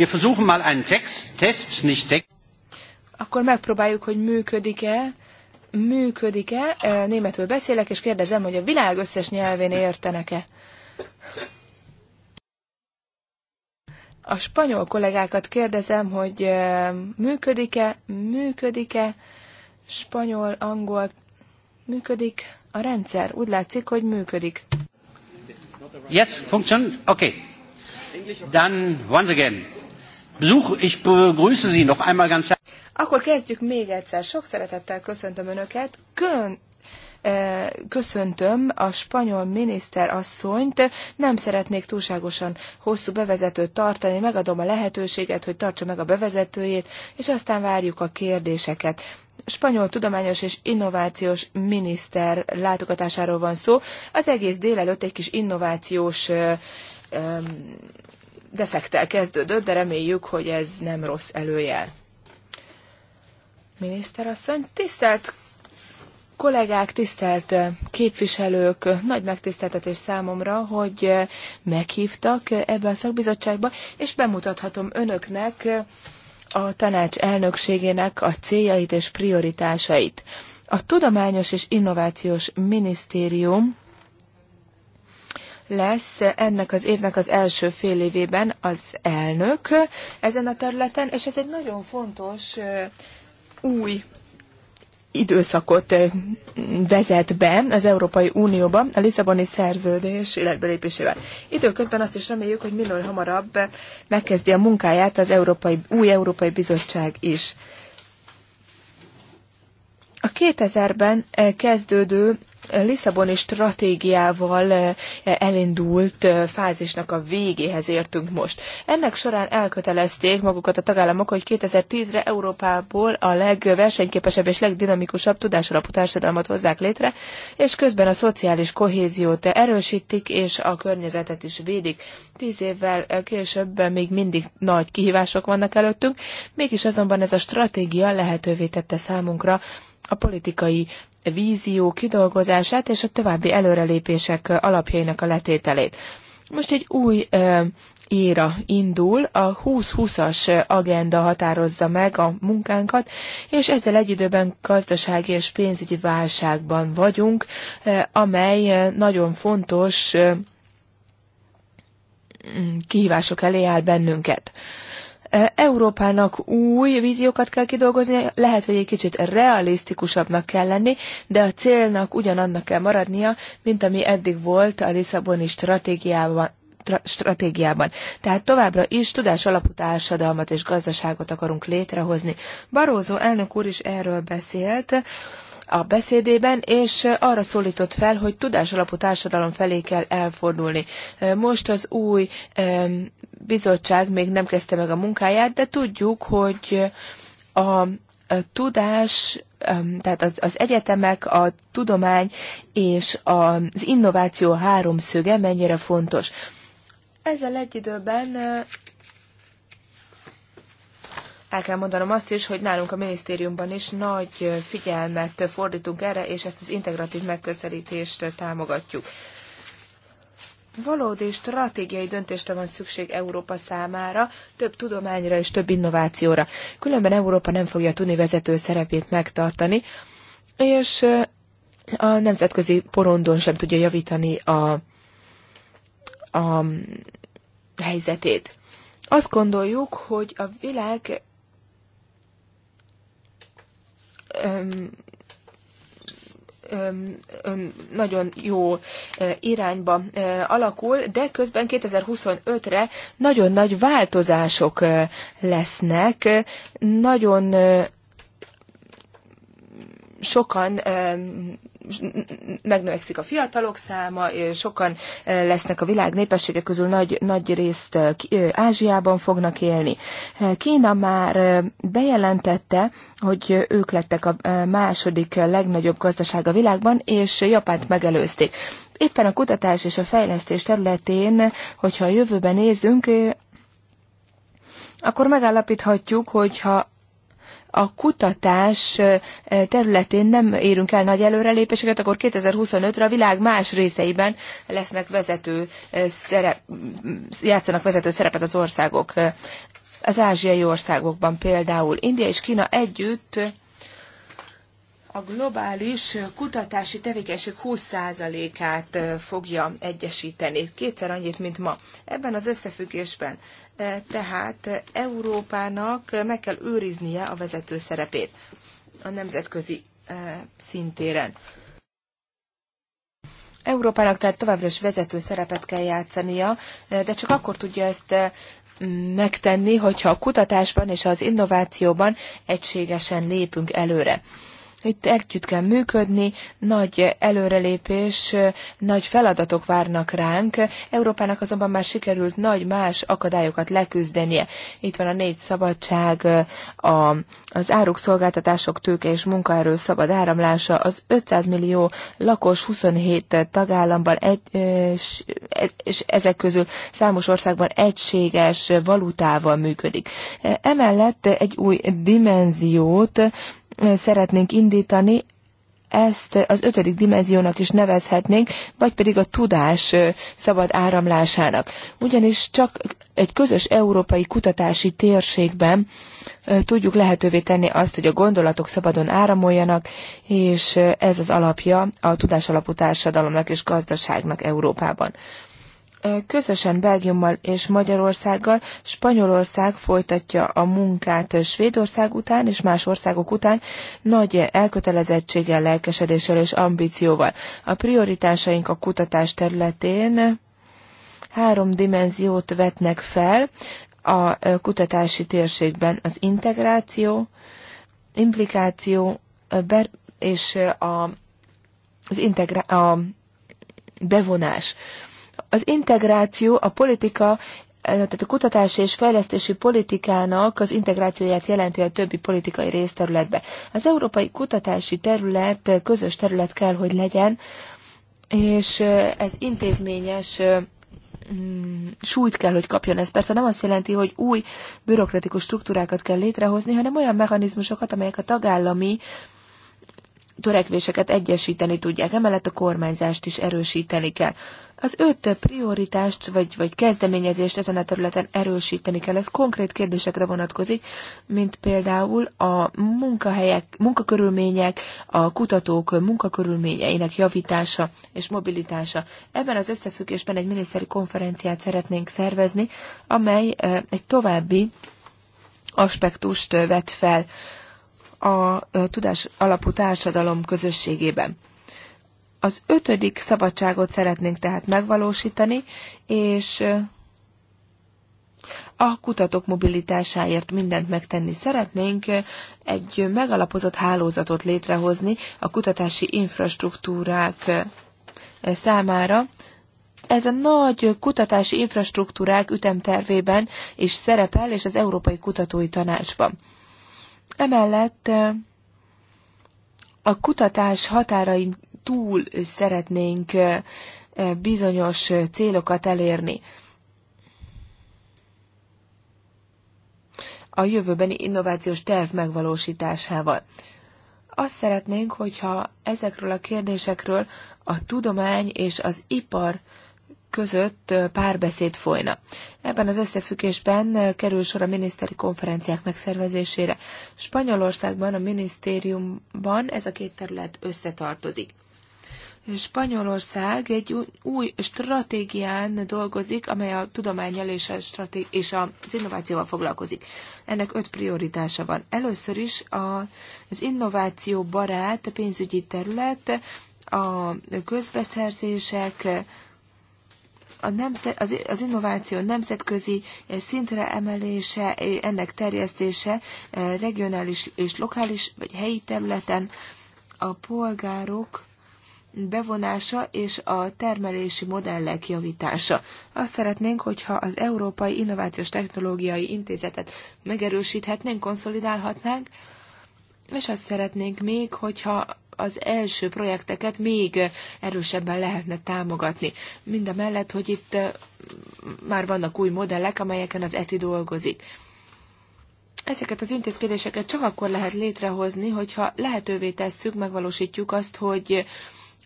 Wir versuchen mal einen Text, Test, nicht Text. Akkor megpróbáljuk, hogy működik-e. Működik-e? Németül beszélek, és kérdezem, hogy a világ összes nyelvén értenek-e. A spanyol kollégákat kérdezem, hogy működik-e, működik-e, spanyol, angol, működik a rendszer. Úgy látszik, hogy működik. Yes, function? Okay. Then, once again. Akkor kezdjük még egyszer. Sok szeretettel köszöntöm Önöket. Kön eh, köszöntöm a spanyol miniszter asszonyt. Nem szeretnék túlságosan hosszú bevezetőt tartani, megadom a lehetőséget, hogy tartsa meg a bevezetőjét, és aztán várjuk a kérdéseket. Spanyol tudományos és innovációs miniszter látogatásáról van szó. Az egész délelőtt egy kis innovációs eh, defektel kezdődött, de reméljük, hogy ez nem rossz előjel. Miniszterasszony, tisztelt kollégák, tisztelt eh, képviselők, nagy megtiszteltetés számomra, hogy eh, meghívtak ebbe a szakbizottságba, és bemutathatom önöknek eh, a tanács elnökségének a céljait és prioritásait. A Tudományos és Innovációs Minisztérium lesz ennek az évnek az első fél évében az elnök ezen a területen, és ez egy nagyon fontos új időszakot vezet be az Európai Unióba a Lisszaboni szerződés életbelépésével. Időközben azt is reméljük, hogy minél hamarabb megkezdi a munkáját az Európai, új Európai Bizottság is. A 2000-ben kezdődő Lisszaboni stratégiával eh, elindult eh, fázisnak a végéhez értünk most. Ennek során elkötelezték magukat a tagállamok, hogy 2010-re Európából a legversenyképesebb és legdinamikusabb tudásalapú társadalmat hozzák létre, és közben a szociális kohéziót erősítik, és a környezetet is védik. Tíz évvel eh, később még mindig nagy kihívások vannak előttünk, mégis azonban ez a stratégia lehetővé tette számunkra, a politikai vízió kidolgozását és a további előrelépések alapjainak a letételét. Most egy új éra indul, a 2020-as agenda határozza meg a munkánkat, és ezzel egy időben gazdasági és pénzügyi válságban vagyunk, amely nagyon fontos kihívások elé áll bennünket. Európának új víziókat kell kidolgozni, lehet, hogy egy kicsit realisztikusabbnak kell lenni, de a célnak ugyanannak kell maradnia, mint ami eddig volt a Lisszaboni stratégiában, stratégiában. Tehát továbbra is tudás alapú társadalmat és gazdaságot akarunk létrehozni. Barózó elnök úr is erről beszélt, a beszédében, és arra szólított fel, hogy tudásalapú társadalom felé kell elfordulni. Most az új bizottság még nem kezdte meg a munkáját, de tudjuk, hogy a tudás, tehát az egyetemek, a tudomány és az innováció háromszöge mennyire fontos. Ezzel egy időben el kell mondanom azt is, hogy nálunk a minisztériumban is nagy figyelmet fordítunk erre, és ezt az integratív megközelítést támogatjuk. Valódi stratégiai döntésre van szükség Európa számára, több tudományra és több innovációra. Különben Európa nem fogja tudni vezető szerepét megtartani, és a nemzetközi porondon sem tudja javítani a, a helyzetét. Azt gondoljuk, hogy a világ öm, nagyon jó irányba alakul, de közben 2025-re nagyon nagy változások lesznek, nagyon sokan megnövekszik a fiatalok száma, sokan eh, lesznek a világ népessége közül, nagy, nagy részt eh, eh, Ázsiában fognak élni. Kína már bejelentette, hogy ők lettek a második legnagyobb gazdaság a világban, és Japánt megelőzték. Éppen a kutatás és a fejlesztés területén, hogyha a jövőben nézünk, akkor megállapíthatjuk, hogyha a kutatás területén nem érünk el nagy előrelépéseket, akkor 2025-re a világ más részeiben lesznek vezető szerep, játszanak vezető szerepet az országok. Az ázsiai országokban például India és Kína együtt a globális kutatási tevékenység 20%-át fogja egyesíteni, kétszer annyit, mint ma. Ebben az összefüggésben tehát Európának meg kell őriznie a vezető szerepét a nemzetközi szintéren. Európának tehát továbbra is vezető szerepet kell játszania, de csak akkor tudja ezt megtenni, hogyha a kutatásban és az innovációban egységesen lépünk előre itt együtt kell működni, nagy előrelépés, nagy feladatok várnak ránk. Európának azonban már sikerült nagy más akadályokat leküzdenie. Itt van a négy szabadság, a, az áruk, szolgáltatások, tőke és munkaerő szabad áramlása, az 500 millió lakos 27 tagállamban, egy, és, és ezek közül számos országban egységes valutával működik. Emellett egy új dimenziót szeretnénk indítani, ezt az ötödik dimenziónak is nevezhetnénk, vagy pedig a tudás szabad áramlásának. Ugyanis csak egy közös európai kutatási térségben tudjuk lehetővé tenni azt, hogy a gondolatok szabadon áramoljanak, és ez az alapja a tudásalapú társadalomnak és gazdaságnak Európában. Közösen Belgiummal és Magyarországgal Spanyolország folytatja a munkát Svédország után és más országok után nagy elkötelezettséggel, lelkesedéssel és ambícióval. A prioritásaink a kutatás területén három dimenziót vetnek fel a kutatási térségben. Az integráció, implikáció és a, az integra- a bevonás. Az integráció, a politika, eh, tehát a kutatási és fejlesztési politikának az integrációját jelenti a többi politikai részterületbe. Az európai kutatási terület eh, közös terület kell, hogy legyen, és eh, ez intézményes mm, súlyt kell, hogy kapjon. Ez persze nem azt jelenti, hogy új bürokratikus struktúrákat kell létrehozni, hanem olyan mechanizmusokat, amelyek a tagállami törekvéseket egyesíteni tudják, emellett a kormányzást is erősíteni kell. Az öt prioritást vagy, vagy kezdeményezést ezen a területen erősíteni kell. Ez konkrét kérdésekre vonatkozik, mint például a munkahelyek, munkakörülmények, a kutatók munkakörülményeinek javítása és mobilitása. Ebben az összefüggésben egy miniszteri konferenciát szeretnénk szervezni, amely egy további aspektust vet fel a tudás alapú társadalom közösségében. Az ötödik szabadságot szeretnénk tehát megvalósítani, és a kutatók mobilitásáért mindent megtenni szeretnénk, egy megalapozott hálózatot létrehozni a kutatási infrastruktúrák számára. Ez a nagy kutatási infrastruktúrák ütemtervében is szerepel, és az Európai Kutatói Tanácsban. Emellett a kutatás határain túl szeretnénk bizonyos célokat elérni. a jövőbeni innovációs terv megvalósításával. Azt szeretnénk, hogyha ezekről a kérdésekről a tudomány és az ipar között párbeszéd folyna. Ebben az összefüggésben kerül sor a miniszteri konferenciák megszervezésére. Spanyolországban, a minisztériumban ez a két terület összetartozik. Spanyolország egy új stratégián dolgozik, amely a tudományjal és, a straté- és az innovációval foglalkozik. Ennek öt prioritása van. Először is a, az innováció barát pénzügyi terület, a közbeszerzések, a nemzet, az, az innováció nemzetközi szintre emelése, ennek terjesztése eh, regionális és lokális vagy helyi területen a polgárok bevonása és a termelési modellek javítása. Azt szeretnénk, hogyha az Európai Innovációs Technológiai Intézetet megerősíthetnénk, konszolidálhatnánk, és azt szeretnénk még, hogyha az első projekteket még erősebben lehetne támogatni. Mind a mellett, hogy itt már vannak új modellek, amelyeken az ETI dolgozik. Ezeket az intézkedéseket csak akkor lehet létrehozni, hogyha lehetővé tesszük, megvalósítjuk azt, hogy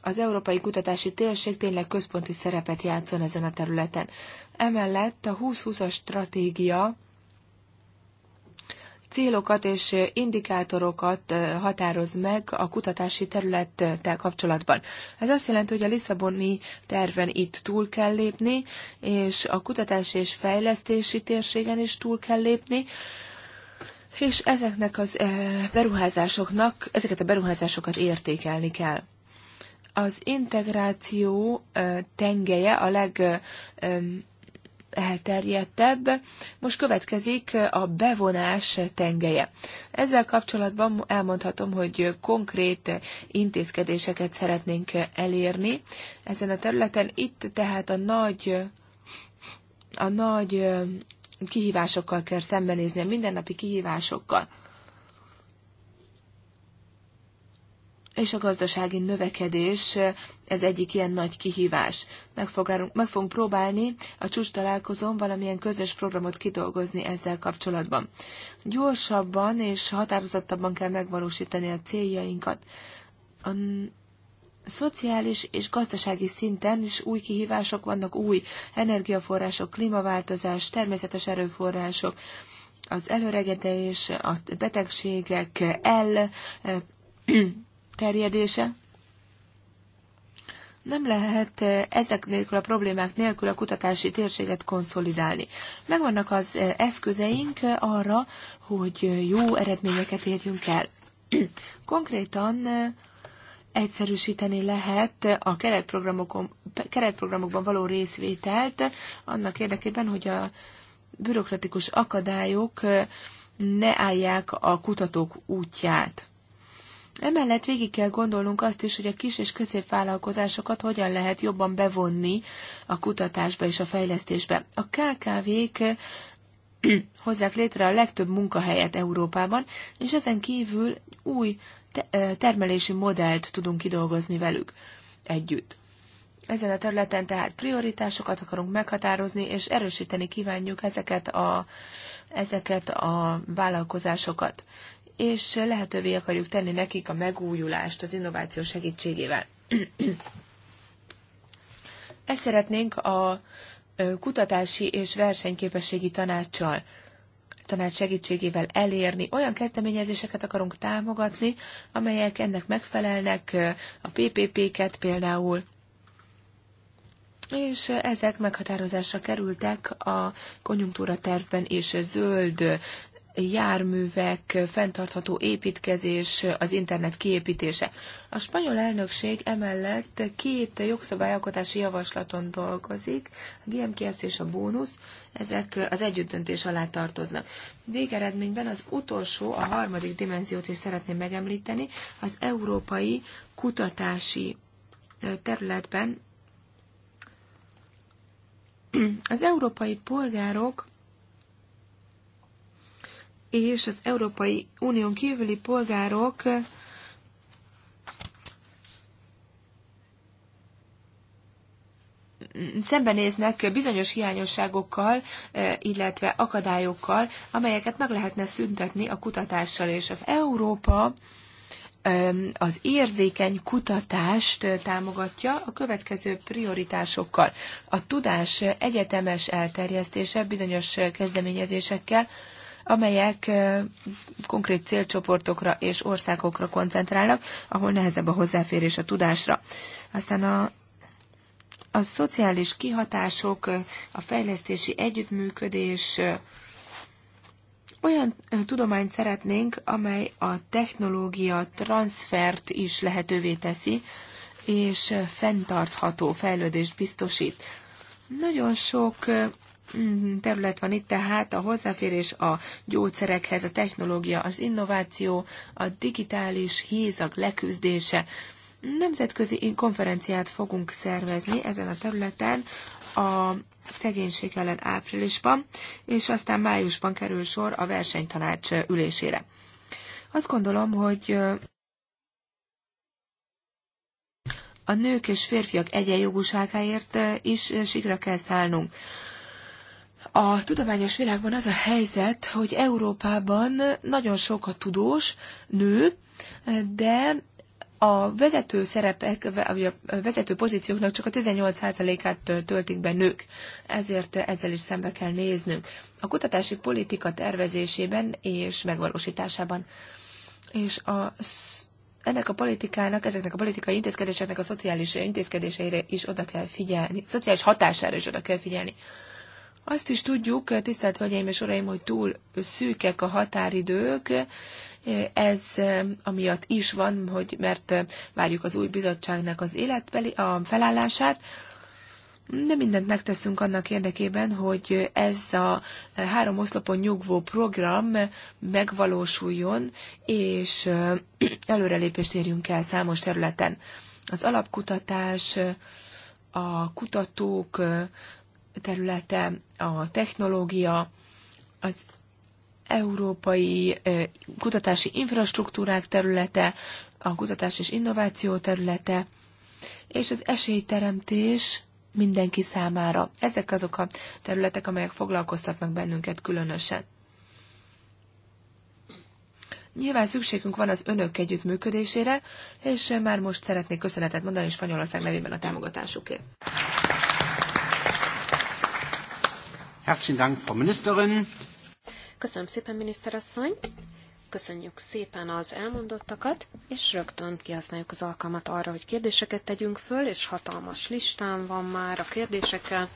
az európai kutatási térség tényleg központi szerepet játszon ezen a területen. Emellett a 2020-as stratégia célokat és indikátorokat határoz meg a kutatási területtel kapcsolatban. Ez azt jelenti, hogy a Lisszaboni terven itt túl kell lépni, és a kutatási és fejlesztési térségen is túl kell lépni, és ezeknek az beruházásoknak, ezeket a beruházásokat értékelni kell. Az integráció tengeje a leg elterjedtebb. Most következik a bevonás tengeje. Ezzel kapcsolatban elmondhatom, hogy konkrét intézkedéseket szeretnénk elérni ezen a területen. Itt tehát a nagy, a nagy kihívásokkal kell szembenézni, a mindennapi kihívásokkal. és a gazdasági növekedés ez egyik ilyen nagy kihívás. Meg, fogunk, meg fogunk próbálni a csúcs találkozón valamilyen közös programot kidolgozni ezzel kapcsolatban. Gyorsabban és határozottabban kell megvalósítani a céljainkat. A szociális és gazdasági szinten is új kihívások vannak, új energiaforrások, klímaváltozás, természetes erőforrások, az előregedés, a betegségek el eh, terjedése. Nem lehet eh, ezek nélkül a problémák nélkül a kutatási térséget konszolidálni. Megvannak az eh, eszközeink eh, arra, hogy jó eredményeket érjünk el. Konkrétan egyszerűsíteni lehet a keretprogramokban való részvételt annak érdekében, hogy a bürokratikus akadályok ne állják a kutatók útját. Emellett végig kell gondolnunk azt is, hogy a kis és középvállalkozásokat hogyan lehet jobban bevonni a kutatásba és a fejlesztésbe. A KKV-k hozzák létre a legtöbb munkahelyet Európában, és ezen kívül új termelési modellt tudunk kidolgozni velük együtt. Ezen a területen tehát prioritásokat akarunk meghatározni, és erősíteni kívánjuk ezeket a, ezeket a vállalkozásokat és lehetővé akarjuk tenni nekik a megújulást az innováció segítségével. Ezt szeretnénk a kutatási és versenyképességi tanácssal tanács segítségével elérni. Olyan kezdeményezéseket akarunk támogatni, amelyek ennek megfelelnek, a PPP-ket például, és ezek meghatározásra kerültek a konjunktúra tervben és zöld járművek, fenntartható építkezés, az internet kiépítése. A spanyol elnökség emellett két jogszabályalkotási javaslaton dolgozik, a GMKS és a bónusz, ezek az együttdöntés alá tartoznak. Végeredményben az utolsó, a harmadik dimenziót is szeretném megemlíteni, az európai kutatási területben az európai polgárok és az Európai Unión kívüli polgárok szembenéznek bizonyos hiányosságokkal, eh, illetve akadályokkal, amelyeket meg lehetne szüntetni a kutatással, és az Európa az érzékeny kutatást eh, támogatja a következő prioritásokkal. A tudás egyetemes elterjesztése bizonyos eh, kezdeményezésekkel, amelyek konkrét célcsoportokra és országokra koncentrálnak, ahol nehezebb a hozzáférés a tudásra. Aztán a a szociális kihatások, a fejlesztési együttműködés, olyan tudományt szeretnénk, amely a technológia transfert is lehetővé teszi, és fenntartható fejlődést biztosít. Nagyon sok Mhm, terület van itt, tehát a hozzáférés a gyógyszerekhez, a technológia, az innováció, a digitális hézag leküzdése. Nemzetközi konferenciát fogunk szervezni ezen a területen a szegénység ellen áprilisban, és aztán májusban kerül sor a versenytanács ülésére. Azt gondolom, hogy a nők és férfiak egyenjogúságáért is sikra kell szállnunk. A tudományos világban az a helyzet, hogy Európában nagyon sok a tudós nő, de a vezető szerepek, vagy a vezető pozícióknak csak a 18%-át töltik be nők. Ezért ezzel is szembe kell néznünk. A kutatási politika tervezésében és megvalósításában. És a ennek a politikának, ezeknek a politikai intézkedéseknek a szociális intézkedéseire is oda kell figyelni, szociális hatására is oda kell figyelni. Azt is tudjuk, tisztelt Hölgyeim és Uraim, hogy túl szűkek a határidők, ez eh, amiatt is van, hogy mert eh, várjuk az új bizottságnak az életbeli, a felállását, de mindent megteszünk annak érdekében, hogy ez a három oszlopon nyugvó program megvalósuljon, és eh, előrelépést érjünk el számos területen. Az alapkutatás, a kutatók, területe, a technológia, az európai kutatási infrastruktúrák területe, a kutatás és innováció területe, és az esélyteremtés mindenki számára. Ezek azok a területek, amelyek foglalkoztatnak bennünket különösen. Nyilván szükségünk van az önök együttműködésére, és már most szeretnék köszönetet mondani Spanyolország nevében a támogatásukért. Herzlichen Dank, Frau Ministerin. Köszönöm szépen, miniszterasszony. Köszönjük szépen az elmondottakat, és rögtön kihasználjuk az alkalmat arra, hogy kérdéseket tegyünk föl, és hatalmas listán van már a kérdésekkel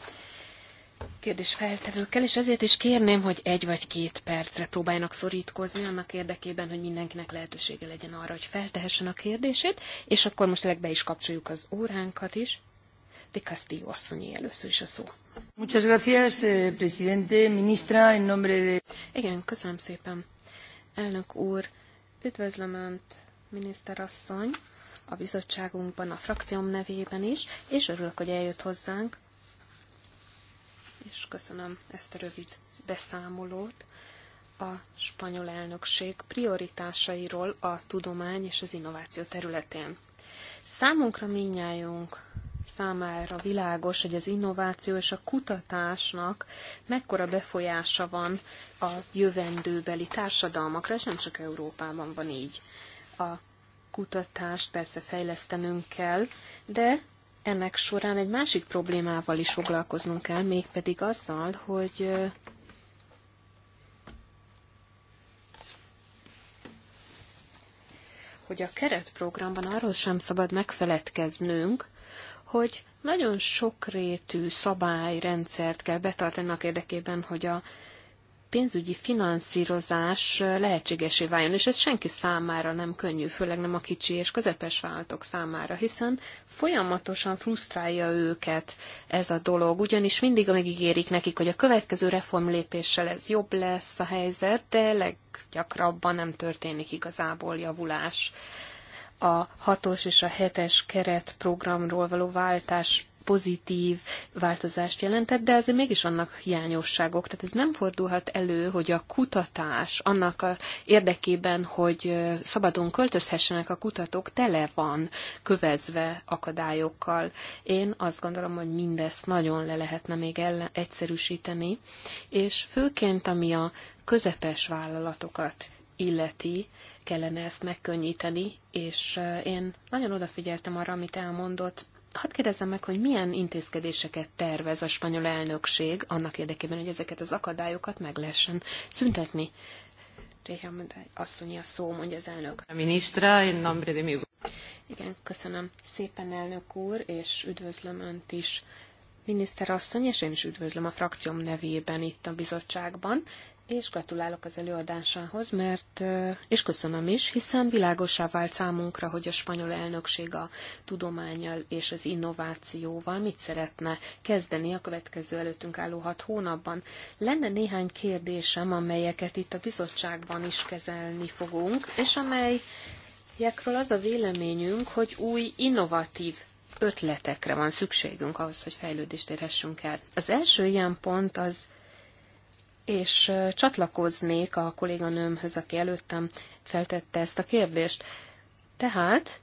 kérdésfeltevőkkel, és ezért is kérném, hogy egy vagy két percre próbáljanak szorítkozni annak érdekében, hogy mindenkinek lehetősége legyen arra, hogy feltehessen a kérdését, és akkor most legbe is kapcsoljuk az óránkat is. De Castillo asszonyi először is a szó. Eh, Igen, köszönöm szépen. Elnök úr, üdvözlöm Önt, miniszterasszony, a bizottságunkban, a frakcióm nevében is, és örülök, hogy eljött hozzánk, és köszönöm ezt a rövid beszámolót a spanyol elnökség prioritásairól a tudomány és az innováció területén. Számunkra minnyájunk számára világos, hogy az innováció és a kutatásnak mekkora befolyása van a jövendőbeli társadalmakra, és nem csak Európában van így. A kutatást persze fejlesztenünk kell, de ennek során egy másik problémával is foglalkoznunk kell, mégpedig azzal, hogy hogy a keretprogramban arról sem szabad megfeledkeznünk, hogy nagyon sokrétű szabályrendszert kell betartani érdekében, hogy a pénzügyi finanszírozás lehetségesé váljon, és ez senki számára nem könnyű, főleg nem a kicsi és közepes vállalatok számára, hiszen folyamatosan frusztrálja őket ez a dolog, ugyanis mindig megígérik nekik, hogy a következő reformlépéssel ez jobb lesz a helyzet, de leggyakrabban nem történik igazából javulás a hatos és a hetes keretprogramról való váltás pozitív változást jelentett, de azért mégis annak hiányosságok. Tehát ez nem fordulhat elő, hogy a kutatás annak a érdekében, hogy szabadon költözhessenek a kutatók, tele van kövezve akadályokkal. Én azt gondolom, hogy mindezt nagyon le lehetne még ellen, egyszerűsíteni, és főként ami a közepes vállalatokat illeti, kellene ezt megkönnyíteni, és én nagyon odafigyeltem arra, amit elmondott. Hadd kérdezem meg, hogy milyen intézkedéseket tervez a spanyol elnökség annak érdekében, hogy ezeket az akadályokat meg lehessen szüntetni. Réha asszonyi a szó, mondja az elnök. A minisztra, én nombre de mi... Igen, köszönöm szépen, elnök úr, és üdvözlöm Önt is, miniszterasszony, és én is üdvözlöm a frakcióm nevében itt a bizottságban, és gratulálok az előadásához, mert, és köszönöm is, hiszen világosá vált számunkra, hogy a spanyol elnökség a tudományjal és az innovációval mit szeretne kezdeni a következő előttünk álló hat hónapban. Lenne néhány kérdésem, amelyeket itt a bizottságban is kezelni fogunk, és amelyekről az a véleményünk, hogy új innovatív ötletekre van szükségünk ahhoz, hogy fejlődést érhessünk el. Az első ilyen pont az és csatlakoznék a kolléganőmhöz, aki előttem feltette ezt a kérdést. Tehát,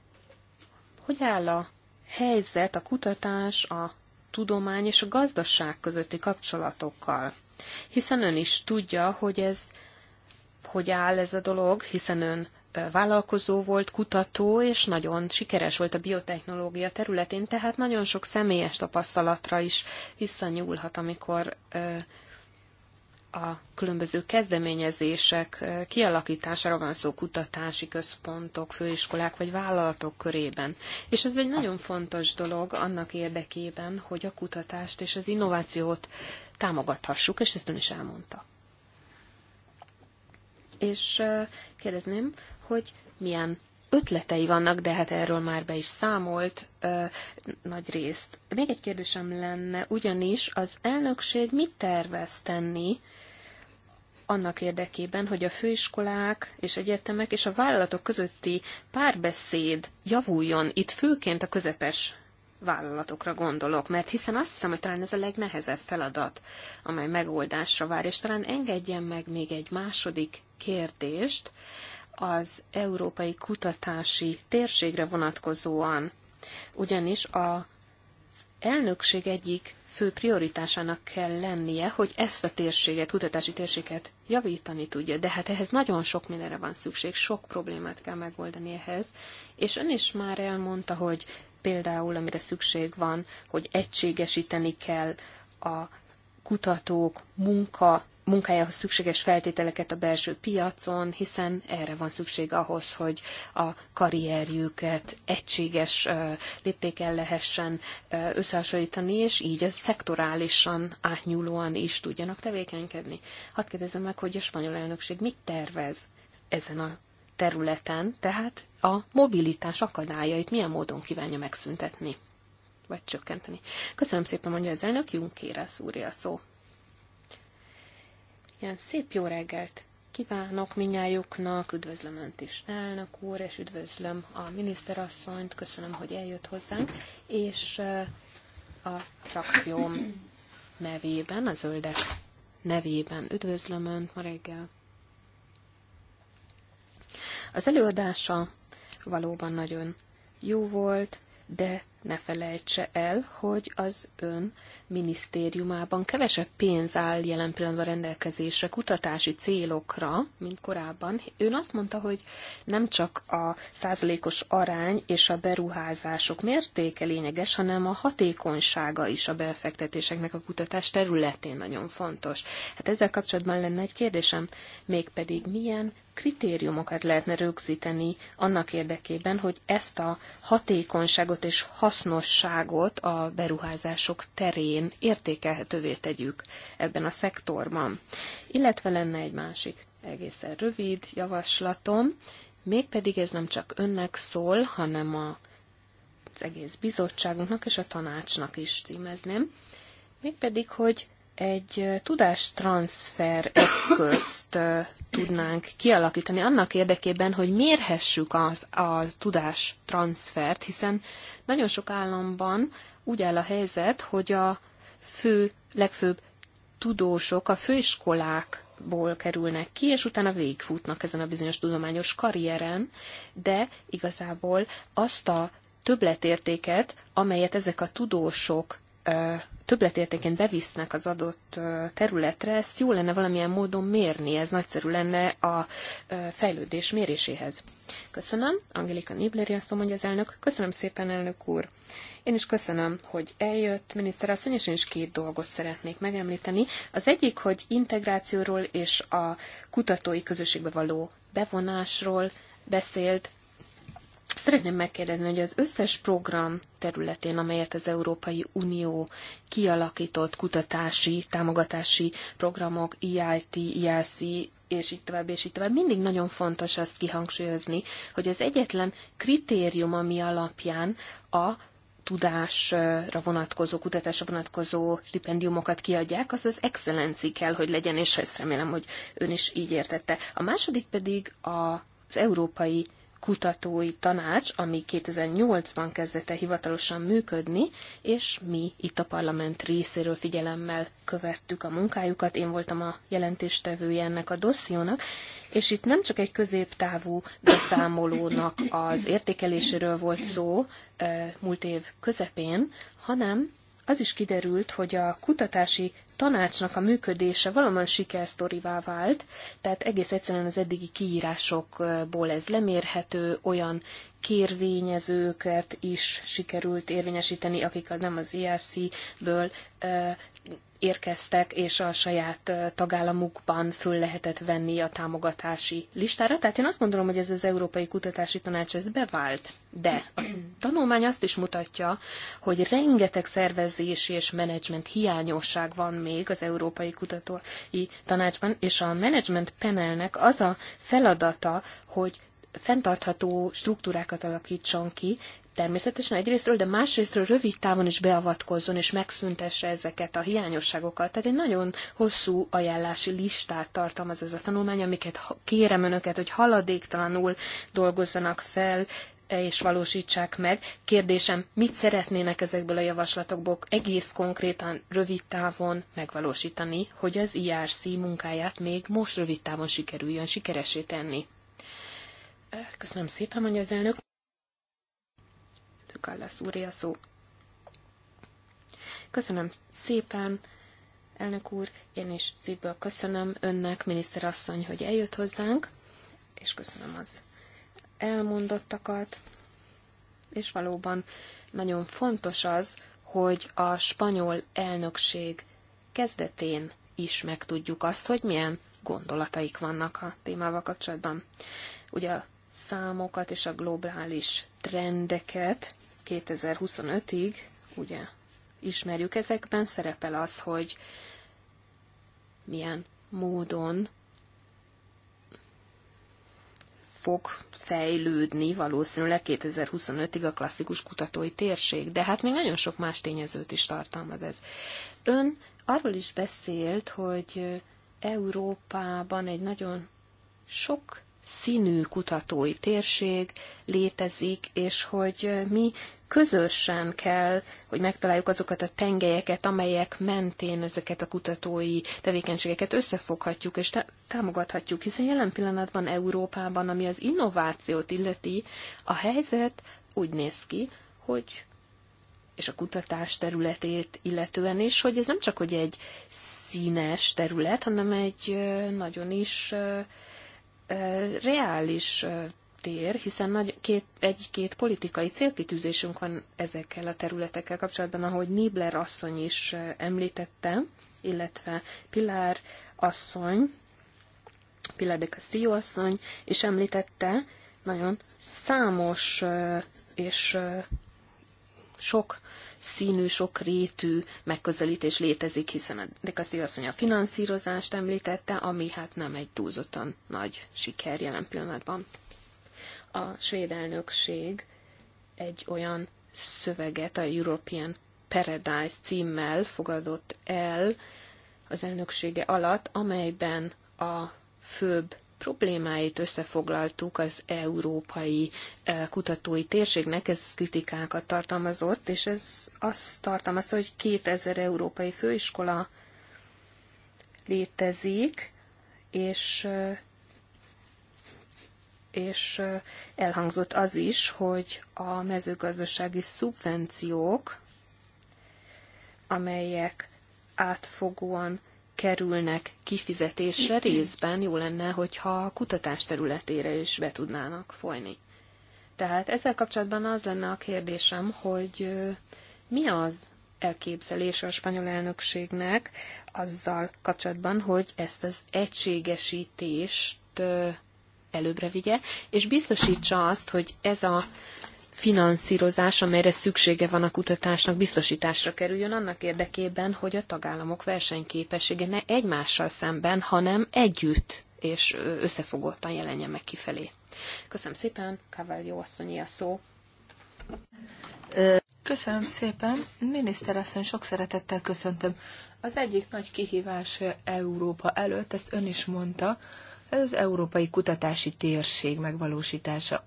hogy áll a helyzet, a kutatás, a tudomány és a gazdaság közötti kapcsolatokkal? Hiszen ön is tudja, hogy ez, hogy áll ez a dolog, hiszen ön vállalkozó volt, kutató, és nagyon sikeres volt a biotechnológia területén, tehát nagyon sok személyes tapasztalatra is visszanyúlhat, amikor a különböző kezdeményezések eh, kialakítására van szó kutatási központok, főiskolák vagy vállalatok körében. És ez egy nagyon fontos dolog annak érdekében, hogy a kutatást és az innovációt támogathassuk, és ezt ön is elmondta. És eh, kérdezném, hogy milyen ötletei vannak, de hát erről már be is számolt ö, eh, nagy részt. Még egy kérdésem lenne, ugyanis az elnökség mit tervez tenni annak érdekében, hogy a főiskolák és egyetemek és a vállalatok közötti párbeszéd javuljon. Itt főként a közepes vállalatokra gondolok, mert hiszen azt hiszem, hogy talán ez a legnehezebb feladat, amely megoldásra vár, és talán engedjen meg még egy második kérdést az európai kutatási térségre vonatkozóan. Ugyanis a elnökség egyik fő prioritásának kell lennie, hogy ezt a térséget, kutatási térséget javítani tudja, de hát ehhez nagyon sok mindenre van szükség, sok problémát kell megoldani ehhez, és ön is már elmondta, hogy például amire szükség van, hogy egységesíteni kell a kutatók munka, munkájához szükséges feltételeket a belső piacon, hiszen erre van szükség ahhoz, hogy a karrierjüket egységes léptékkel lehessen összehasonlítani, és így ez szektorálisan, átnyúlóan is tudjanak tevékenykedni. Hadd kérdezem meg, hogy a spanyol elnökség mit tervez ezen a területen, tehát a mobilitás akadályait milyen módon kívánja megszüntetni vagy csökkenteni. Köszönöm szépen, mondja az elnök, Junkére úr a szó. Ilyen szép jó reggelt kívánok minnyájuknak, üdvözlöm Önt is, elnök úr, és üdvözlöm a miniszterasszonyt, köszönöm, hogy eljött hozzánk, és eh, a frakcióm nevében, a zöldek nevében üdvözlöm Önt ma reggel. Az előadása valóban nagyon jó volt, de ne felejtse el, hogy az ön minisztériumában kevesebb pénz áll jelen pillanatban rendelkezésre kutatási célokra, mint korábban. Ön azt mondta, hogy nem csak a százalékos arány és a beruházások mértéke lényeges, hanem a hatékonysága is a befektetéseknek a kutatás területén nagyon fontos. Hát ezzel kapcsolatban lenne egy kérdésem, mégpedig milyen kritériumokat lehetne rögzíteni annak érdekében, hogy ezt a hatékonyságot és hasznosságot a beruházások terén értékelhetővé tegyük ebben a szektorban. Illetve lenne egy másik egészen rövid javaslatom, mégpedig ez nem csak önnek szól, hanem a, az egész bizottságunknak és a tanácsnak is címezném, mégpedig, hogy egy tudástranszfer eszközt tudnánk kialakítani annak érdekében, hogy mérhessük az, a tudástranszfert, hiszen nagyon sok államban úgy áll a helyzet, hogy a fő, legfőbb tudósok a főiskolákból kerülnek ki, és utána végigfutnak ezen a bizonyos tudományos karrieren, de igazából azt a többletértéket, amelyet ezek a tudósok többletértéken bevisznek az adott területre, ezt jó lenne valamilyen módon mérni, ez nagyszerű lenne a fejlődés méréséhez. Köszönöm, Angelika Nibleri, azt mondja az elnök. Köszönöm szépen, elnök úr. Én is köszönöm, hogy eljött, miniszter asszony, és én is két dolgot szeretnék megemlíteni. Az egyik, hogy integrációról és a kutatói közösségbe való bevonásról beszélt, Szeretném megkérdezni, hogy az összes program területén, amelyet az Európai Unió kialakított kutatási, támogatási programok, EIT, EIC, és így tovább, és így tovább. Mindig nagyon fontos azt kihangsúlyozni, hogy az egyetlen kritérium, ami alapján a tudásra vonatkozó, kutatásra vonatkozó stipendiumokat kiadják, az az excellenci kell, hogy legyen, és ezt remélem, hogy ön is így értette. A második pedig a az európai kutatói tanács, ami 2008-ban kezdett el hivatalosan működni, és mi itt a parlament részéről figyelemmel követtük a munkájukat. Én voltam a jelentéstevője ennek a dossziónak, és itt nem csak egy középtávú beszámolónak az értékeléséről volt szó múlt év közepén, hanem az is kiderült, hogy a kutatási tanácsnak a működése valamilyen sikersztorivá vált, tehát egész egyszerűen az eddigi kiírásokból ez lemérhető, olyan kérvényezőket is sikerült érvényesíteni, akik nem az ERC-ből érkeztek, és a saját tagállamukban föl lehetett venni a támogatási listára. Tehát én azt gondolom, hogy ez az Európai Kutatási Tanács ez bevált. De a tanulmány azt is mutatja, hogy rengeteg szervezési és menedzsment hiányosság van még az Európai Kutatói Tanácsban, és a menedzsment panelnek az a feladata, hogy fenntartható struktúrákat alakítson ki, természetesen egyrésztről, de másrésztről rövid távon is beavatkozzon és megszüntesse ezeket a hiányosságokat. Tehát egy nagyon hosszú ajánlási listát tartalmaz ez a tanulmány, amiket kérem önöket, hogy haladéktalanul dolgozzanak fel, eh, és valósítsák meg. Kérdésem, mit szeretnének ezekből a javaslatokból egész konkrétan, rövid távon megvalósítani, hogy az IRC munkáját még most rövid távon sikerüljön sikeresé tenni? Eh, köszönöm szépen, mondja az elnök. Kallas úré a szó. Köszönöm szépen, elnök úr, én is szívből köszönöm önnek, miniszterasszony, hogy eljött hozzánk, és köszönöm az elmondottakat, és valóban nagyon fontos az, hogy a spanyol elnökség kezdetén is megtudjuk azt, hogy milyen gondolataik vannak a témával kapcsolatban. Ugye a számokat és a globális trendeket 2025-ig, ugye ismerjük ezekben, szerepel az, hogy milyen módon fog fejlődni valószínűleg 2025-ig a klasszikus kutatói térség, de hát még nagyon sok más tényezőt is tartalmaz ez. Ön arról is beszélt, hogy Európában egy nagyon sok színű kutatói térség létezik, és hogy mi közösen kell, hogy megtaláljuk azokat a tengelyeket, amelyek mentén ezeket a kutatói tevékenységeket összefoghatjuk és támogathatjuk, hiszen jelen pillanatban Európában, ami az innovációt illeti, a helyzet úgy néz ki, hogy és a kutatás területét illetően is, hogy ez nem csak hogy egy színes terület, hanem egy nagyon is reális tér, hiszen nagy, két, egy-két politikai célkitűzésünk van ezekkel a területekkel kapcsolatban, ahogy Nibler asszony is említette, illetve Pilár asszony, Pilar de Castillo asszony is említette, nagyon számos és sok színű, sok rétű megközelítés létezik, hiszen a de Castillo asszony a finanszírozást említette, ami hát nem egy túlzottan nagy siker jelen pillanatban a svéd elnökség egy olyan szöveget a European Paradise címmel fogadott el az elnöksége alatt, amelyben a főbb problémáit összefoglaltuk az európai e, kutatói térségnek, ez kritikákat tartalmazott, és ez azt tartalmazta, hogy 2000 európai főiskola létezik, és e, és elhangzott az is, hogy a mezőgazdasági szubvenciók, amelyek átfogóan kerülnek kifizetésre részben, jó lenne, hogyha a kutatás területére is be tudnának folyni. Tehát ezzel kapcsolatban az lenne a kérdésem, hogy mi az elképzelése a spanyol elnökségnek azzal kapcsolatban, hogy ezt az egységesítést előbbre vigye, és biztosítsa azt, hogy ez a finanszírozás, amelyre szüksége van a kutatásnak, biztosításra kerüljön annak érdekében, hogy a tagállamok versenyképessége ne egymással szemben, hanem együtt és összefogottan jelenjen meg kifelé. Köszönöm szépen, Cavallio asszonyi a szó. Köszönöm szépen. Miniszter asszony, sok szeretettel köszöntöm. Az egyik nagy kihívás Európa előtt, ezt ön is mondta, ez az európai kutatási térség megvalósítása.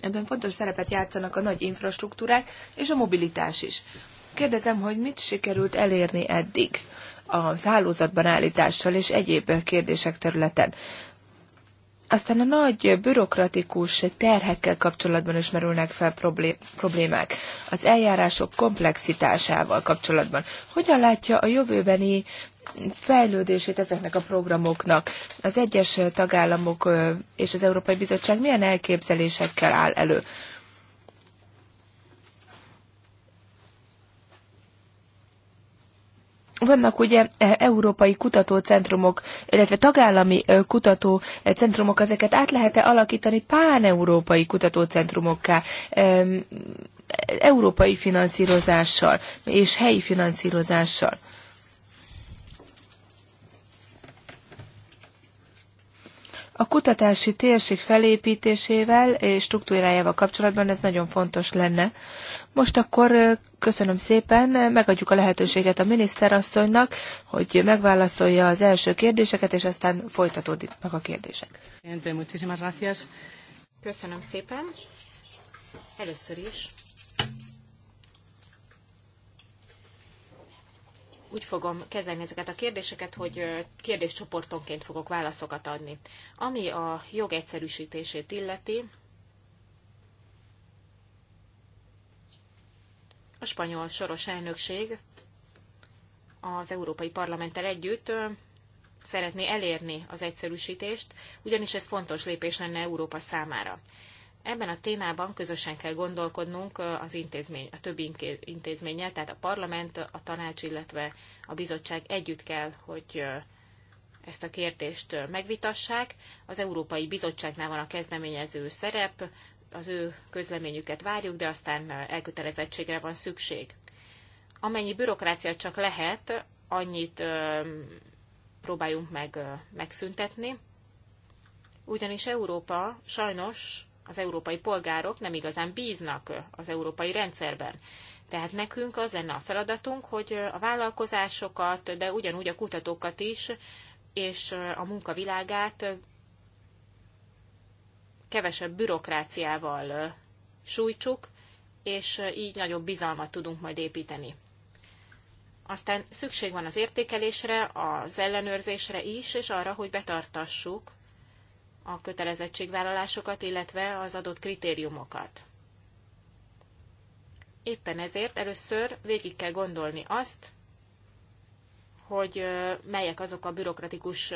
Ebben fontos szerepet játszanak a nagy infrastruktúrák és a mobilitás is. Kérdezem, hogy mit sikerült elérni eddig a hálózatban állítással és egyéb kérdések területen. Aztán a nagy bürokratikus terhekkel kapcsolatban is merülnek fel problémák. Az eljárások komplexitásával kapcsolatban. Hogyan látja a jövőbeni fejlődését ezeknek a programoknak? Az egyes tagállamok és az Európai Bizottság milyen elképzelésekkel áll elő? vannak ugye eh, európai kutatócentrumok, illetve tagállami eh, kutatócentrumok, ezeket át lehet-e alakítani pán-európai kutatócentrumokká, európai finanszírozással és helyi finanszírozással? A kutatási térség felépítésével és struktúrájával kapcsolatban ez nagyon fontos lenne. Most akkor köszönöm szépen, megadjuk a lehetőséget a miniszterasszonynak, hogy megválaszolja az első kérdéseket, és aztán folytatódnak a kérdések. Köszönöm szépen. Először is úgy fogom kezelni ezeket a kérdéseket, hogy kérdéscsoportonként fogok válaszokat adni. Ami a jog egyszerűsítését illeti, a spanyol soros elnökség az Európai Parlamenttel együtt szeretné elérni az egyszerűsítést, ugyanis ez fontos lépés lenne Európa számára. Ebben a témában közösen kell gondolkodnunk az intézmény, a többi intézménnyel, tehát a parlament, a tanács, illetve a bizottság együtt kell, hogy ezt a kérdést megvitassák. Az Európai Bizottságnál van a kezdeményező szerep, az ő közleményüket várjuk, de aztán elkötelezettségre van szükség. Amennyi bürokrácia csak lehet, annyit próbáljunk meg megszüntetni, ugyanis Európa sajnos az európai polgárok nem igazán bíznak az európai rendszerben. Tehát nekünk az lenne a feladatunk, hogy a vállalkozásokat, de ugyanúgy a kutatókat is, és a munkavilágát kevesebb bürokráciával sújtsuk, és így nagyobb bizalmat tudunk majd építeni. Aztán szükség van az értékelésre, az ellenőrzésre is, és arra, hogy betartassuk a kötelezettségvállalásokat, illetve az adott kritériumokat. Éppen ezért először végig kell gondolni azt, hogy melyek azok a bürokratikus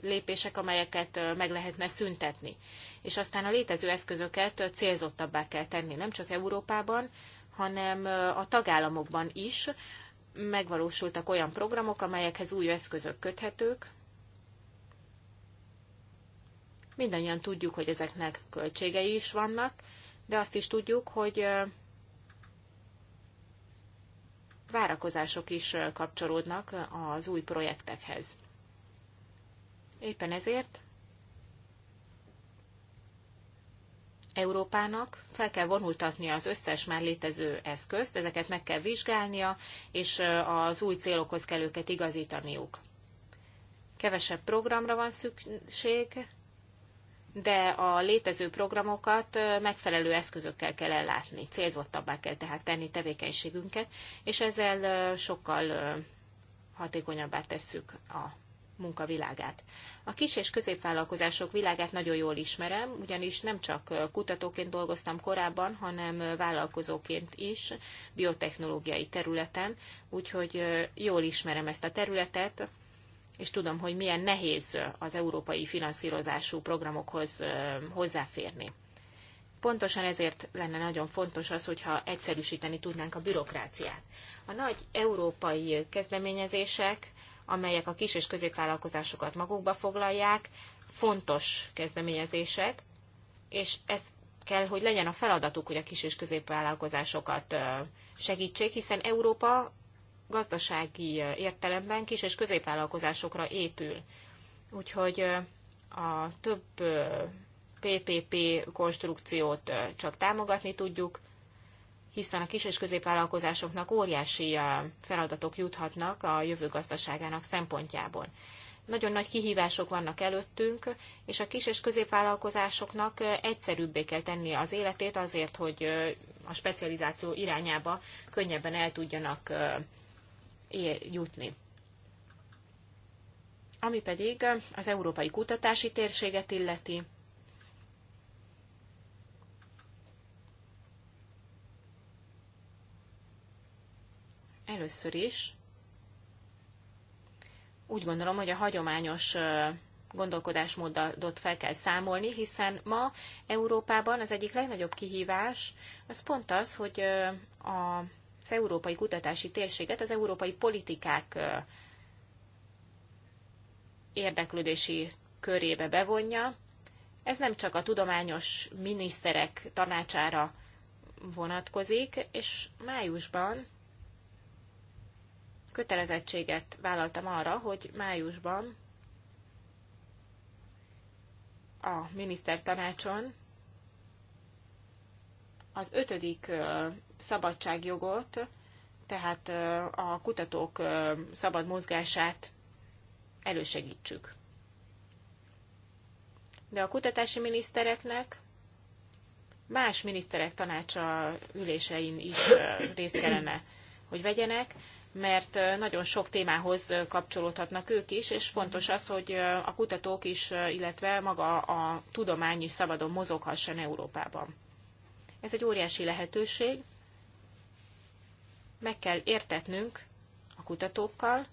lépések, amelyeket meg lehetne szüntetni. És aztán a létező eszközöket célzottabbá kell tenni, nem csak Európában, hanem a tagállamokban is megvalósultak olyan programok, amelyekhez új eszközök köthetők, Mindannyian tudjuk, hogy ezeknek költségei is vannak, de azt is tudjuk, hogy várakozások is kapcsolódnak az új projektekhez. Éppen ezért Európának fel kell vonultatnia az összes már létező eszközt, ezeket meg kell vizsgálnia, és az új célokhoz kell őket igazítaniuk. Kevesebb programra van szükség, de a létező programokat megfelelő eszközökkel kell ellátni, célzottabbá kell tehát tenni tevékenységünket, és ezzel sokkal hatékonyabbá tesszük a munkavilágát. A kis és középvállalkozások világát nagyon jól ismerem, ugyanis nem csak kutatóként dolgoztam korábban, hanem vállalkozóként is biotechnológiai területen, úgyhogy jól ismerem ezt a területet, és tudom, hogy milyen nehéz az európai finanszírozású programokhoz hozzáférni. Pontosan ezért lenne nagyon fontos az, hogyha egyszerűsíteni tudnánk a bürokráciát. A nagy európai kezdeményezések, amelyek a kis és középvállalkozásokat magukba foglalják, fontos kezdeményezések, és ez kell, hogy legyen a feladatuk, hogy a kis és középvállalkozásokat segítsék, hiszen Európa gazdasági értelemben kis- és középvállalkozásokra épül. Úgyhogy a több PPP konstrukciót csak támogatni tudjuk, hiszen a kis- és középvállalkozásoknak óriási feladatok juthatnak a jövő gazdaságának szempontjából. Nagyon nagy kihívások vannak előttünk, és a kis- és középvállalkozásoknak egyszerűbbé kell tenni az életét azért, hogy a specializáció irányába könnyebben el tudjanak jutni. Ami pedig az európai kutatási térséget illeti, először is úgy gondolom, hogy a hagyományos gondolkodásmódot fel kell számolni, hiszen ma Európában az egyik legnagyobb kihívás az pont az, hogy a az európai kutatási térséget az európai politikák érdeklődési körébe bevonja. Ez nem csak a tudományos miniszterek tanácsára vonatkozik, és májusban kötelezettséget vállaltam arra, hogy májusban a minisztertanácson az ötödik szabadságjogot, tehát a kutatók szabad mozgását elősegítsük. De a kutatási minisztereknek más miniszterek tanácsa ülésein is részt kellene, hogy vegyenek, mert nagyon sok témához kapcsolódhatnak ők is, és fontos az, hogy a kutatók is, illetve maga a tudomány is szabadon mozoghasson Európában. Ez egy óriási lehetőség. Meg kell értetnünk a kutatókkal,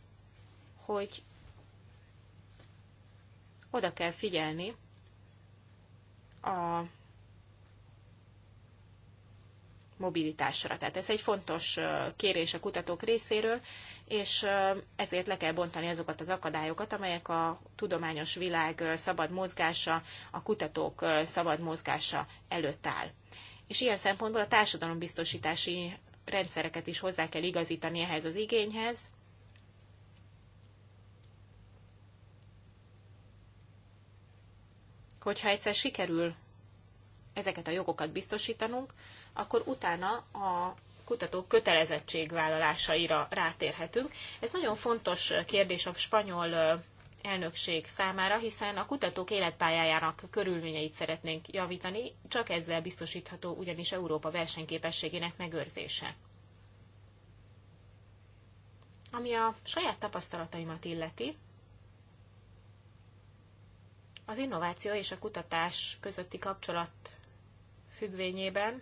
hogy oda kell figyelni a mobilitásra. Tehát ez egy fontos kérés a kutatók részéről, és ezért le kell bontani azokat az akadályokat, amelyek a tudományos világ szabad mozgása, a kutatók szabad mozgása előtt áll és ilyen szempontból a társadalombiztosítási rendszereket is hozzá kell igazítani ehhez az igényhez. Hogyha egyszer sikerül ezeket a jogokat biztosítanunk, akkor utána a kutatók kötelezettségvállalásaira rátérhetünk. Ez nagyon fontos kérdés a spanyol elnökség számára, hiszen a kutatók életpályájának körülményeit szeretnénk javítani, csak ezzel biztosítható ugyanis Európa versenyképességének megőrzése. Ami a saját tapasztalataimat illeti, az innováció és a kutatás közötti kapcsolat függvényében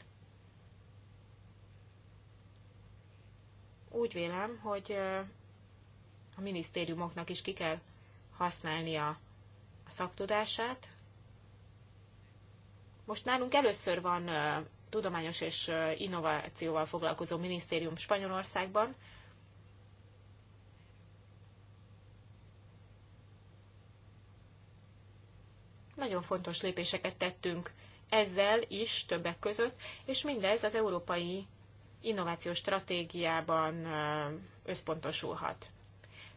úgy vélem, hogy a minisztériumoknak is ki kell használni a szaktudását. Most nálunk először van tudományos és innovációval foglalkozó minisztérium Spanyolországban, nagyon fontos lépéseket tettünk ezzel is többek között, és mindez az európai innovációs stratégiában összpontosulhat.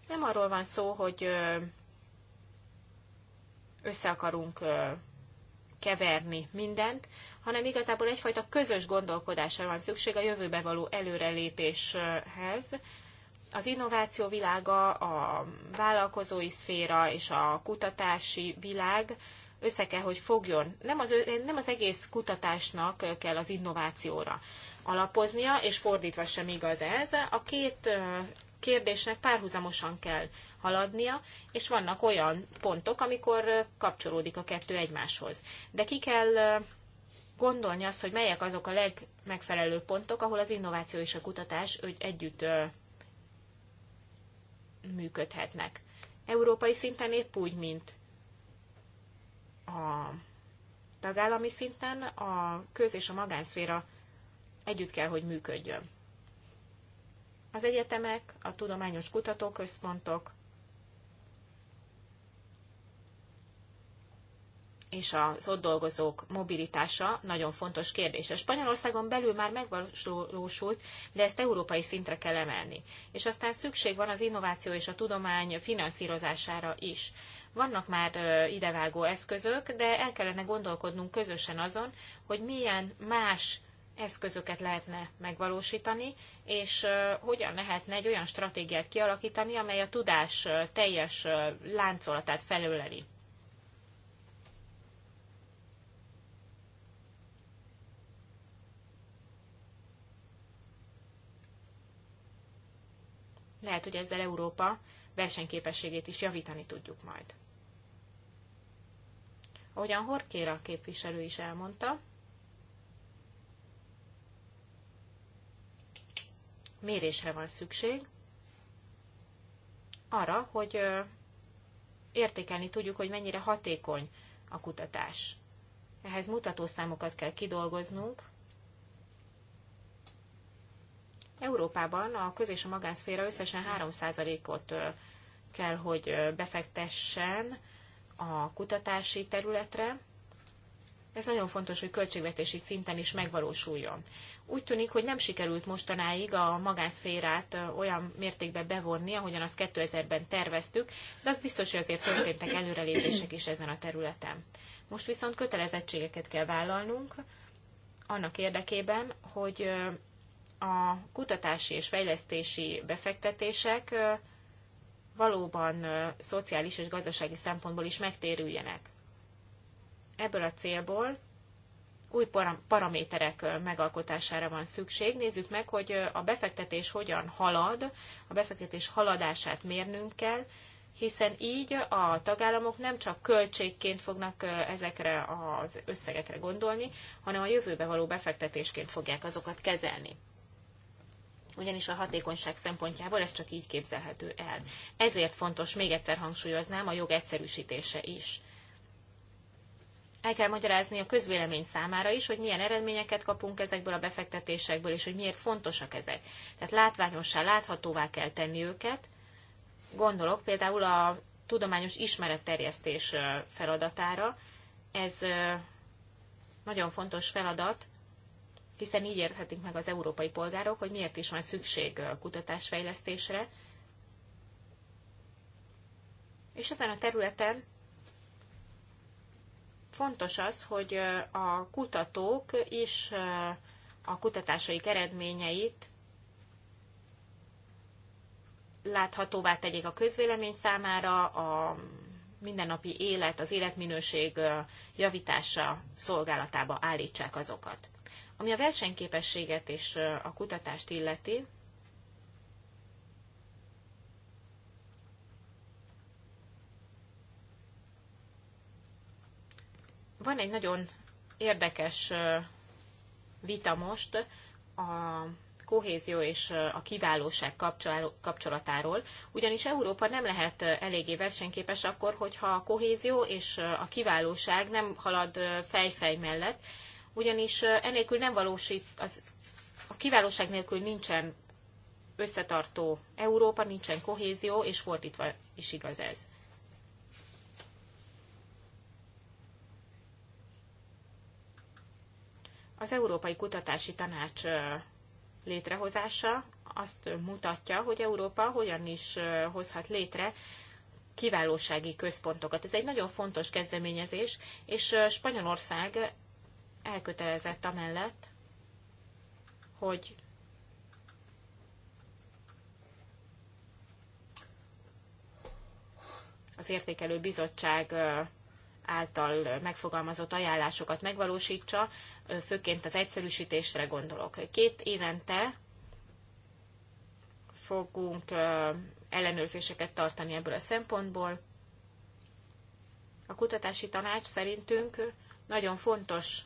Nem arról van szó, hogy össze akarunk keverni mindent, hanem igazából egyfajta közös gondolkodásra van szükség a jövőbe való előrelépéshez. Az innováció világa, a vállalkozói szféra és a kutatási világ össze kell, hogy fogjon. Nem az, nem az egész kutatásnak kell az innovációra alapoznia, és fordítva sem igaz ez. A két kérdésnek párhuzamosan kell haladnia, és vannak olyan pontok, amikor kapcsolódik a kettő egymáshoz. De ki kell gondolni azt, hogy melyek azok a legmegfelelőbb pontok, ahol az innováció és a kutatás együtt működhetnek. Európai szinten épp úgy, mint a tagállami szinten a köz- és a magánszféra együtt kell, hogy működjön. Az egyetemek, a tudományos kutatóközpontok és az ott dolgozók mobilitása nagyon fontos kérdés. A Spanyolországon belül már megvalósult, de ezt európai szintre kell emelni. És aztán szükség van az innováció és a tudomány finanszírozására is. Vannak már idevágó eszközök, de el kellene gondolkodnunk közösen azon, hogy milyen más eszközöket lehetne megvalósítani, és hogyan lehetne egy olyan stratégiát kialakítani, amely a tudás teljes láncolatát felöleli. Lehet, hogy ezzel Európa versenyképességét is javítani tudjuk majd. Ahogyan Horkéra képviselő is elmondta, mérésre van szükség, arra, hogy értékelni tudjuk, hogy mennyire hatékony a kutatás. Ehhez mutatószámokat kell kidolgoznunk. Európában a köz és a magánszféra összesen 3%-ot kell, hogy befektessen a kutatási területre, ez nagyon fontos, hogy költségvetési szinten is megvalósuljon. Úgy tűnik, hogy nem sikerült mostanáig a magánszférát olyan mértékben bevonni, ahogyan azt 2000-ben terveztük, de az biztos, hogy azért történtek előrelépések is ezen a területen. Most viszont kötelezettségeket kell vállalnunk annak érdekében, hogy a kutatási és fejlesztési befektetések valóban szociális és gazdasági szempontból is megtérüljenek. Ebből a célból új paraméterek megalkotására van szükség. Nézzük meg, hogy a befektetés hogyan halad, a befektetés haladását mérnünk kell, hiszen így a tagállamok nem csak költségként fognak ezekre az összegekre gondolni, hanem a jövőbe való befektetésként fogják azokat kezelni. Ugyanis a hatékonyság szempontjából ez csak így képzelhető el. Ezért fontos, még egyszer hangsúlyoznám, a jog egyszerűsítése is el kell magyarázni a közvélemény számára is, hogy milyen eredményeket kapunk ezekből a befektetésekből, és hogy miért fontosak ezek. Tehát látványossá, láthatóvá kell tenni őket. Gondolok például a tudományos ismeretterjesztés feladatára. Ez nagyon fontos feladat, hiszen így érthetik meg az európai polgárok, hogy miért is van szükség kutatásfejlesztésre. És ezen a területen Fontos az, hogy a kutatók is a kutatásaik eredményeit láthatóvá tegyék a közvélemény számára, a mindennapi élet, az életminőség javítása szolgálatába állítsák azokat. Ami a versenyképességet és a kutatást illeti, Van egy nagyon érdekes vita most a kohézió és a kiválóság kapcsolatáról, ugyanis Európa nem lehet eléggé versenyképes akkor, hogyha a kohézió és a kiválóság nem halad fejfej mellett, ugyanis enélkül nem valósít, az, a kiválóság nélkül nincsen összetartó Európa, nincsen kohézió, és fordítva is igaz ez. Az Európai Kutatási Tanács létrehozása azt mutatja, hogy Európa hogyan is hozhat létre kiválósági központokat. Ez egy nagyon fontos kezdeményezés, és Spanyolország elkötelezett amellett, hogy az értékelő bizottság által megfogalmazott ajánlásokat megvalósítsa, főként az egyszerűsítésre gondolok. Két évente fogunk ellenőrzéseket tartani ebből a szempontból. A kutatási tanács szerintünk nagyon fontos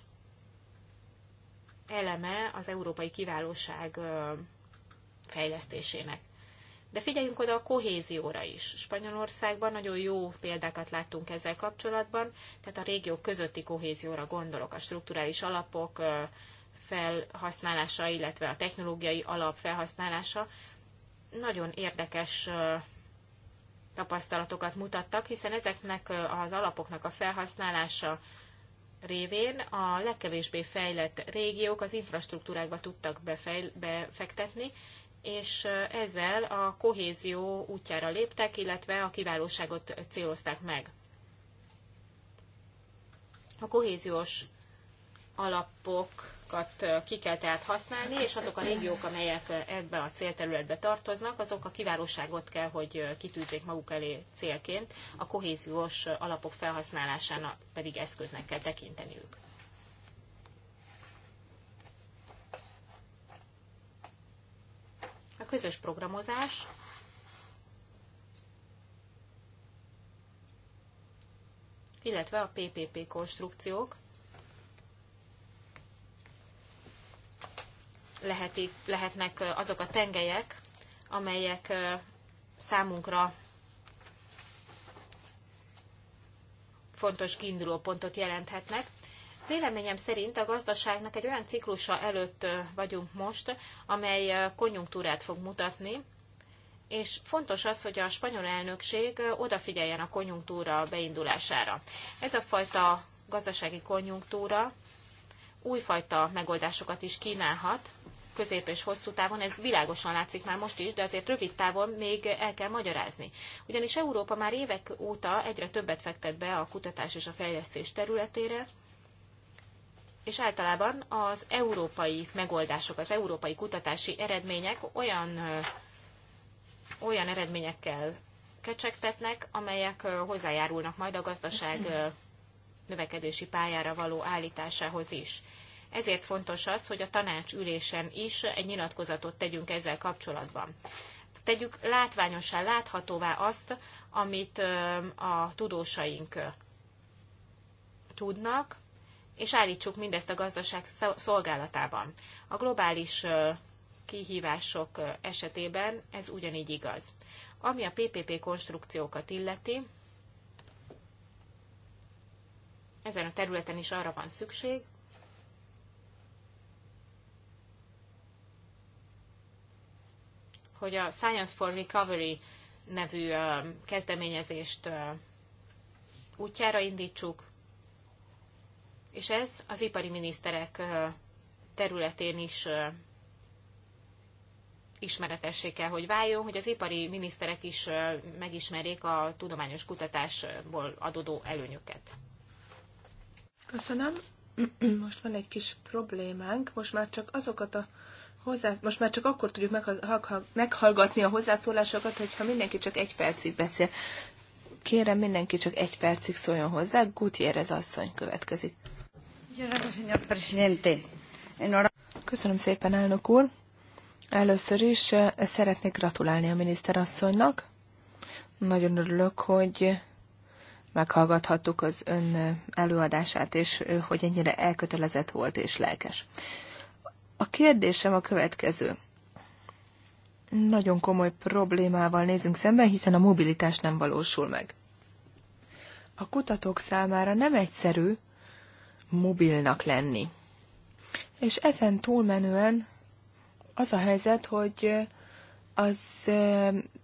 eleme az európai kiválóság fejlesztésének. De figyeljünk oda a kohézióra is. Spanyolországban nagyon jó példákat láttunk ezzel kapcsolatban, tehát a régiók közötti kohézióra gondolok, a strukturális alapok felhasználása, illetve a technológiai alap felhasználása. Nagyon érdekes tapasztalatokat mutattak, hiszen ezeknek az alapoknak a felhasználása révén a legkevésbé fejlett régiók az infrastruktúrákba tudtak befektetni, és ezzel a kohézió útjára léptek, illetve a kiválóságot célozták meg. A kohéziós alapokat ki kell tehát használni, és azok a régiók, amelyek ebbe a célterületbe tartoznak, azok a kiválóságot kell, hogy kitűzzék maguk elé célként, a kohéziós alapok felhasználásának pedig eszköznek kell tekinteniük. közös programozás illetve a PPP konstrukciók leheti, lehetnek azok a tengelyek, amelyek számunkra fontos kiinduló pontot jelenthetnek, Véleményem szerint a gazdaságnak egy olyan ciklusa előtt vagyunk most, amely konjunktúrát fog mutatni, és fontos az, hogy a spanyol elnökség odafigyeljen a konjunktúra beindulására. Ez a fajta gazdasági konjunktúra újfajta megoldásokat is kínálhat, közép és hosszú távon, ez világosan látszik már most is, de azért rövid távon még el kell magyarázni. Ugyanis Európa már évek óta egyre többet fektet be a kutatás és a fejlesztés területére, és általában az európai megoldások, az európai kutatási eredmények olyan, olyan eredményekkel kecsegtetnek, amelyek hozzájárulnak majd a gazdaság növekedési pályára való állításához is. Ezért fontos az, hogy a tanács ülésen is egy nyilatkozatot tegyünk ezzel kapcsolatban. Tegyük látványosan láthatóvá azt, amit a tudósaink tudnak, és állítsuk mindezt a gazdaság szolgálatában. A globális kihívások esetében ez ugyanígy igaz. Ami a PPP konstrukciókat illeti, ezen a területen is arra van szükség, hogy a Science for Recovery nevű kezdeményezést útjára indítsuk, és ez az ipari miniszterek területén is ismeretessé kell, hogy váljon, hogy az ipari miniszterek is megismerjék a tudományos kutatásból adódó előnyöket. Köszönöm. Most van egy kis problémánk. Most már csak azokat a hozzász... Most már csak akkor tudjuk meghallgatni a hozzászólásokat, hogyha mindenki csak egy percig beszél. Kérem, mindenki csak egy percig szóljon hozzá. Gutierrez asszony következik. Köszönöm szépen, elnök úr. Először is eh, szeretnék gratulálni a miniszterasszonynak. Nagyon örülök, hogy meghallgathattuk az ön előadását, és eh, hogy ennyire elkötelezett volt és lelkes. A kérdésem a következő. Nagyon komoly problémával nézünk szemben, hiszen a mobilitás nem valósul meg. A kutatók számára nem egyszerű mobilnak lenni. És ezen túlmenően az a helyzet, hogy az,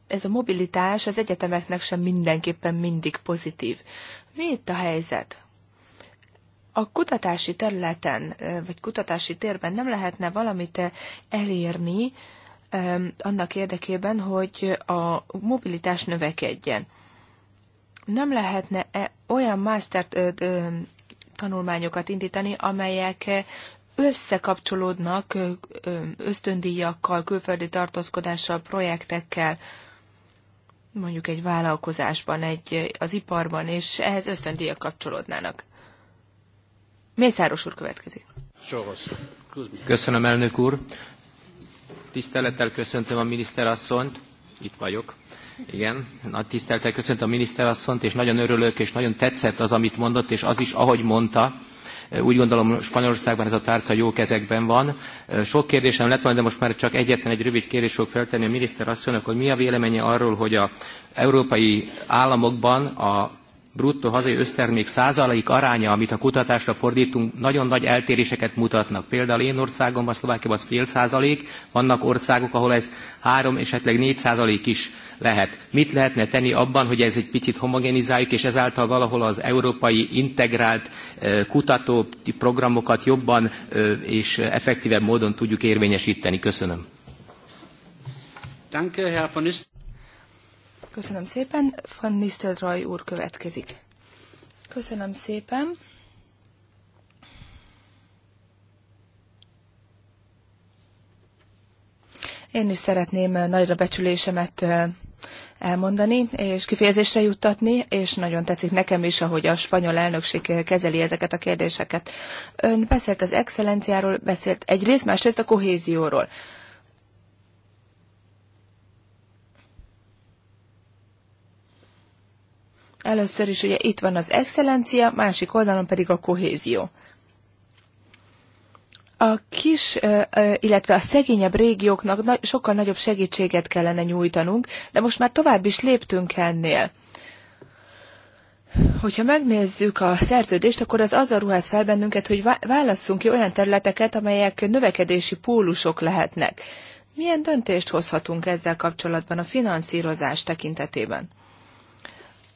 ez a mobilitás az egyetemeknek sem mindenképpen mindig pozitív. Mi itt a helyzet? A kutatási területen, vagy kutatási térben nem lehetne valamit elérni annak érdekében, hogy a mobilitás növekedjen. Nem lehetne -e olyan master tanulmányokat indítani, amelyek összekapcsolódnak ösztöndíjakkal, külföldi tartózkodással, projektekkel, mondjuk egy vállalkozásban, egy, az iparban, és ehhez ösztöndíjak kapcsolódnának. Mészáros úr következik. Köszönöm, elnök úr. Tisztelettel köszöntöm a miniszterasszonyt. Itt vagyok. Igen, nagy tisztelettel köszöntöm a miniszterasszont, és nagyon örülök, és nagyon tetszett az, amit mondott, és az is, ahogy mondta, úgy gondolom Spanyolországban ez a tárca jó kezekben van. Sok kérdésem lett volna, de most már csak egyetlen egy rövid kérdés fog feltenni a miniszter hogy mi a véleménye arról, hogy a európai államokban a bruttó hazai össztermék százalék aránya, amit a kutatásra fordítunk, nagyon nagy eltéréseket mutatnak. Például én országomban, Szlovákiában az fél százalék, vannak országok, ahol ez három, esetleg négy százalék is lehet. Mit lehetne tenni abban, hogy ez egy picit homogenizáljuk, és ezáltal valahol az európai integrált eh, kutató programokat jobban eh, és effektívebb módon tudjuk érvényesíteni. Köszönöm. Köszönöm szépen. Van Nistelrooy úr következik. Köszönöm szépen. Én is szeretném nagyra becsülésemet eh, elmondani és kifejezésre juttatni, és nagyon tetszik nekem is, ahogy a spanyol elnökség kezeli ezeket a kérdéseket. Ön beszélt az excellenciáról, beszélt egyrészt, másrészt a kohézióról. Először is ugye itt van az excellencia, másik oldalon pedig a kohézió a kis, illetve a szegényebb régióknak sokkal nagyobb segítséget kellene nyújtanunk, de most már tovább is léptünk ennél. Hogyha megnézzük a szerződést, akkor az azzal ruház fel bennünket, hogy válasszunk ki olyan területeket, amelyek növekedési pólusok lehetnek. Milyen döntést hozhatunk ezzel kapcsolatban a finanszírozás tekintetében?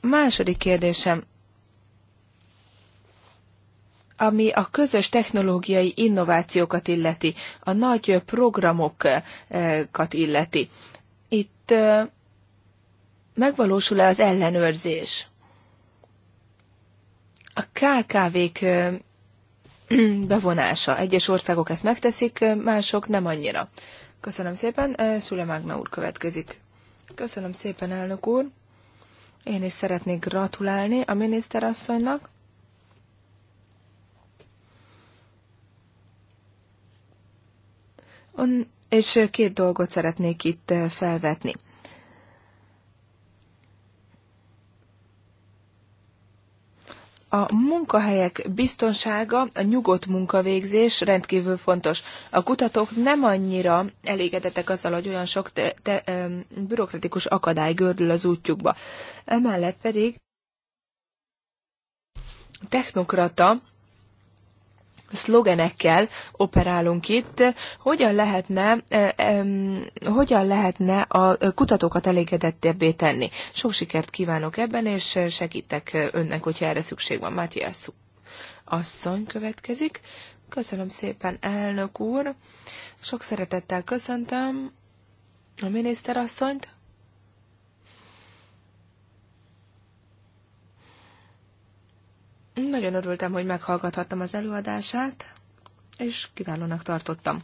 Második kérdésem ami a közös technológiai innovációkat illeti, a nagy programokat illeti. Itt megvalósul-e az ellenőrzés? A KKV-k bevonása. Egyes országok ezt megteszik, mások nem annyira. Köszönöm szépen. Szule Mágna úr következik. Köszönöm szépen, elnök úr. Én is szeretnék gratulálni a miniszterasszonynak és két dolgot szeretnék itt eh, felvetni. A munkahelyek biztonsága, a nyugodt munkavégzés rendkívül fontos. A kutatók nem annyira elégedettek azzal, hogy olyan sok te, te, ö, bürokratikus akadály gördül az útjukba. Emellett pedig technokrata szlogenekkel operálunk itt, hogyan lehetne, e, hogyan lehetne a kutatókat elégedettebbé tenni. Sok sikert kívánok ebben, és segítek önnek, hogyha erre szükség van. Mátyás asszony következik. Köszönöm szépen, elnök úr. Sok szeretettel köszöntöm a miniszterasszonyt. Nagyon örültem, hogy meghallgathattam az előadását, és kiválónak tartottam.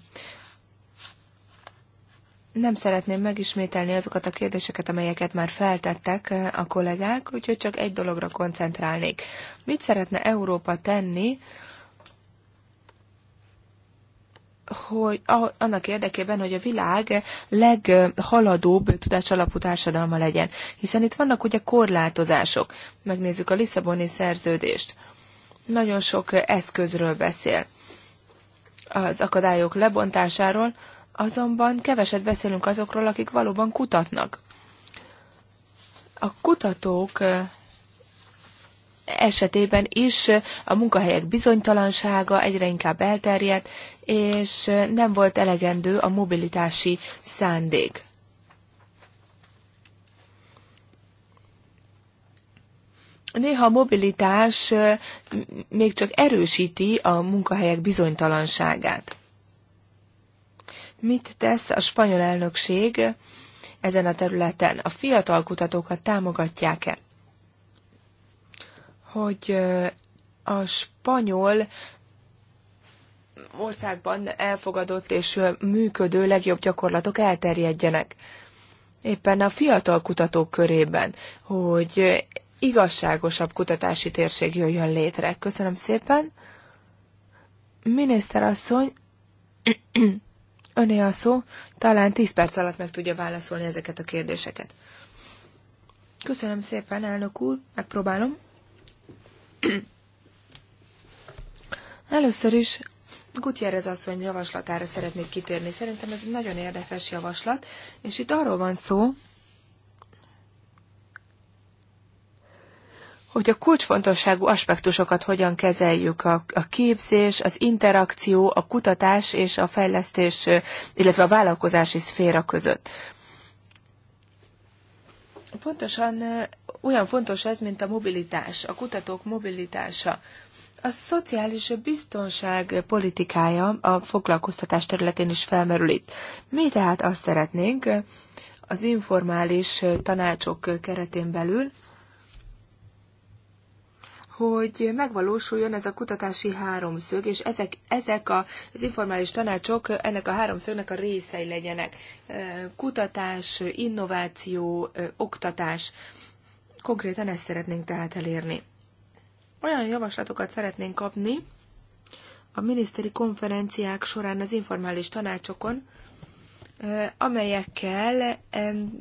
Nem szeretném megismételni azokat a kérdéseket, amelyeket már feltettek eh, a kollégák, úgyhogy csak egy dologra koncentrálnék. Mit szeretne Európa tenni hogy annak érdekében, hogy a világ leghaladóbb alapú társadalma legyen. Hiszen itt vannak ugye korlátozások. Megnézzük a Lisszaboni szerződést. Nagyon sok eszközről beszél az akadályok lebontásáról, azonban keveset beszélünk azokról, akik valóban kutatnak. A kutatók esetében is a munkahelyek bizonytalansága egyre inkább elterjedt, és nem volt elegendő a mobilitási szándék. Néha a mobilitás még csak erősíti a munkahelyek bizonytalanságát. Mit tesz a spanyol elnökség ezen a területen? A fiatal kutatókat támogatják-e? hogy a spanyol országban elfogadott és működő legjobb gyakorlatok elterjedjenek. Éppen a fiatal kutatók körében, hogy igazságosabb kutatási térség jöjjön létre. Köszönöm szépen. asszony, öné a szó, talán 10 perc alatt meg tudja válaszolni ezeket a kérdéseket. Köszönöm szépen, elnök úr, megpróbálom. Először is Gutierrez asszony javaslatára szeretnék kitérni. Szerintem ez egy nagyon érdekes javaslat, és itt arról van szó, hogy a kulcsfontosságú aspektusokat hogyan kezeljük, a, a képzés, az interakció, a kutatás és a fejlesztés, illetve a vállalkozási szféra között. Pontosan olyan fontos ez, mint a mobilitás, a kutatók mobilitása. A szociális biztonság politikája a foglalkoztatás területén is felmerül itt. Mi tehát azt szeretnénk az informális tanácsok keretén belül, hogy megvalósuljon ez a kutatási háromszög, és ezek, ezek a, az informális tanácsok ennek a háromszögnek a részei legyenek. Kutatás, innováció, oktatás. Konkrétan ezt szeretnénk tehát elérni. Olyan javaslatokat szeretnénk kapni a miniszteri konferenciák során az informális tanácsokon, amelyekkel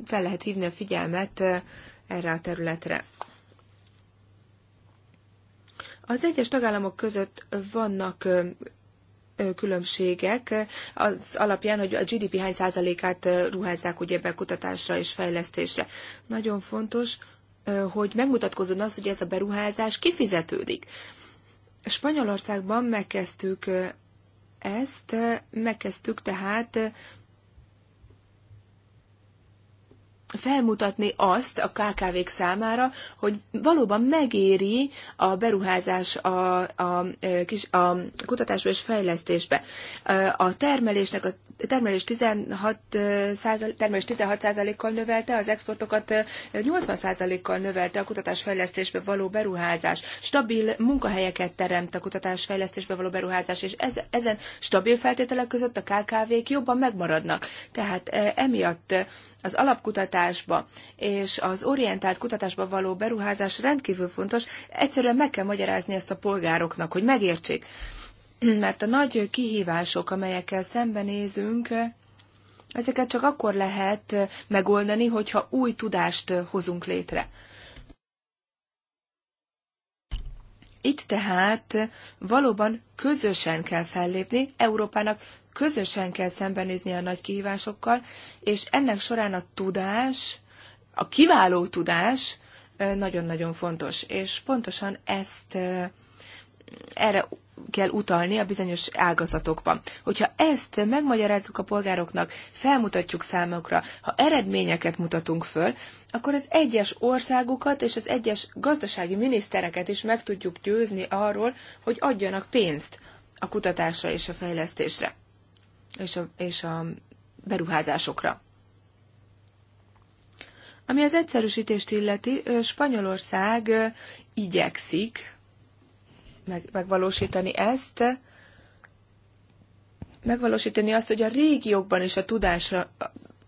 fel lehet hívni a figyelmet erre a területre. Az egyes tagállamok között vannak különbségek az alapján, hogy a GDP hány százalékát ruházzák ugye be kutatásra és fejlesztésre. Nagyon fontos, hogy megmutatkozzon az, hogy ez a beruházás kifizetődik. Spanyolországban megkezdtük ezt, megkezdtük tehát felmutatni azt a KKV-k számára, hogy valóban megéri a beruházás a, a, kis, a kutatásba és fejlesztésbe. A termelésnek, a termelés 16 termelés 16%-kal növelte, az exportokat 80%-kal növelte a kutatásfejlesztésbe való beruházás. Stabil munkahelyeket teremt a kutatásfejlesztésbe való beruházás, és ez, ezen stabil feltételek között a KKV-k jobban megmaradnak. Tehát emiatt az alapkutatásba és az orientált kutatásba való beruházás rendkívül fontos. Egyszerűen meg kell magyarázni ezt a polgároknak, hogy megértsék mert a nagy kihívások, amelyekkel szembenézünk, ezeket csak akkor lehet megoldani, hogyha új tudást hozunk létre. Itt tehát valóban közösen kell fellépni, Európának közösen kell szembenézni a nagy kihívásokkal, és ennek során a tudás, a kiváló tudás nagyon-nagyon fontos, és pontosan ezt erre kell utalni a bizonyos ágazatokban. Hogyha ezt megmagyarázzuk a polgároknak, felmutatjuk számokra, ha eredményeket mutatunk föl, akkor az egyes országokat és az egyes gazdasági minisztereket is meg tudjuk győzni arról, hogy adjanak pénzt a kutatásra és a fejlesztésre, és a, és a beruházásokra. Ami az egyszerűsítést illeti, Spanyolország igyekszik meg, megvalósítani ezt, megvalósítani azt, hogy a régiókban is a tudásra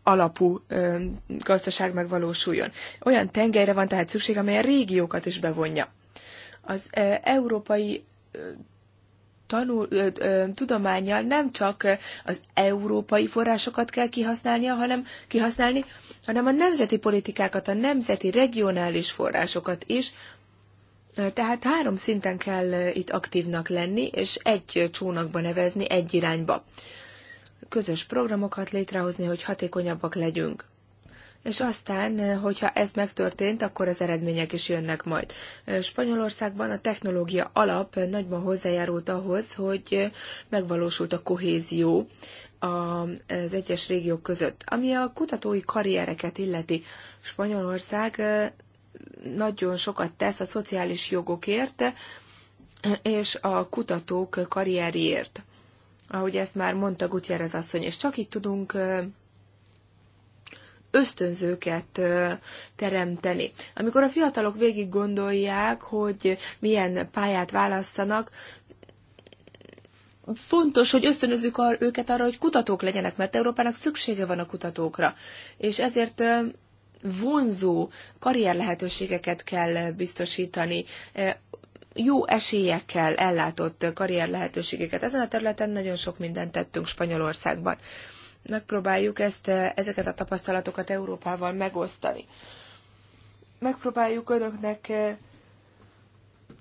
alapú ö, gazdaság megvalósuljon. Olyan tengelyre van tehát szükség, amely a régiókat is bevonja. Az ö, európai tanul, tudományjal nem csak az európai forrásokat kell kihasználnia, hanem kihasználni, hanem a nemzeti politikákat, a nemzeti regionális forrásokat is, tehát három szinten kell itt aktívnak lenni, és egy csónakba nevezni, egy irányba. Közös programokat létrehozni, hogy hatékonyabbak legyünk. És aztán, hogyha ez megtörtént, akkor az eredmények is jönnek majd. Spanyolországban a technológia alap nagyban hozzájárult ahhoz, hogy megvalósult a kohézió az egyes régiók között. Ami a kutatói karriereket illeti, Spanyolország nagyon sokat tesz a szociális jogokért és a kutatók karrierjéért. Ahogy ezt már mondta az asszony, és csak így tudunk ösztönzőket teremteni. Amikor a fiatalok végig gondolják, hogy milyen pályát választanak, fontos, hogy ösztönözzük őket arra, hogy kutatók legyenek, mert Európának szüksége van a kutatókra. És ezért vonzó karrier lehetőségeket kell biztosítani, eh, jó esélyekkel ellátott karrier lehetőségeket. Ezen a területen nagyon sok mindent tettünk Spanyolországban. Megpróbáljuk ezt, eh, ezeket a tapasztalatokat Európával megosztani. Megpróbáljuk önöknek eh,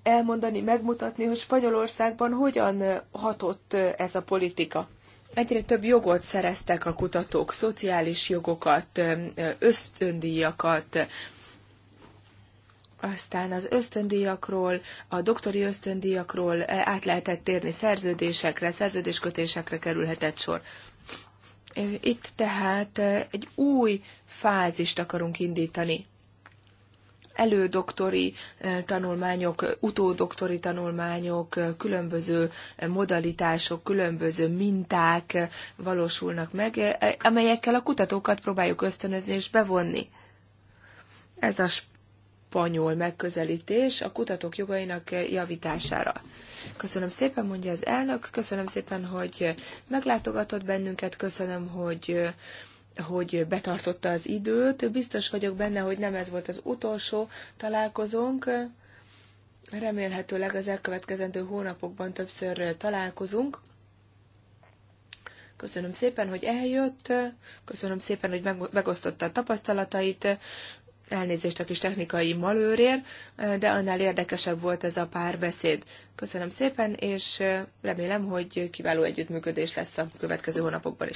elmondani, megmutatni, hogy Spanyolországban hogyan hatott ez a politika egyre több jogot szereztek a kutatók, szociális jogokat, ösztöndíjakat, aztán az ösztöndíjakról, a doktori ösztöndíjakról át lehetett térni szerződésekre, szerződéskötésekre kerülhetett sor. Itt tehát egy új fázist akarunk indítani elődoktori eh, tanulmányok, utódoktori tanulmányok, eh, különböző eh, modalitások, különböző minták valósulnak meg, amelyekkel a kutatókat próbáljuk ösztönözni és bevonni. Ez a spanyol megközelítés a kutatók jogainak javítására. Köszönöm szépen, mondja az elnök, köszönöm szépen, hogy meglátogatott bennünket, köszönöm, hogy hogy betartotta az időt. Biztos vagyok benne, hogy nem ez volt az utolsó találkozónk. Remélhetőleg az elkövetkezendő hónapokban többször találkozunk. Köszönöm szépen, hogy eljött, köszönöm szépen, hogy megosztotta a tapasztalatait, elnézést a kis technikai malőrér, de annál érdekesebb volt ez a párbeszéd. Köszönöm szépen, és remélem, hogy kiváló együttműködés lesz a következő hónapokban is.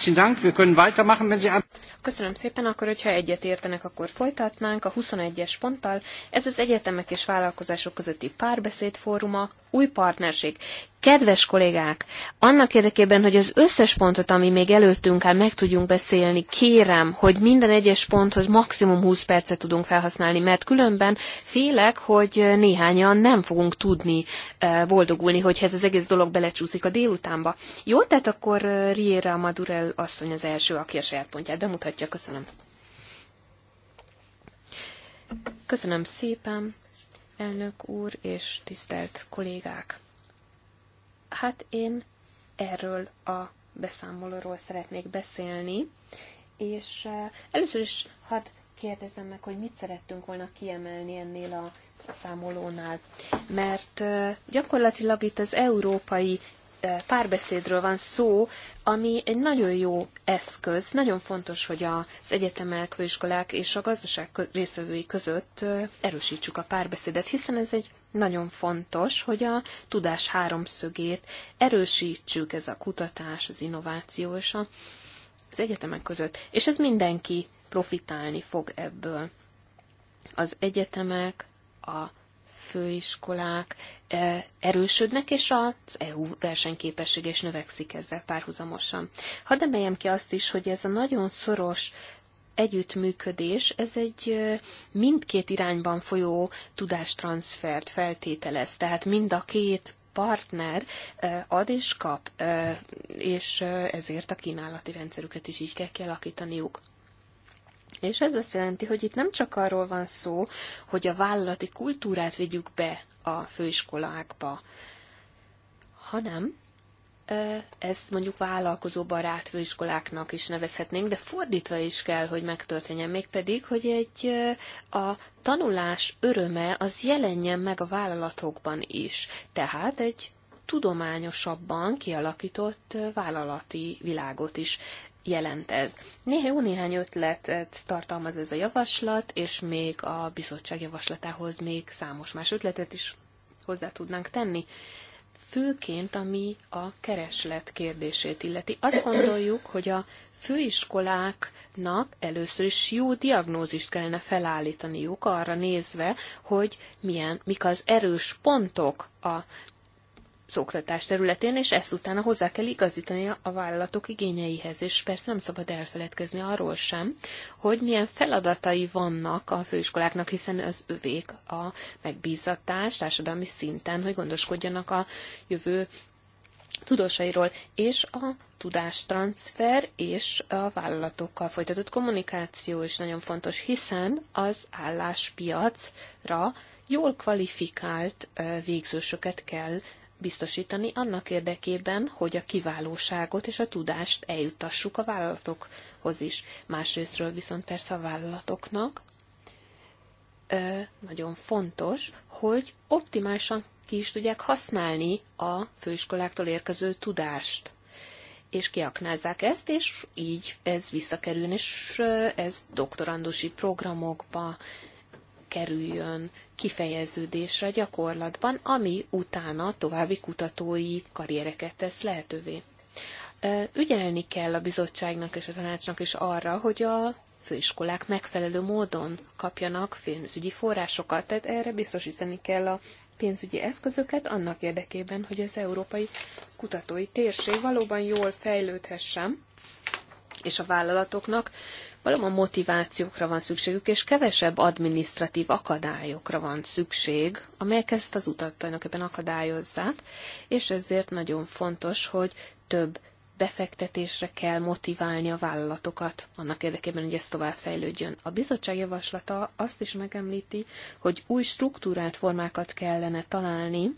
Herzlichen Dank, wir können weitermachen, wenn Sie... Köszönöm szépen, akkor hogyha egyet értenek, akkor folytatnánk a 21-es ponttal. Ez az egyetemek és vállalkozások közötti párbeszéd fóruma, új partnerség. Kedves kollégák, annak érdekében, hogy az összes pontot, ami még előttünk áll, meg tudjunk beszélni, kérem, hogy minden egyes ponthoz maximum 20 percet tudunk felhasználni, mert különben félek, hogy néhányan nem fogunk tudni eh, boldogulni, hogyha ez az egész dolog belecsúszik a délutánba. Jó, tehát akkor eh, Riera Madurel asszony az első, aki a saját pontját bemutatja. Köszönöm. Köszönöm szépen, elnök úr és tisztelt kollégák! Hát én erről a beszámolóról szeretnék beszélni, és eh, először is hadd kérdezem meg, hogy mit szerettünk volna kiemelni ennél a számolónál. Mert eh, gyakorlatilag itt az európai eh, párbeszédről van szó, ami egy nagyon jó eszköz. Nagyon fontos, hogy az egyetemek, főiskolák és a gazdaság részvevői között erősítsük a párbeszédet, hiszen ez egy nagyon fontos, hogy a tudás háromszögét erősítsük, ez a kutatás, az innováció és az egyetemek között. És ez mindenki profitálni fog ebből. Az egyetemek, a főiskolák e, erősödnek, és az EU versenyképesség is növekszik ezzel párhuzamosan. Hadd emeljem ki azt is, hogy ez a nagyon szoros együttműködés, ez egy mindkét irányban folyó tudástranszfert feltételez, tehát mind a két partner ad és kap, és ezért a kínálati rendszerüket is így kell kialakítaniuk. És ez azt jelenti, hogy itt nem csak arról van szó, hogy a vállalati kultúrát vigyük be a főiskolákba, hanem ezt mondjuk barát főiskoláknak is nevezhetnénk, de fordítva is kell, hogy megtörténjen mégpedig, hogy egy a tanulás öröme az jelenjen meg a vállalatokban is. Tehát egy tudományosabban kialakított vállalati világot is jelent ez. Néha jó néhány ötletet tartalmaz ez a javaslat, és még a bizottság javaslatához még számos más ötletet is hozzá tudnánk tenni főként ami a kereslet kérdését illeti. Azt gondoljuk, hogy a főiskoláknak először is jó diagnózist kellene felállítaniuk arra nézve, hogy milyen, mik az erős pontok a az oktatás területén, és ezt utána hozzá kell igazítani a vállalatok igényeihez, és persze nem szabad elfeledkezni arról sem, hogy milyen feladatai vannak a főiskoláknak, hiszen az övék a megbízatás társadalmi szinten, hogy gondoskodjanak a jövő tudósairól, és a tudástranszfer és a vállalatokkal folytatott kommunikáció is nagyon fontos, hiszen az álláspiacra jól kvalifikált végzősöket kell biztosítani annak érdekében, hogy a kiválóságot és a tudást eljuttassuk a vállalatokhoz is. Másrésztről viszont persze a vállalatoknak nagyon fontos, hogy optimálisan ki is tudják használni a főiskoláktól érkező tudást és kiaknázzák ezt, és így ez visszakerül, és ez doktorandusi programokba, kerüljön kifejeződésre a gyakorlatban, ami utána további kutatói karriereket tesz lehetővé. Ügyelni kell a bizottságnak és a tanácsnak is arra, hogy a főiskolák megfelelő módon kapjanak pénzügyi forrásokat, tehát erre biztosítani kell a pénzügyi eszközöket annak érdekében, hogy az európai kutatói térség valóban jól fejlődhessen, és a vállalatoknak valóban motivációkra van szükségük, és kevesebb administratív akadályokra van szükség, amelyek ezt az utat tulajdonképpen akadályozzák, és ezért nagyon fontos, hogy több befektetésre kell motiválni a vállalatokat, annak érdekében, hogy ez tovább fejlődjön. A bizottság javaslata azt is megemlíti, hogy új struktúrát, formákat kellene találni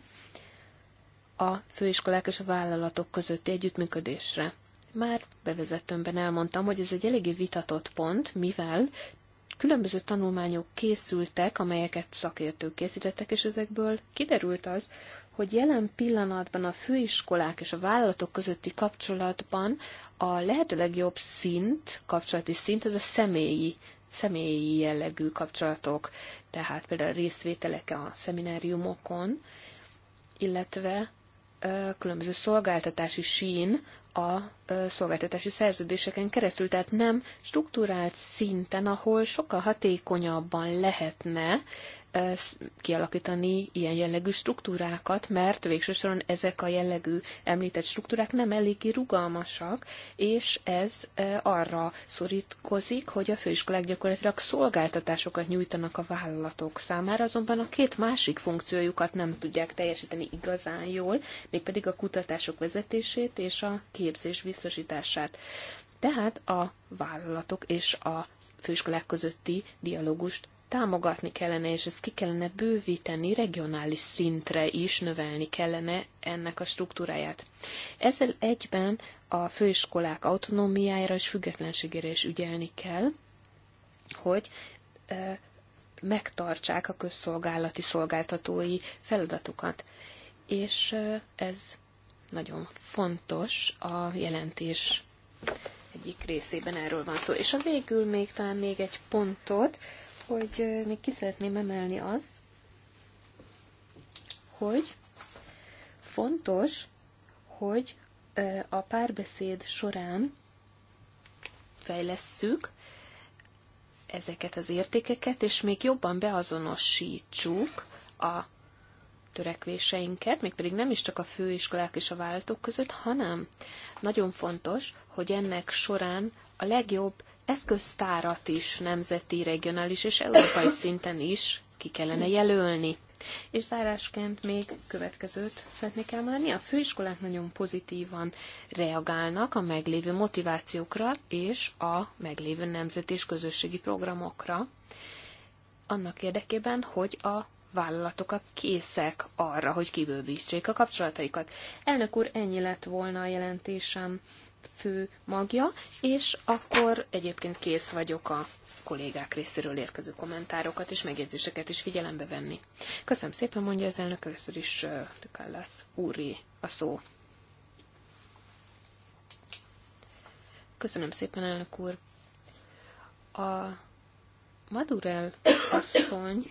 a főiskolák és a vállalatok közötti együttműködésre. Már bevezetőmben elmondtam, hogy ez egy eléggé vitatott pont, mivel különböző tanulmányok készültek, amelyeket szakértők készítettek, és ezekből kiderült az, hogy jelen pillanatban a főiskolák és a vállalatok közötti kapcsolatban a lehető legjobb szint, kapcsolati szint, az a személyi személyi jellegű kapcsolatok, tehát például részvételek a szemináriumokon, illetve különböző szolgáltatási sín a szolgáltatási szerződéseken keresztül, tehát nem struktúrált szinten, ahol sokkal hatékonyabban lehetne kialakítani ilyen jellegű struktúrákat, mert végső soron ezek a jellegű említett struktúrák nem eléggé rugalmasak, és ez arra szorítkozik, hogy a főiskolák gyakorlatilag szolgáltatásokat nyújtanak a vállalatok számára, azonban a két másik funkciójukat nem tudják teljesíteni igazán jól, mégpedig a kutatások vezetését és a képzés biztosítását. Tehát a vállalatok és a főiskolák közötti dialógust támogatni kellene, és ezt ki kellene bővíteni regionális szintre is, növelni kellene ennek a struktúráját. Ezzel egyben a főiskolák autonómiájára és függetlenségére is ügyelni kell, hogy e, megtartsák a közszolgálati szolgáltatói feladatukat. És e, ez nagyon fontos a jelentés egyik részében erről van szó. És a végül még talán még egy pontot, hogy még ki szeretném emelni azt, hogy fontos, hogy a párbeszéd során fejlesszük ezeket az értékeket, és még jobban beazonosítsuk a törekvéseinket, mégpedig nem is csak a főiskolák és a vállalatok között, hanem nagyon fontos, hogy ennek során a legjobb eszköztárat is nemzeti, regionális és európai szinten is ki kellene jelölni. És zárásként még következőt szeretnék elmondani. A főiskolák nagyon pozitívan reagálnak a meglévő motivációkra és a meglévő nemzeti és közösségi programokra, annak érdekében, hogy a vállalatok a készek arra, hogy kibővítsék a kapcsolataikat. Elnök úr, ennyi lett volna a jelentésem fő magja, és akkor egyébként kész vagyok a kollégák részéről érkező kommentárokat és megjegyzéseket is figyelembe venni. Köszönöm szépen, mondja az elnök, először is lesz úri a szó. Köszönöm szépen, elnök úr. A Madurel asszony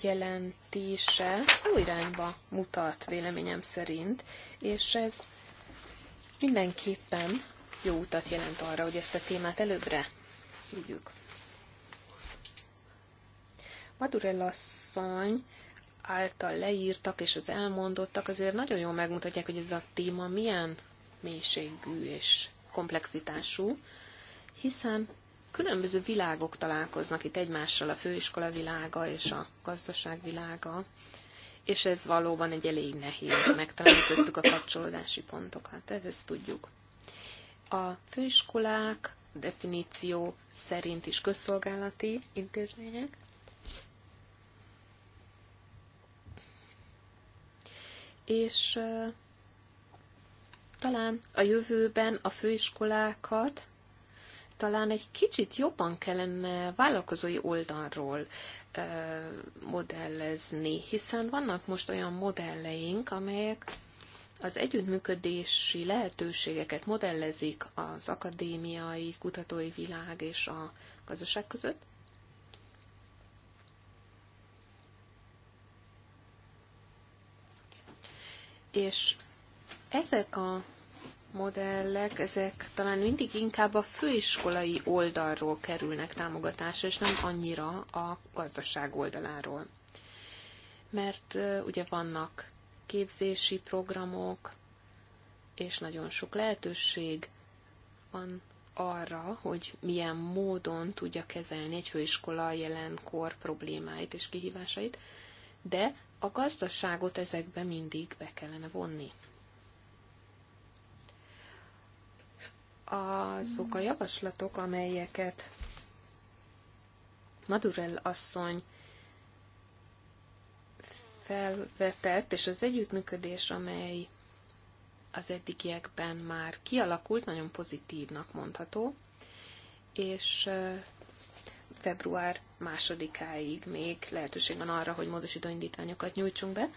jelentése jó irányba mutat véleményem szerint, és ez mindenképpen jó utat jelent arra, hogy ezt a témát előbbre vigyük. Madurella asszony által leírtak és az elmondottak azért nagyon jól megmutatják, hogy ez a téma milyen mélységű és komplexitású, hiszen különböző világok találkoznak itt egymással, a főiskola világa és a gazdaság világa, és ez valóban egy elég nehéz, megtalálni köztük a kapcsolódási pontokat, tehát ezt tudjuk. A főiskolák definíció szerint is közszolgálati intézmények, és talán a jövőben a főiskolákat talán egy kicsit jobban kellene vállalkozói oldalról modellezni, hiszen vannak most olyan modelleink, amelyek az együttműködési lehetőségeket modellezik az akadémiai, kutatói világ és a gazdaság között. És ezek a modellek, ezek talán mindig inkább a főiskolai oldalról kerülnek támogatásra, és nem annyira a gazdaság oldaláról. Mert ugye vannak képzési programok, és nagyon sok lehetőség van arra, hogy milyen módon tudja kezelni egy főiskola jelenkor problémáit és kihívásait, de a gazdaságot ezekbe mindig be kellene vonni. azok a javaslatok, amelyeket Madurell asszony felvetett, és az együttműködés, amely az eddigiekben már kialakult, nagyon pozitívnak mondható, és február másodikáig még lehetőség van arra, hogy módosító indítványokat nyújtsunk be.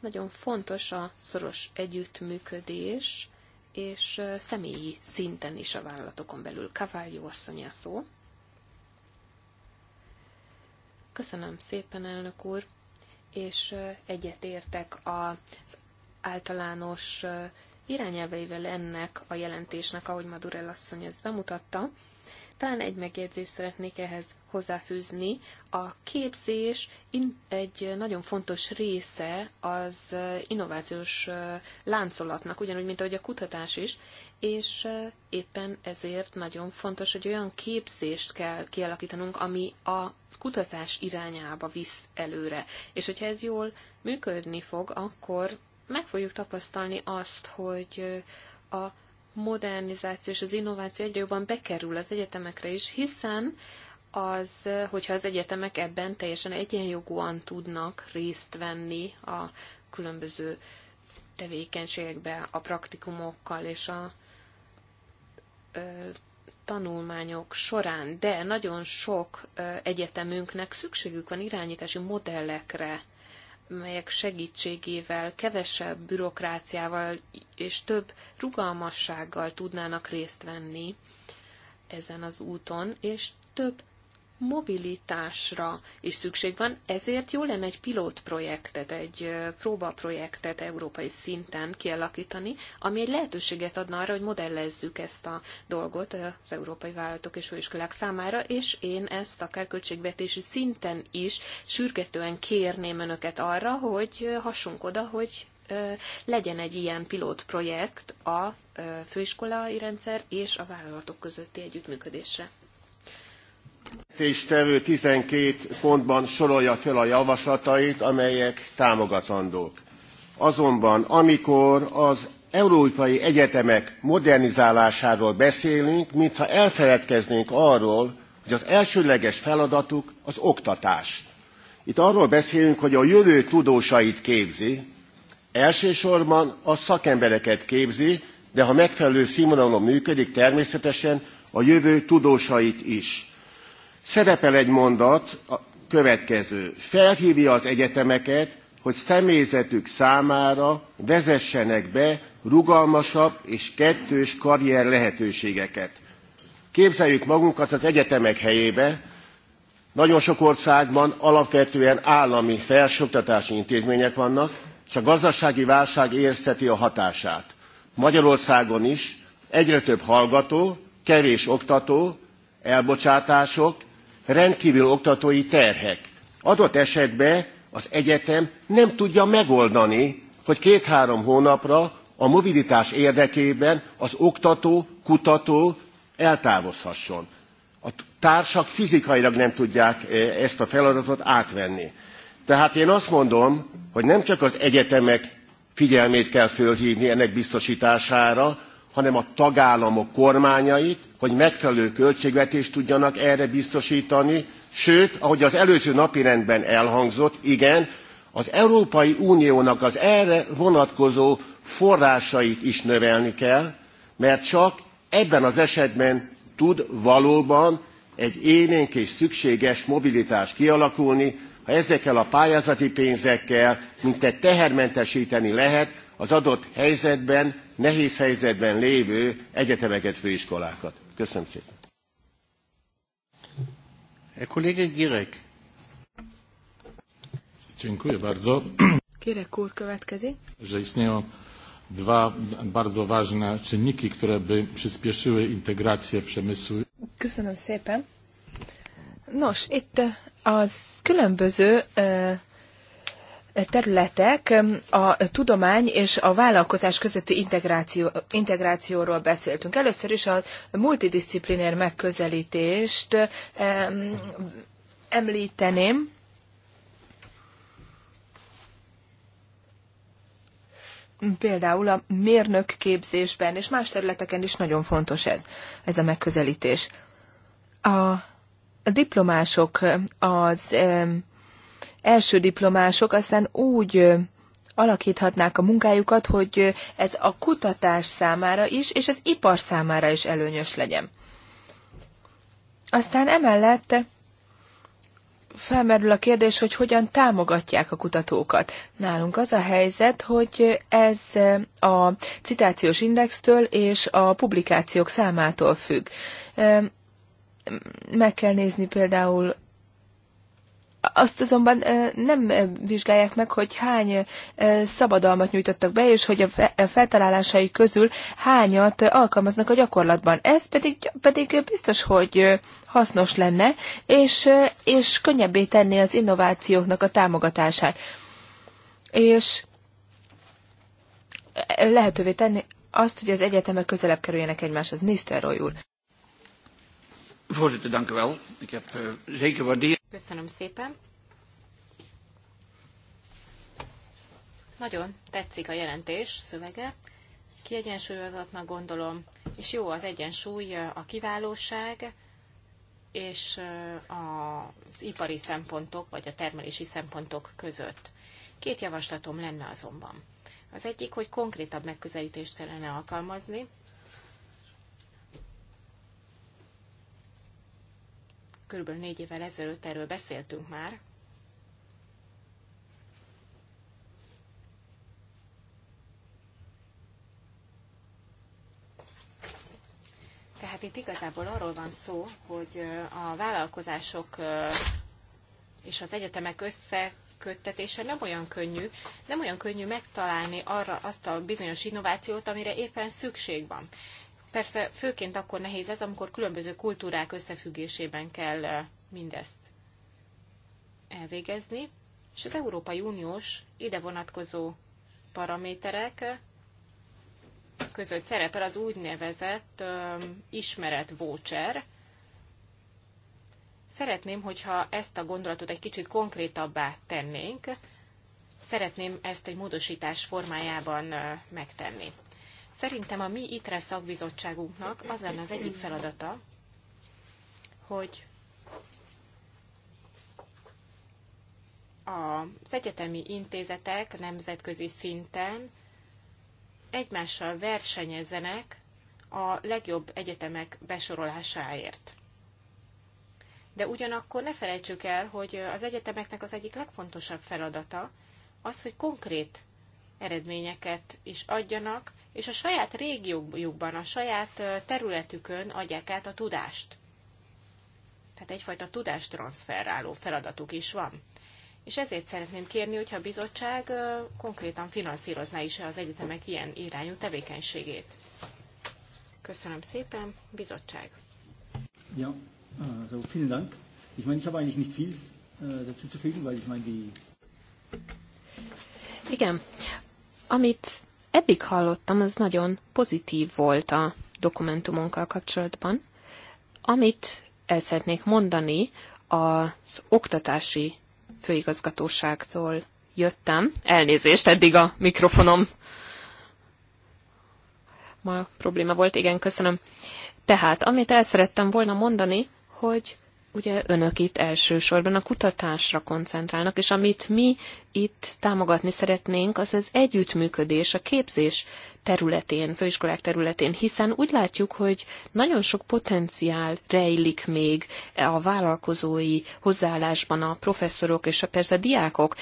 Nagyon fontos a szoros együttműködés és személyi szinten is a vállalatokon belül. Kaváljó asszony a szó. Köszönöm szépen, elnök úr, és egyetértek az általános irányelveivel ennek a jelentésnek, ahogy Madurell asszony ezt bemutatta, talán egy megjegyzést szeretnék ehhez hozzáfűzni. A képzés egy nagyon fontos része az eh, innovációs eh, láncolatnak, ugyanúgy, mint ahogy a kutatás is, és eh, éppen ezért nagyon fontos, hogy olyan képzést kell kialakítanunk, ami a kutatás irányába visz előre. És hogyha ez jól működni fog, akkor meg fogjuk tapasztalni azt, hogy a modernizáció és az innováció egyre jobban bekerül az egyetemekre is, hiszen az, hogyha az egyetemek ebben teljesen egyenjogúan tudnak részt venni a különböző tevékenységekbe, a praktikumokkal és a ö, tanulmányok során, de nagyon sok egyetemünknek szükségük van irányítási modellekre, melyek segítségével, kevesebb bürokráciával és több rugalmassággal tudnának részt venni ezen az úton, és több mobilitásra is szükség van, ezért jó lenne egy pilotprojektet, egy próbaprojektet európai szinten kialakítani, ami egy lehetőséget adna arra, hogy modellezzük ezt a dolgot az európai vállalatok és főiskolák számára, és én ezt akár költségvetési szinten is sürgetően kérném önöket arra, hogy hasonk oda, hogy legyen egy ilyen pilotprojekt a főiskolai rendszer és a vállalatok közötti együttműködésre. Téstevő 12 pontban sorolja fel a javaslatait, amelyek támogatandók. Azonban, amikor az európai egyetemek modernizálásáról beszélünk, mintha elfeledkeznénk arról, hogy az elsőleges feladatuk az oktatás. Itt arról beszélünk, hogy a jövő tudósait képzi, elsősorban a szakembereket képzi, de ha megfelelő színvonalon működik, természetesen a jövő tudósait is. Szerepel egy mondat, a következő. Felhívja az egyetemeket, hogy személyzetük számára vezessenek be rugalmasabb és kettős karrier lehetőségeket. Képzeljük magunkat az egyetemek helyébe, nagyon sok országban alapvetően állami felsőoktatási intézmények vannak, és a gazdasági válság érzeti a hatását. Magyarországon is egyre több hallgató, kevés oktató, elbocsátások, rendkívül oktatói terhek. Adott esetben az egyetem nem tudja megoldani, hogy két-három hónapra a mobilitás érdekében az oktató, kutató eltávozhasson. A társak fizikailag nem tudják e, ezt a feladatot átvenni. Tehát én azt mondom, hogy nem csak az egyetemek figyelmét kell fölhívni ennek biztosítására, hanem a tagállamok kormányait, hogy megfelelő költségvetést tudjanak erre biztosítani, sőt, ahogy az előző rendben elhangzott, igen, az Európai Uniónak az erre vonatkozó forrásait is növelni kell, mert csak ebben az esetben tud valóban egy élénk és szükséges mobilitás kialakulni, ha ezekkel a pályázati pénzekkel egy tehermentesíteni lehet az adott helyzetben nehéz helyzetben lévő egyetemeket, főiskolákat. Köszönöm szépen. E kollega Girek. Dziękuję bardzo. Kirek úr következik. Że istnieją dwa bardzo ważne czynniki, które by przyspieszyły integrację przemysłu. Köszönöm szépen. Nos, itt eh, az különböző eh, területek, a tudomány és a vállalkozás közötti integráció, integrációról beszéltünk. Először is a multidisziplinér megközelítést említeném. Például a mérnök képzésben és más területeken is nagyon fontos ez, ez a megközelítés. A diplomások, az első diplomások aztán úgy alakíthatnák a munkájukat, hogy ez a kutatás számára is, és az ipar számára is előnyös legyen. Aztán emellett felmerül a kérdés, hogy hogyan támogatják a kutatókat. Nálunk az a helyzet, hogy ez a citációs indextől és a publikációk számától függ. Meg kell nézni például azt azonban nem vizsgálják meg, hogy hány szabadalmat nyújtottak be, és hogy a feltalálásai közül hányat alkalmaznak a gyakorlatban. Ez pedig, pedig biztos, hogy hasznos lenne, és, és könnyebbé tenni az innovációknak a támogatását. És lehetővé tenni azt, hogy az egyetemek közelebb kerüljenek egymáshoz. Nisztelrooy Voorzitter, dank u wel. Ik heb uh, zeker waardering. Köszönöm szépen. Nagyon tetszik a jelentés szövege. Kiegyensúlyozatnak gondolom, és jó az egyensúly, eh, a kiválóság és eh, az ipari szempontok, vagy a termelési szempontok között. Két javaslatom lenne azonban. Az egyik, hogy konkrétabb megközelítést kellene alkalmazni, körülbelül négy évvel ezelőtt erről beszéltünk már. Tehát itt igazából arról van szó, hogy a vállalkozások és az egyetemek össze köttetése nem olyan könnyű, nem olyan könnyű megtalálni arra azt a bizonyos innovációt, amire éppen szükség van. Persze főként akkor nehéz ez, amikor különböző kultúrák összefüggésében kell mindezt elvégezni, és az Európai Uniós ide vonatkozó paraméterek között szerepel az úgynevezett ismeret voucher. Szeretném, hogyha ezt a gondolatot egy kicsit konkrétabbá tennénk, szeretném ezt egy módosítás formájában megtenni. Szerintem a mi ITRE szakbizottságunknak az lenne az egyik feladata, hogy az egyetemi intézetek nemzetközi szinten egymással versenyezzenek a legjobb egyetemek besorolásáért. De ugyanakkor ne felejtsük el, hogy az egyetemeknek az egyik legfontosabb feladata az, hogy konkrét eredményeket is adjanak, és a saját régiójukban, a saját területükön adják át a tudást. Tehát egyfajta tudástranszferráló feladatuk is van. És ezért szeretném kérni, hogyha a bizottság konkrétan finanszírozná is az egyetemek ilyen irányú tevékenységét. Köszönöm szépen, bizottság. Ja, also vielen Dank. Ich meine, ich habe eigentlich nicht viel äh, dazu zu fügen, weil ich meine, die... Igen. Amit eddig hallottam, az nagyon pozitív volt a dokumentumunkkal kapcsolatban. Amit el szeretnék mondani, az oktatási főigazgatóságtól jöttem. Elnézést, eddig a mikrofonom ma probléma volt. Igen, köszönöm. Tehát, amit el szerettem volna mondani, hogy ugye önök itt elsősorban a kutatásra koncentrálnak, és amit mi itt támogatni szeretnénk, az az együttműködés a képzés területén, főiskolák területén, hiszen úgy látjuk, hogy nagyon sok potenciál rejlik még a vállalkozói hozzáállásban a professzorok és a persze a diákok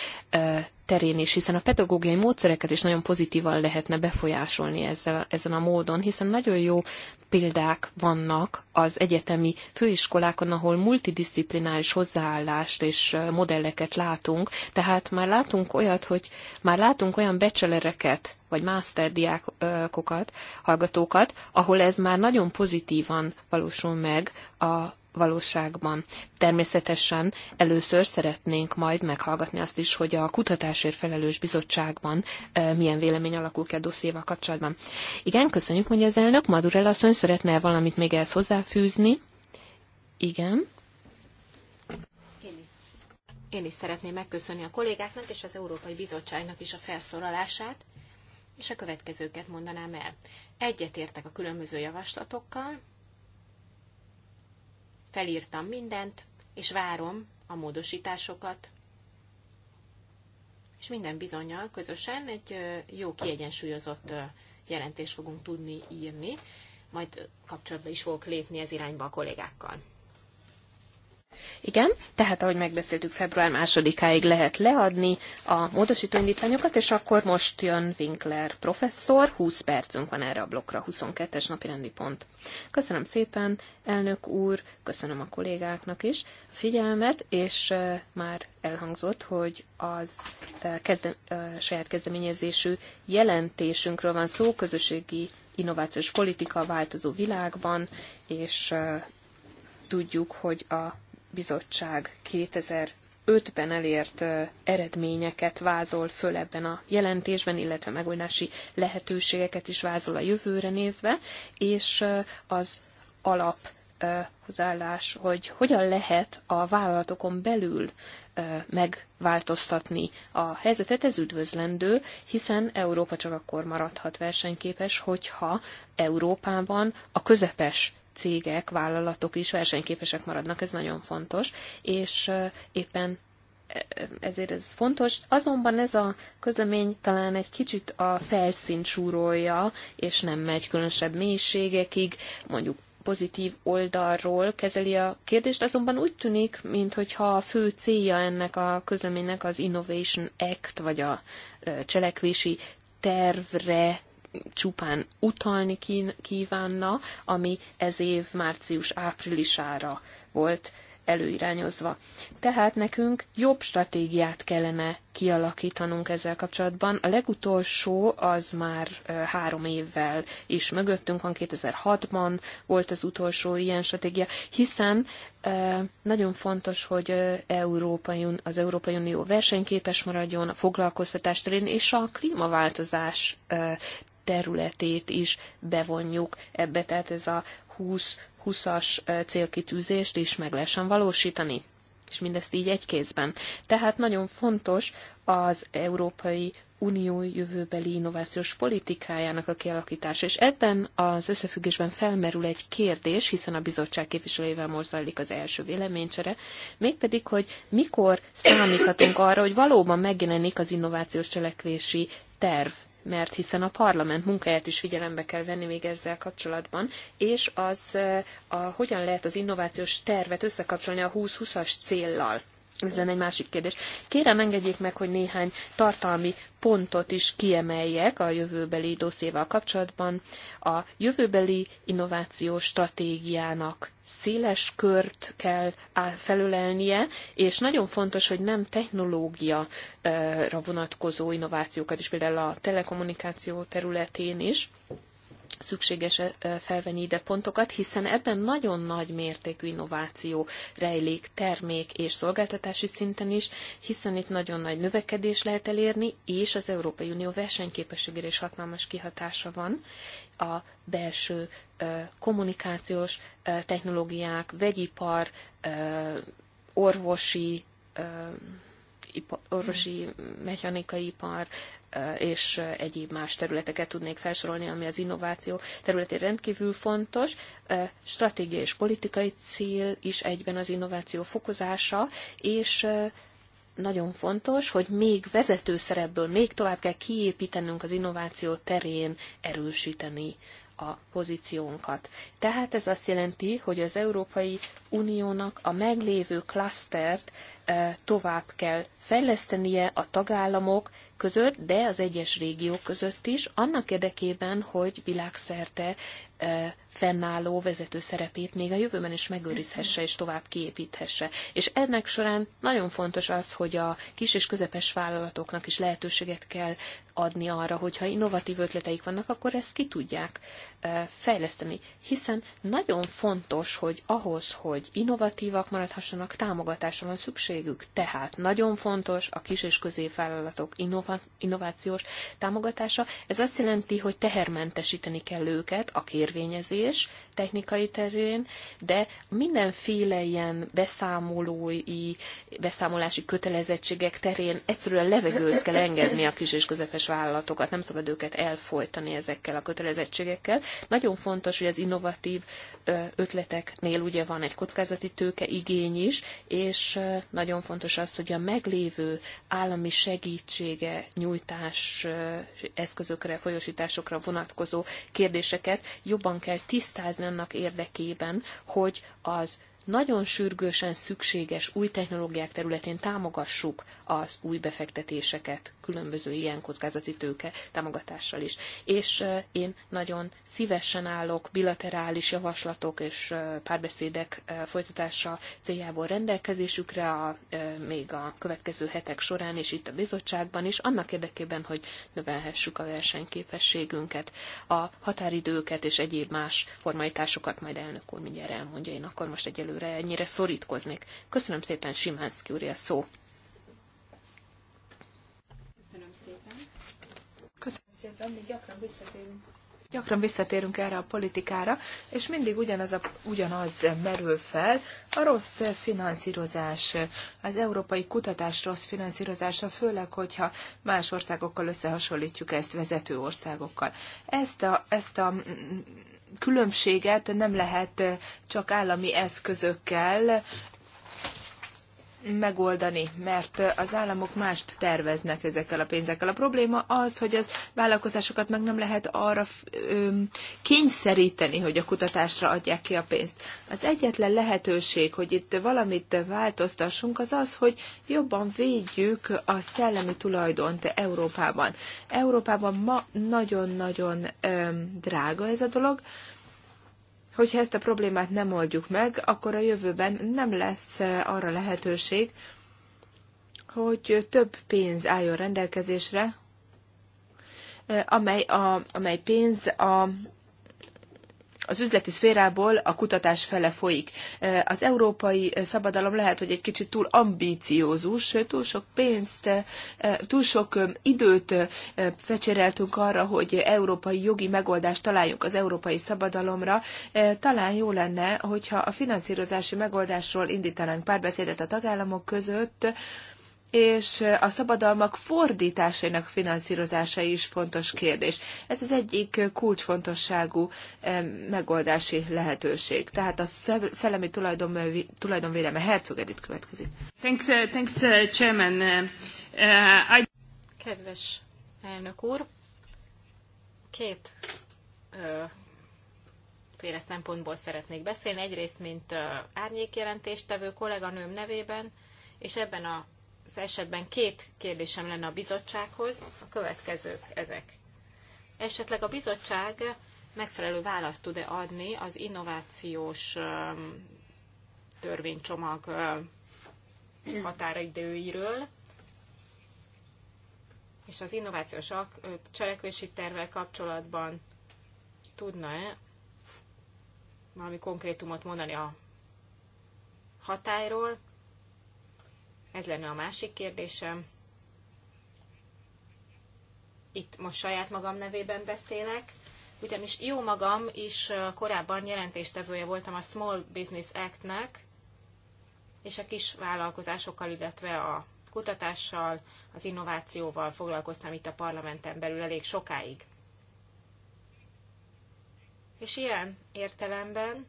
terén is, hiszen a pedagógiai módszereket is nagyon pozitívan lehetne befolyásolni ezzel, ezen a módon, hiszen nagyon jó példák vannak az egyetemi főiskolákon, ahol multidisziplináris hozzáállást és modelleket látunk, tehát már látunk olyat, hogy már látunk olyan becselereket, vagy masterdiákokat, hallgatókat, ahol ez már nagyon pozitívan valósul meg a valóságban. Természetesen először szeretnénk majd meghallgatni azt is, hogy a kutatásért felelős bizottságban milyen vélemény alakul ki a dossziéval kapcsolatban. Igen, köszönjük, hogy az elnök. Madurell asszony szeretne valamit még ehhez hozzáfűzni? Igen. Én is szeretném megköszönni a kollégáknak és az Európai Bizottságnak is a felszólalását, és a következőket mondanám el. Egyetértek a különböző javaslatokkal, felírtam mindent, és várom a módosításokat, és minden bizonyal közösen egy jó kiegyensúlyozott jelentést fogunk tudni írni, majd kapcsolatba is fogok lépni ez irányba a kollégákkal. Igen, tehát ahogy megbeszéltük, február másodikáig lehet leadni a módosító indítványokat, és akkor most jön Winkler professzor, 20 percünk van erre a blokkra, 22-es napi rendi pont. Köszönöm szépen, elnök úr, köszönöm a kollégáknak is a figyelmet, és már elhangzott, hogy az kezdem, saját kezdeményezésű jelentésünkről van szó, közösségi innovációs politika változó világban, és tudjuk, hogy a bizottság 2005-ben elért eredményeket vázol föl ebben a jelentésben, illetve megoldási lehetőségeket is vázol a jövőre nézve, és az alap hozzáállás, hogy hogyan lehet a vállalatokon belül megváltoztatni a helyzetet, ez üdvözlendő, hiszen Európa csak akkor maradhat versenyképes, hogyha Európában a közepes cégek, vállalatok is versenyképesek maradnak, ez nagyon fontos, és éppen ezért ez fontos. Azonban ez a közlemény talán egy kicsit a felszín súrolja, és nem megy különösebb mélységekig, mondjuk pozitív oldalról kezeli a kérdést, azonban úgy tűnik, mintha a fő célja ennek a közleménynek az Innovation Act, vagy a cselekvési tervre csupán utalni kívánna, ami ez év március-áprilisára volt előirányozva. Tehát nekünk jobb stratégiát kellene kialakítanunk ezzel kapcsolatban. A legutolsó az már három évvel is mögöttünk van, 2006-ban volt az utolsó ilyen stratégia, hiszen nagyon fontos, hogy Európai, az Európai Unió versenyképes maradjon a foglalkoztatás terén és a klímaváltozás területét is bevonjuk ebbe, tehát ez a 20-20-as célkitűzést is meg lehessen valósítani és mindezt így egy kézben. Tehát nagyon fontos az Európai Unió jövőbeli innovációs politikájának a kialakítása. És ebben az összefüggésben felmerül egy kérdés, hiszen a bizottság képviselőjével most zajlik az első véleménycsere, mégpedig, hogy mikor számíthatunk arra, hogy valóban megjelenik az innovációs cselekvési terv mert hiszen a parlament munkáját is figyelembe kell venni még ezzel kapcsolatban, és az eh, a, hogyan lehet az innovációs tervet összekapcsolni a 2020-as céllal. Ez lenne egy másik kérdés. Kérem, engedjék meg, hogy néhány tartalmi pontot is kiemeljek a jövőbeli dosszéval kapcsolatban. A jövőbeli innovációs stratégiának széles kört kell felölelnie, és nagyon fontos, hogy nem technológiára vonatkozó innovációkat is, például a telekommunikáció területén is, szükséges felvenni ide pontokat, hiszen ebben nagyon nagy mértékű innováció rejlik termék és szolgáltatási szinten is, hiszen itt nagyon nagy növekedés lehet elérni, és az Európai Unió versenyképességére is hatalmas kihatása van a belső kommunikációs technológiák, vegyipar, orvosi orvosi, mechanikai ipar és egyéb más területeket tudnék felsorolni, ami az innováció területén rendkívül fontos. Stratégiai és politikai cél is egyben az innováció fokozása, és nagyon fontos, hogy még vezető szerepből még tovább kell kiépítenünk az innováció terén, erősíteni a pozíciónkat. Tehát ez azt jelenti, hogy az Európai Uniónak a meglévő klasztert tovább kell fejlesztenie a tagállamok között, de az egyes régiók között is, annak érdekében, hogy világszerte fennálló vezető szerepét még a jövőben is megőrizhesse és tovább kiépíthesse. És ennek során nagyon fontos az, hogy a kis és közepes vállalatoknak is lehetőséget kell adni arra, hogyha innovatív ötleteik vannak, akkor ezt ki tudják fejleszteni. Hiszen nagyon fontos, hogy ahhoz, hogy innovatívak maradhassanak, támogatásra van szükségük. Tehát nagyon fontos a kis és középvállalatok innova- innovációs támogatása. Ez azt jelenti, hogy tehermentesíteni kell őket a kér érvényezés technikai terén, de mindenféle ilyen beszámolói, beszámolási kötelezettségek terén egyszerűen levegőhöz kell engedni a kis és közepes vállalatokat, nem szabad őket elfolytani ezekkel a kötelezettségekkel. Nagyon fontos, hogy az innovatív ötleteknél ugye van egy kockázati tőke igény is, és nagyon fontos az, hogy a meglévő állami segítsége nyújtás eszközökre, folyosításokra vonatkozó kérdéseket jobb jobban kell tisztázni annak érdekében, hogy az nagyon sürgősen szükséges új technológiák területén támogassuk az új befektetéseket különböző ilyen kockázati tőke támogatással is. És én nagyon szívesen állok bilaterális javaslatok és párbeszédek folytatása céljából rendelkezésükre a, még a következő hetek során és itt a bizottságban is, annak érdekében, hogy növelhessük a versenyképességünket, a határidőket és egyéb más formalitásokat majd elnök úr mindjárt elmondja. Én akkor most egyelőre egyelőre ennyire szorítkoznék. Köszönöm szépen, Simánszki úr, a szó. Köszönöm szépen. Köszönöm szépen, mi gyakran visszatérünk gyakran visszatérünk erre a politikára, és mindig ugyanaz, a, ugyanaz merül fel, a rossz finanszírozás, az európai kutatás rossz finanszírozása, főleg, hogyha más országokkal összehasonlítjuk ezt vezető országokkal. Ezt a, ezt a különbséget nem lehet csak állami eszközökkel megoldani, mert az államok mást terveznek ezekkel a pénzekkel. A probléma az, hogy az vállalkozásokat meg nem lehet arra kényszeríteni, hogy a kutatásra adják ki a pénzt. Az egyetlen lehetőség, hogy itt valamit változtassunk, az az, hogy jobban védjük a szellemi tulajdont Európában. Európában ma nagyon-nagyon drága ez a dolog, hogyha ezt a problémát nem oldjuk meg, akkor a jövőben nem lesz eh, arra lehetőség, hogy több pénz álljon rendelkezésre, eh, amely, a, amely pénz a az üzleti szférából a kutatás fele folyik. Az európai szabadalom lehet, hogy egy kicsit túl ambíciózus, túl sok pénzt, túl sok időt fecsereltünk arra, hogy európai jogi megoldást találjunk az európai szabadalomra. Talán jó lenne, hogyha a finanszírozási megoldásról indítanánk párbeszédet a tagállamok között, és a szabadalmak fordításainak finanszírozása is fontos kérdés. Ez az egyik kulcsfontosságú eh, megoldási lehetőség. Tehát a szellemi tulajdon, eh, tulajdonvédelme Herzog Edith következik. Thanks, uh, thanks uh, Chairman. Uh, I... Kedves elnök úr, két uh féle szempontból szeretnék beszélni. Egyrészt, mint tevő kolléganőm nevében, és ebben a az esetben két kérdésem lenne a bizottsághoz, a következők ezek. Esetleg a bizottság megfelelő választ tud-e adni az innovációs törvénycsomag határidőiről, és az innovációs cselekvési tervvel kapcsolatban tudna-e valami konkrétumot mondani a hatályról, ez lenne a másik kérdésem. Itt most saját magam nevében beszélek, ugyanis jó magam is korábban jelentéstevője voltam a Small Business Act-nek, és a kis vállalkozásokkal, illetve a kutatással, az innovációval foglalkoztam itt a parlamenten belül elég sokáig. És ilyen értelemben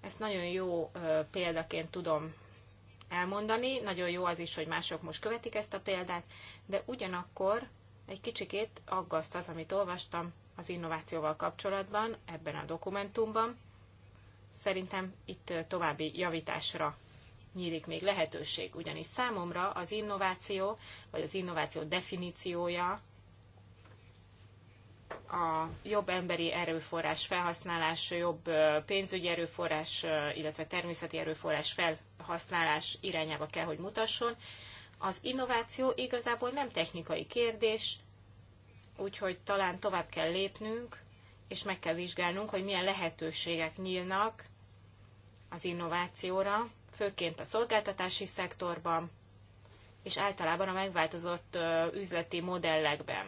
ezt nagyon jó példaként tudom elmondani. Nagyon jó az is, hogy mások most követik ezt a példát, de ugyanakkor egy kicsikét aggaszt az, amit olvastam az innovációval kapcsolatban ebben a dokumentumban. Szerintem itt további javításra nyílik még lehetőség, ugyanis számomra az innováció, vagy az innováció definíciója a jobb emberi erőforrás felhasználás, jobb pénzügyi erőforrás, illetve természeti erőforrás felhasználás irányába kell, hogy mutasson. Az innováció igazából nem technikai kérdés, úgyhogy talán tovább kell lépnünk, és meg kell vizsgálnunk, hogy milyen lehetőségek nyílnak az innovációra, főként a szolgáltatási szektorban, és általában a megváltozott üzleti modellekben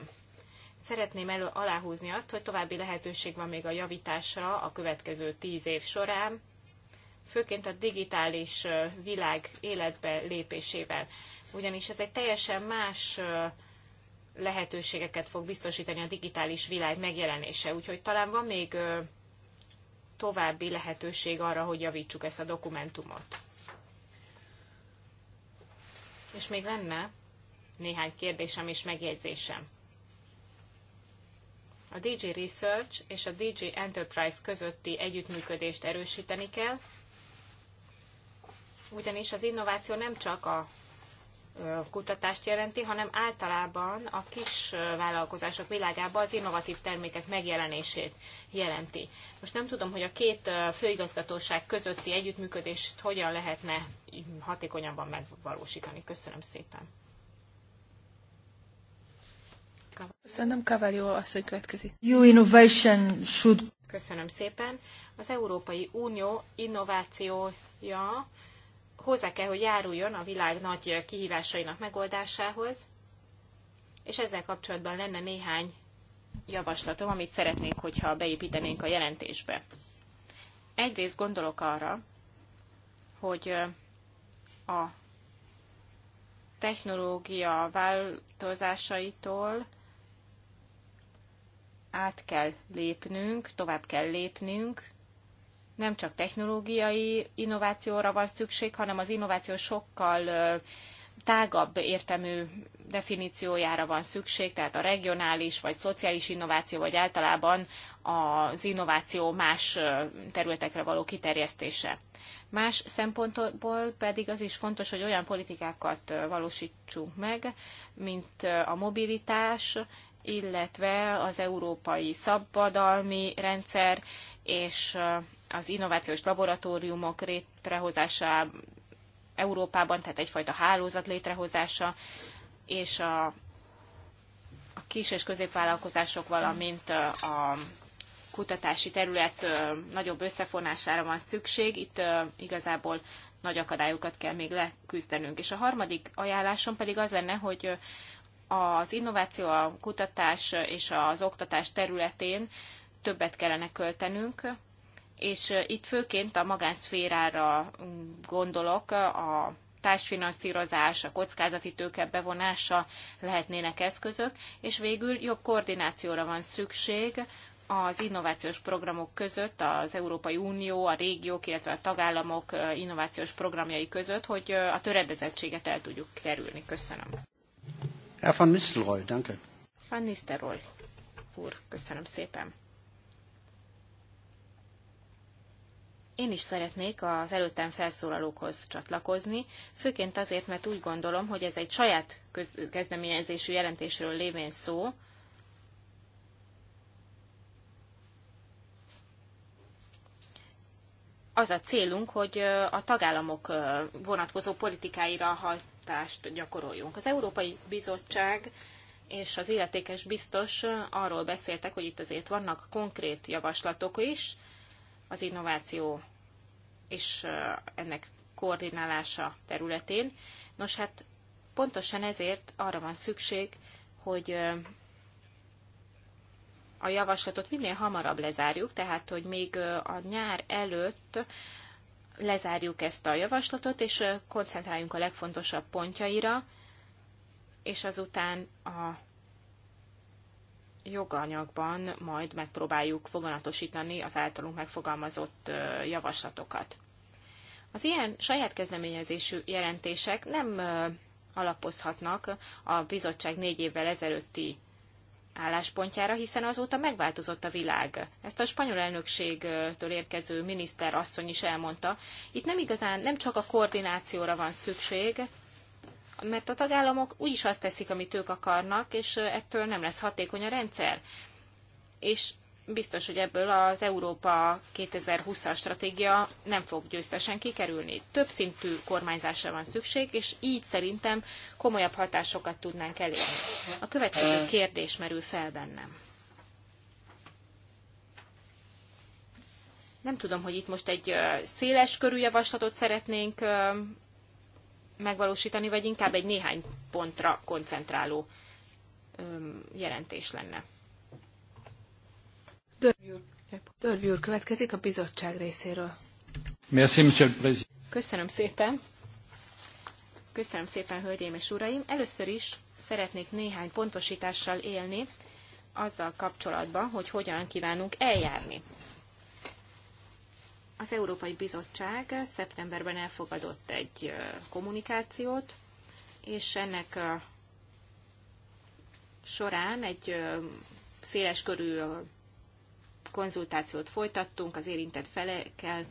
szeretném elő aláhúzni azt, hogy további lehetőség van még a javításra a következő tíz év során, főként a digitális világ életbe lépésével. Ugyanis ez egy teljesen más lehetőségeket fog biztosítani a digitális világ megjelenése. Úgyhogy talán van még további lehetőség arra, hogy javítsuk ezt a dokumentumot. És még lenne néhány kérdésem és megjegyzésem a DG Research és a DG Enterprise közötti együttműködést erősíteni kell, ugyanis az innováció nem csak a kutatást jelenti, hanem általában a kis vállalkozások világában az innovatív termékek megjelenését jelenti. Most nem tudom, hogy a két főigazgatóság közötti együttműködést hogyan lehetne hatékonyabban megvalósítani. Köszönöm szépen. Köszönöm, Cavallio asszony következik. New innovation should... Köszönöm szépen. Az Európai Unió innovációja hozzá kell, hogy járuljon a világ nagy kihívásainak megoldásához, és ezzel kapcsolatban lenne néhány javaslatom, amit szeretnénk, hogyha beépítenénk a jelentésbe. Egyrészt gondolok arra, hogy a technológia változásaitól át kell lépnünk, tovább kell lépnünk, nem csak technológiai innovációra van szükség, hanem az innováció sokkal tágabb értemű definíciójára van szükség, tehát a regionális vagy szociális innováció, vagy általában az innováció más területekre való kiterjesztése. Más szempontból pedig az is fontos, hogy olyan politikákat valósítsunk meg, mint a mobilitás illetve az európai szabadalmi rendszer és az innovációs laboratóriumok létrehozása Európában, tehát egyfajta hálózat létrehozása, és a, a kis és középvállalkozások, valamint a kutatási terület nagyobb összefonására van szükség. Itt igazából nagy akadályokat kell még leküzdenünk. És a harmadik ajánlásom pedig az lenne, hogy az innováció, a kutatás és az oktatás területén többet kellene költenünk, és itt főként a magánszférára gondolok, a társfinanszírozás, a kockázati tőke bevonása lehetnének eszközök, és végül jobb koordinációra van szükség az innovációs programok között, az Európai Unió, a régiók, illetve a tagállamok innovációs programjai között, hogy a töredezettséget el tudjuk kerülni. Köszönöm. Herr van Nistelrooy, danke. Van Nistelrooy úr, köszönöm szépen. Én is szeretnék az előttem felszólalókhoz csatlakozni, főként azért, mert úgy gondolom, hogy ez egy saját kezdeményezésű jelentésről lévén szó, az a célunk, hogy a tagállamok vonatkozó politikáira hatást gyakoroljunk. Az Európai Bizottság és az illetékes biztos arról beszéltek, hogy itt azért vannak konkrét javaslatok is, az innováció és ennek koordinálása területén. Nos, hát pontosan ezért arra van szükség, hogy a javaslatot minél hamarabb lezárjuk, tehát hogy még a nyár előtt lezárjuk ezt a javaslatot, és koncentráljunk a legfontosabb pontjaira, és azután a joganyagban majd megpróbáljuk foganatosítani az általunk megfogalmazott javaslatokat. Az ilyen saját kezdeményezésű jelentések nem alapozhatnak a bizottság négy évvel ezelőtti álláspontjára, hiszen azóta megváltozott a világ. Ezt a spanyol elnökségtől érkező miniszter asszony is elmondta. Itt nem igazán, nem csak a koordinációra van szükség, mert a tagállamok úgyis azt teszik, amit ők akarnak, és ettől nem lesz hatékony a rendszer. És biztos, hogy ebből az Európa 2020-as stratégia nem fog győztesen kikerülni. Több szintű kormányzásra van szükség, és így szerintem komolyabb hatásokat tudnánk elérni. A következő kérdés merül fel bennem. Nem tudom, hogy itt most egy széles körű javaslatot szeretnénk megvalósítani, vagy inkább egy néhány pontra koncentráló jelentés lenne. Dörvi úr, következik a bizottság részéről. Merci, Köszönöm szépen. Köszönöm szépen, hölgyeim és uraim. Először is szeretnék néhány pontosítással élni azzal kapcsolatban, hogy hogyan kívánunk eljárni. Az Európai Bizottság szeptemberben elfogadott egy kommunikációt, és ennek során egy széleskörű konzultációt folytattunk az érintett felekkel,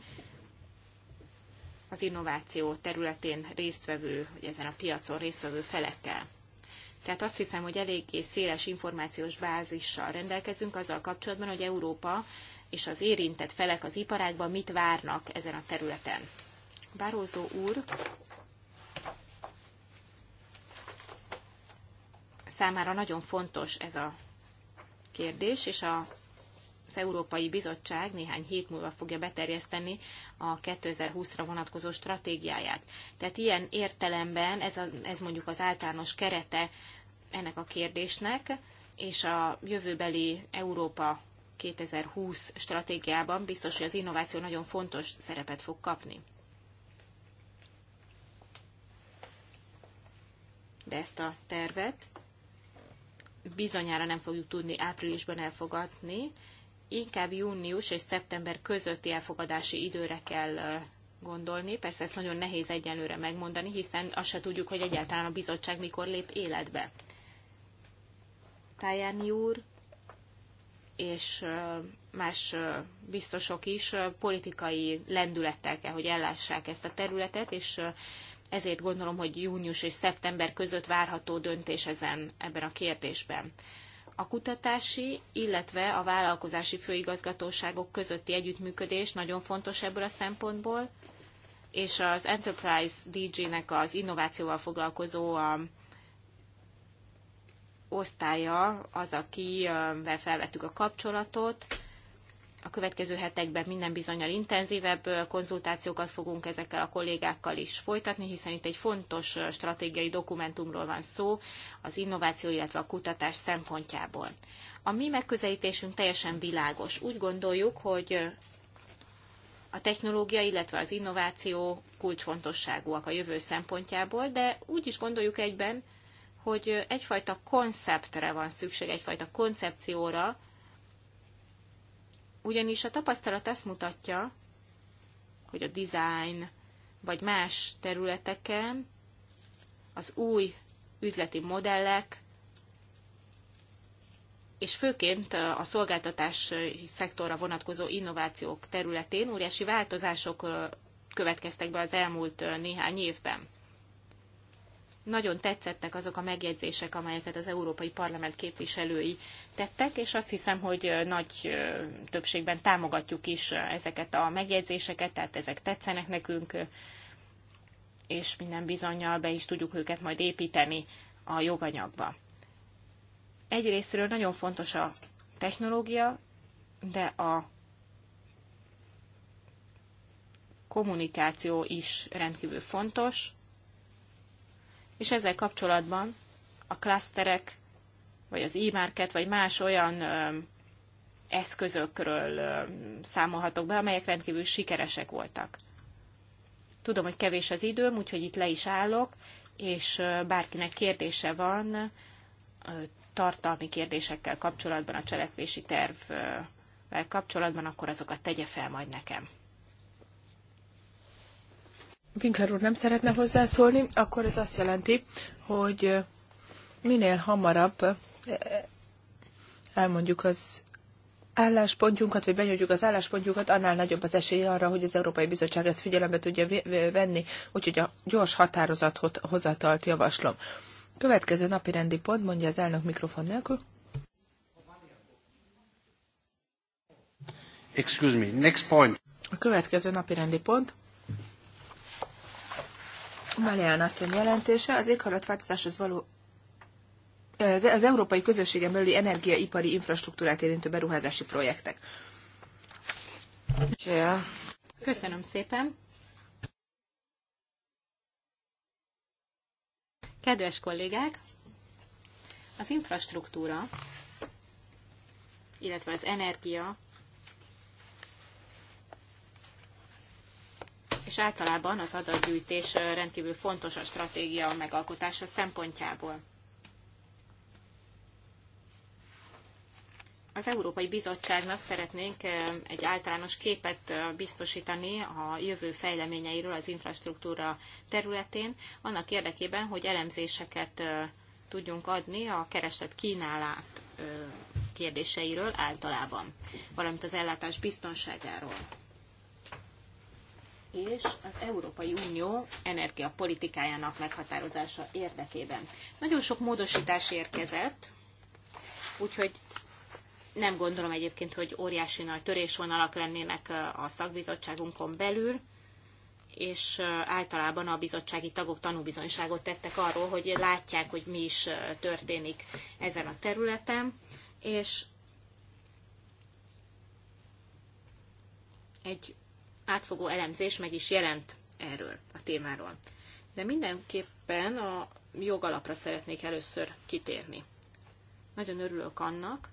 az innováció területén résztvevő, vagy ezen a piacon résztvevő felekkel. Tehát azt hiszem, hogy eléggé széles információs bázissal rendelkezünk azzal kapcsolatban, hogy Európa és az érintett felek az iparágban mit várnak ezen a területen. Bárózó úr számára nagyon fontos ez a kérdés, és a az Európai Bizottság néhány hét múlva fogja beterjeszteni a 2020-ra vonatkozó stratégiáját. Tehát ilyen értelemben ez, a, ez mondjuk az általános kerete ennek a kérdésnek, és a jövőbeli Európa 2020 stratégiában biztos, hogy az innováció nagyon fontos szerepet fog kapni. De ezt a tervet bizonyára nem fogjuk tudni áprilisban elfogadni, inkább június és szeptember közötti elfogadási időre kell gondolni. Persze ezt nagyon nehéz egyelőre megmondani, hiszen azt se tudjuk, hogy egyáltalán a bizottság mikor lép életbe. Tájáni úr és más biztosok is politikai lendülettel kell, hogy ellássák ezt a területet, és ezért gondolom, hogy június és szeptember között várható döntés ezen ebben a kérdésben a kutatási, illetve a vállalkozási főigazgatóságok közötti együttműködés nagyon fontos ebből a szempontból, és az Enterprise DG-nek az innovációval foglalkozó osztálya az, akivel felvettük a kapcsolatot, a következő hetekben minden bizonyal intenzívebb konzultációkat fogunk ezekkel a kollégákkal is folytatni, hiszen itt egy fontos stratégiai dokumentumról van szó az innováció, illetve a kutatás szempontjából. A mi megközelítésünk teljesen világos. Úgy gondoljuk, hogy a technológia, illetve az innováció kulcsfontosságúak a jövő szempontjából, de úgy is gondoljuk egyben, hogy egyfajta konceptre van szükség, egyfajta koncepcióra, ugyanis a tapasztalat azt mutatja, hogy a design vagy más területeken az új üzleti modellek és főként a szolgáltatás szektorra vonatkozó innovációk területén óriási változások következtek be az elmúlt néhány évben nagyon tetszettek azok a megjegyzések, amelyeket az Európai Parlament képviselői tettek, és azt hiszem, hogy nagy többségben támogatjuk is ezeket a megjegyzéseket, tehát ezek tetszenek nekünk, és minden bizonyal be is tudjuk őket majd építeni a joganyagba. Egyrésztről nagyon fontos a technológia, de a kommunikáció is rendkívül fontos, és ezzel kapcsolatban a klaszterek, vagy az e-market, vagy más olyan eszközökről számolhatok be, amelyek rendkívül sikeresek voltak. Tudom, hogy kevés az időm, úgyhogy itt le is állok, és bárkinek kérdése van tartalmi kérdésekkel kapcsolatban, a cselekvési tervvel kapcsolatban, akkor azokat tegye fel majd nekem. Winkler úr nem szeretne hozzászólni, akkor ez azt jelenti, hogy minél hamarabb elmondjuk az álláspontjunkat, vagy benyújtjuk az álláspontjunkat, annál nagyobb az esély arra, hogy az Európai Bizottság ezt figyelembe tudja venni, úgyhogy a gyors határozatot hozatalt javaslom. Következő napi rendi pont, mondja az elnök mikrofon nélkül. Excuse me, next point. A következő napi rendi pont Valéan asszony jelentése az éghajlatváltozáshoz való az európai közösségen belüli energiaipari infrastruktúrát érintő beruházási projektek. Köszönöm szépen! Kedves kollégák! Az infrastruktúra, illetve az energia és általában az adatgyűjtés rendkívül fontos a stratégia megalkotása szempontjából. Az Európai Bizottságnak szeretnénk egy általános képet biztosítani a jövő fejleményeiről az infrastruktúra területén, annak érdekében, hogy elemzéseket tudjunk adni a kereslet kínálat kérdéseiről általában, valamint az ellátás biztonságáról és az Európai Unió energiapolitikájának meghatározása érdekében. Nagyon sok módosítás érkezett, úgyhogy nem gondolom egyébként, hogy óriási nagy törésvonalak lennének a szakbizottságunkon belül, és általában a bizottsági tagok tanúbizonyságot tettek arról, hogy látják, hogy mi is történik ezen a területen, és egy átfogó elemzés meg is jelent erről a témáról. De mindenképpen a jogalapra szeretnék először kitérni. Nagyon örülök annak,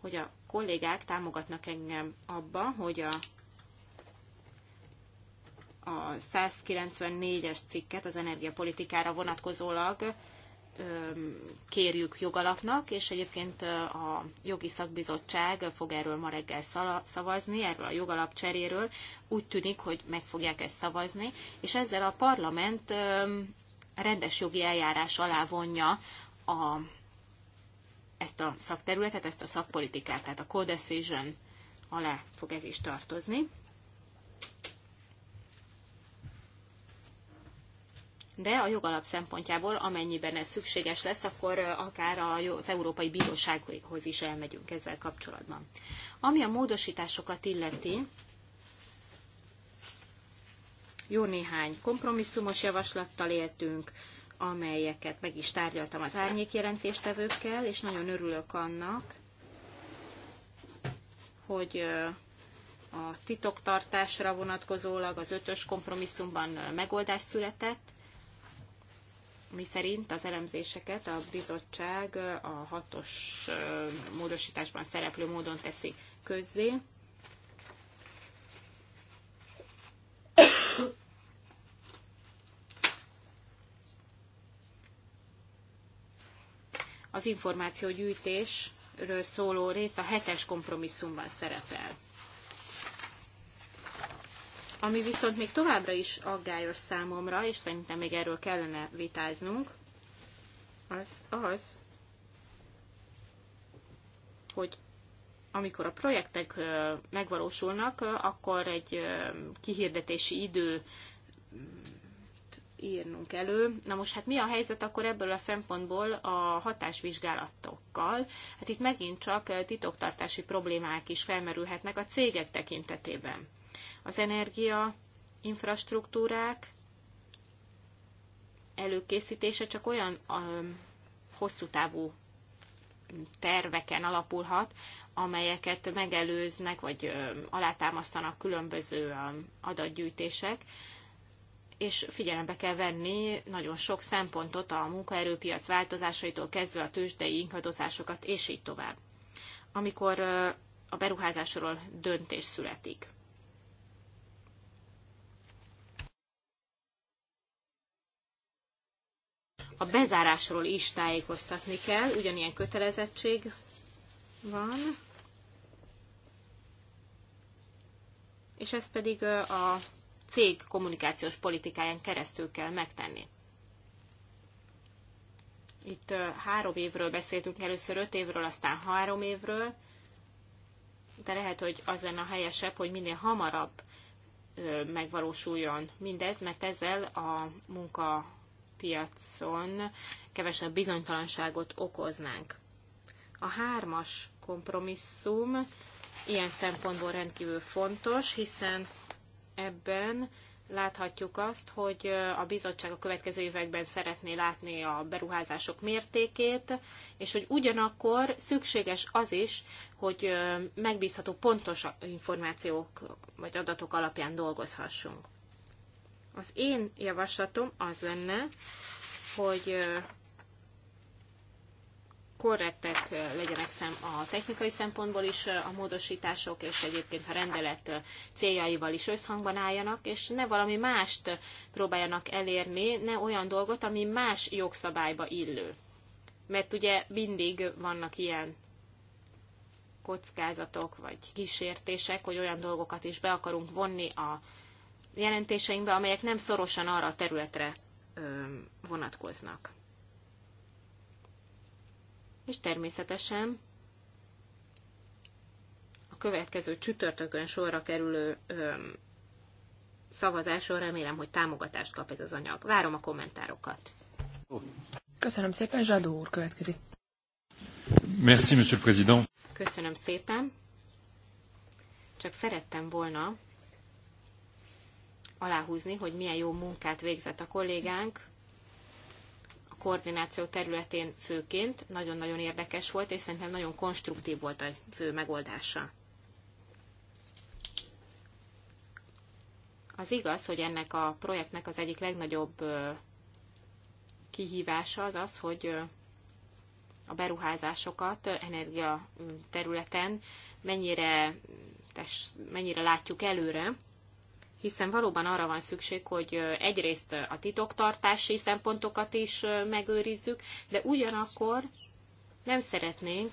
hogy a kollégák támogatnak engem abban, hogy a, a 194-es cikket az energiapolitikára vonatkozólag kérjük jogalapnak, és egyébként a jogi szakbizottság fog erről ma reggel szavazni, erről a jogalap cseréről. Úgy tűnik, hogy meg fogják ezt szavazni, és ezzel a parlament rendes jogi eljárás alá vonja a, ezt a szakterületet, ezt a szakpolitikát, tehát a co-decision alá fog ez is tartozni. de a jogalap szempontjából, amennyiben ez szükséges lesz, akkor akár az Európai Bírósághoz is elmegyünk ezzel kapcsolatban. Ami a módosításokat illeti, jó néhány kompromisszumos javaslattal éltünk, amelyeket meg is tárgyaltam az árnyékjelentéstevőkkel, és nagyon örülök annak, hogy a titoktartásra vonatkozólag az ötös kompromisszumban megoldás született, mi szerint az elemzéseket a bizottság a hatos módosításban szereplő módon teszi közzé. Az információgyűjtésről szóló rész a hetes kompromisszumban szerepel. Ami viszont még továbbra is aggályos számomra, és szerintem még erről kellene vitáznunk, az az, hogy amikor a projektek megvalósulnak, akkor egy kihirdetési idő írnunk elő. Na most hát mi a helyzet akkor ebből a szempontból a hatásvizsgálatokkal? Hát itt megint csak titoktartási problémák is felmerülhetnek a cégek tekintetében az energia infrastruktúrák előkészítése csak olyan um, hosszú távú terveken alapulhat, amelyeket megelőznek, vagy um, alátámasztanak különböző um, adatgyűjtések, és figyelembe kell venni nagyon sok szempontot a munkaerőpiac változásaitól kezdve a tőzsdei ingadozásokat, és így tovább. Amikor uh, a beruházásról döntés születik. a bezárásról is tájékoztatni kell, ugyanilyen kötelezettség van. És ezt pedig a cég kommunikációs politikáján keresztül kell megtenni. Itt három évről beszéltünk először, öt évről, aztán három évről, de lehet, hogy az lenne a helyesebb, hogy minél hamarabb megvalósuljon mindez, mert ezzel a munka piacon kevesebb bizonytalanságot okoznánk. A hármas kompromisszum ilyen szempontból rendkívül fontos, hiszen ebben láthatjuk azt, hogy a bizottság a következő években szeretné látni a beruházások mértékét, és hogy ugyanakkor szükséges az is, hogy megbízható pontos információk vagy adatok alapján dolgozhassunk. Az én javaslatom az lenne, hogy korrektek legyenek szem a technikai szempontból is a módosítások, és egyébként a rendelet céljaival is összhangban álljanak, és ne valami mást próbáljanak elérni, ne olyan dolgot, ami más jogszabályba illő. Mert ugye mindig vannak ilyen kockázatok, vagy kísértések, hogy olyan dolgokat is be akarunk vonni a jelentéseinkbe, amelyek nem szorosan arra a területre vonatkoznak. És természetesen a következő csütörtökön sorra kerülő szavazásról remélem, hogy támogatást kap ez az anyag. Várom a kommentárokat. Köszönöm szépen, Zsadó úr következik. Merci, Monsieur le Président. Köszönöm szépen. Csak szerettem volna aláhúzni, hogy milyen jó munkát végzett a kollégánk, a koordináció területén főként. Nagyon-nagyon érdekes volt, és szerintem nagyon konstruktív volt az ő megoldása. Az igaz, hogy ennek a projektnek az egyik legnagyobb kihívása az az, hogy a beruházásokat energia területen mennyire, tess, mennyire látjuk előre, hiszen valóban arra van szükség, hogy egyrészt a titoktartási szempontokat is megőrizzük, de ugyanakkor nem szeretnénk,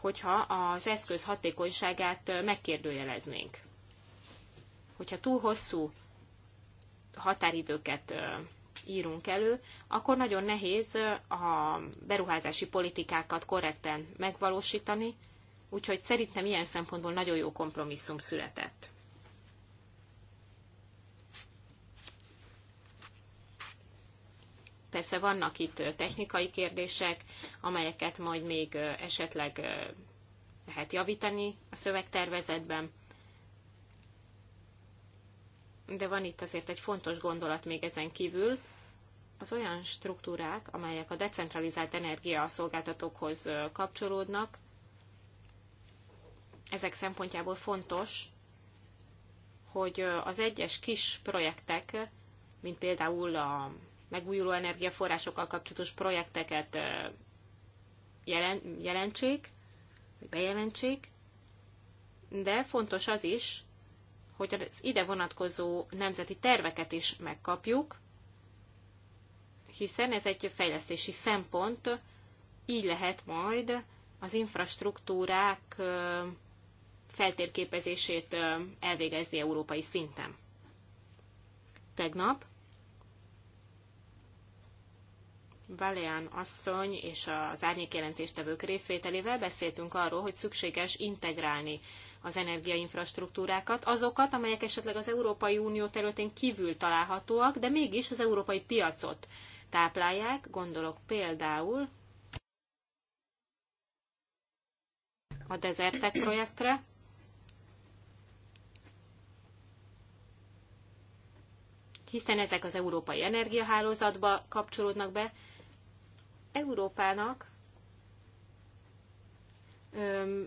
hogyha az eszköz hatékonyságát megkérdőjeleznénk. Hogyha túl hosszú határidőket írunk elő, akkor nagyon nehéz a beruházási politikákat korrekten megvalósítani, úgyhogy szerintem ilyen szempontból nagyon jó kompromisszum született. Persze vannak itt technikai kérdések, amelyeket majd még esetleg lehet javítani a szövegtervezetben. De van itt azért egy fontos gondolat még ezen kívül, az olyan struktúrák, amelyek a decentralizált energiaszolgáltatókhoz kapcsolódnak, ezek szempontjából fontos, hogy az egyes kis projektek, mint például a megújuló energiaforrásokkal kapcsolatos projekteket jelen, jelentsék, vagy bejelentsék, de fontos az is, hogy az ide vonatkozó nemzeti terveket is megkapjuk, hiszen ez egy fejlesztési szempont, így lehet majd az infrastruktúrák feltérképezését elvégezni európai szinten. Tegnap Balean asszony és az árnyékjelentéstevők részvételével beszéltünk arról, hogy szükséges integrálni az energiainfrastruktúrákat, azokat, amelyek esetleg az Európai Unió területén kívül találhatóak, de mégis az európai piacot táplálják, gondolok például a desertek projektre, hiszen ezek az európai energiahálózatba kapcsolódnak be, Európának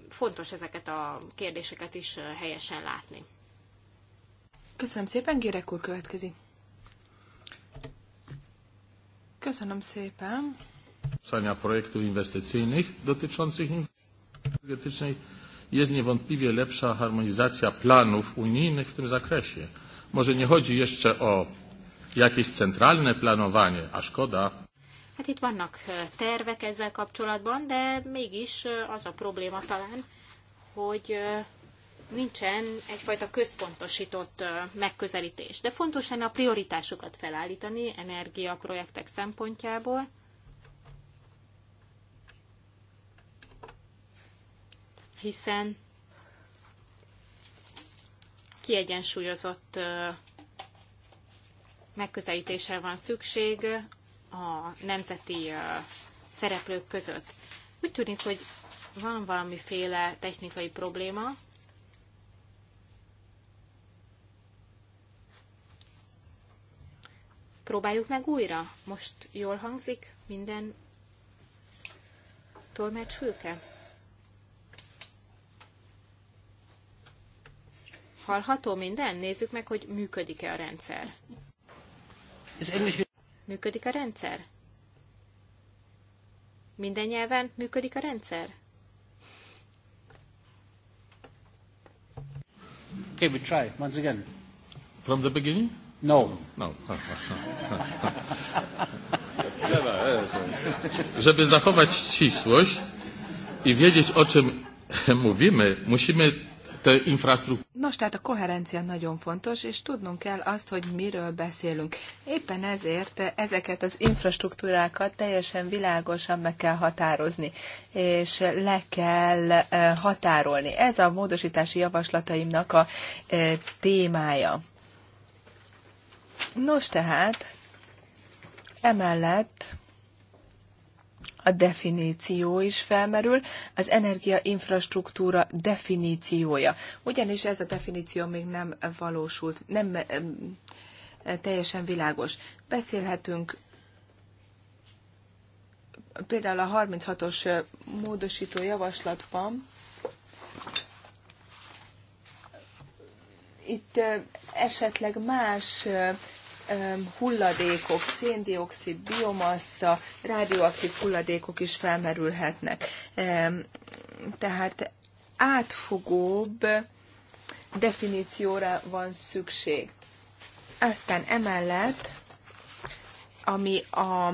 fontos ezeket a kérdéseket is helyesen látni. Köszönöm szépen, Gérek úr következik. Köszönöm szépen. Szanya projektu inwestycyjnych dotyczących energetycznej jest niewątpliwie lepsza harmonizacja planów unijnych w tym zakresie. Może nie chodzi jeszcze o jakieś centralne planowanie, a szkoda, Hát itt vannak tervek ezzel kapcsolatban, de mégis az a probléma talán, hogy nincsen egyfajta központosított megközelítés. De fontos lenne a prioritásokat felállítani energiaprojektek szempontjából. Hiszen kiegyensúlyozott megközelítéssel van szükség a nemzeti szereplők között. Úgy tűnik, hogy van valamiféle technikai probléma. Próbáljuk meg újra. Most jól hangzik minden fülke. Hallható minden? Nézzük meg, hogy működik-e a rendszer. Ez Működik a rendszer? Minden nyelven működik a rendszer? Okay, we try once again. From the beginning? No. No. Eh? Żeby zachować ścisłość i wiedzieć o czym mówimy, musimy Nos, tehát a koherencia nagyon fontos, és tudnunk kell azt, hogy miről beszélünk. Éppen ezért ezeket az infrastruktúrákat teljesen világosan meg kell határozni, és le kell határolni. Ez a módosítási javaslataimnak a témája. Nos, tehát emellett a definíció is felmerül, az energiainfrastruktúra definíciója. Ugyanis ez a definíció még nem valósult, nem teljesen világos. Beszélhetünk például a 36-os módosító javaslatban, itt esetleg más hulladékok, széndiokszid, biomassa, rádióaktív hulladékok is felmerülhetnek. Tehát átfogóbb definícióra van szükség. Aztán emellett, ami a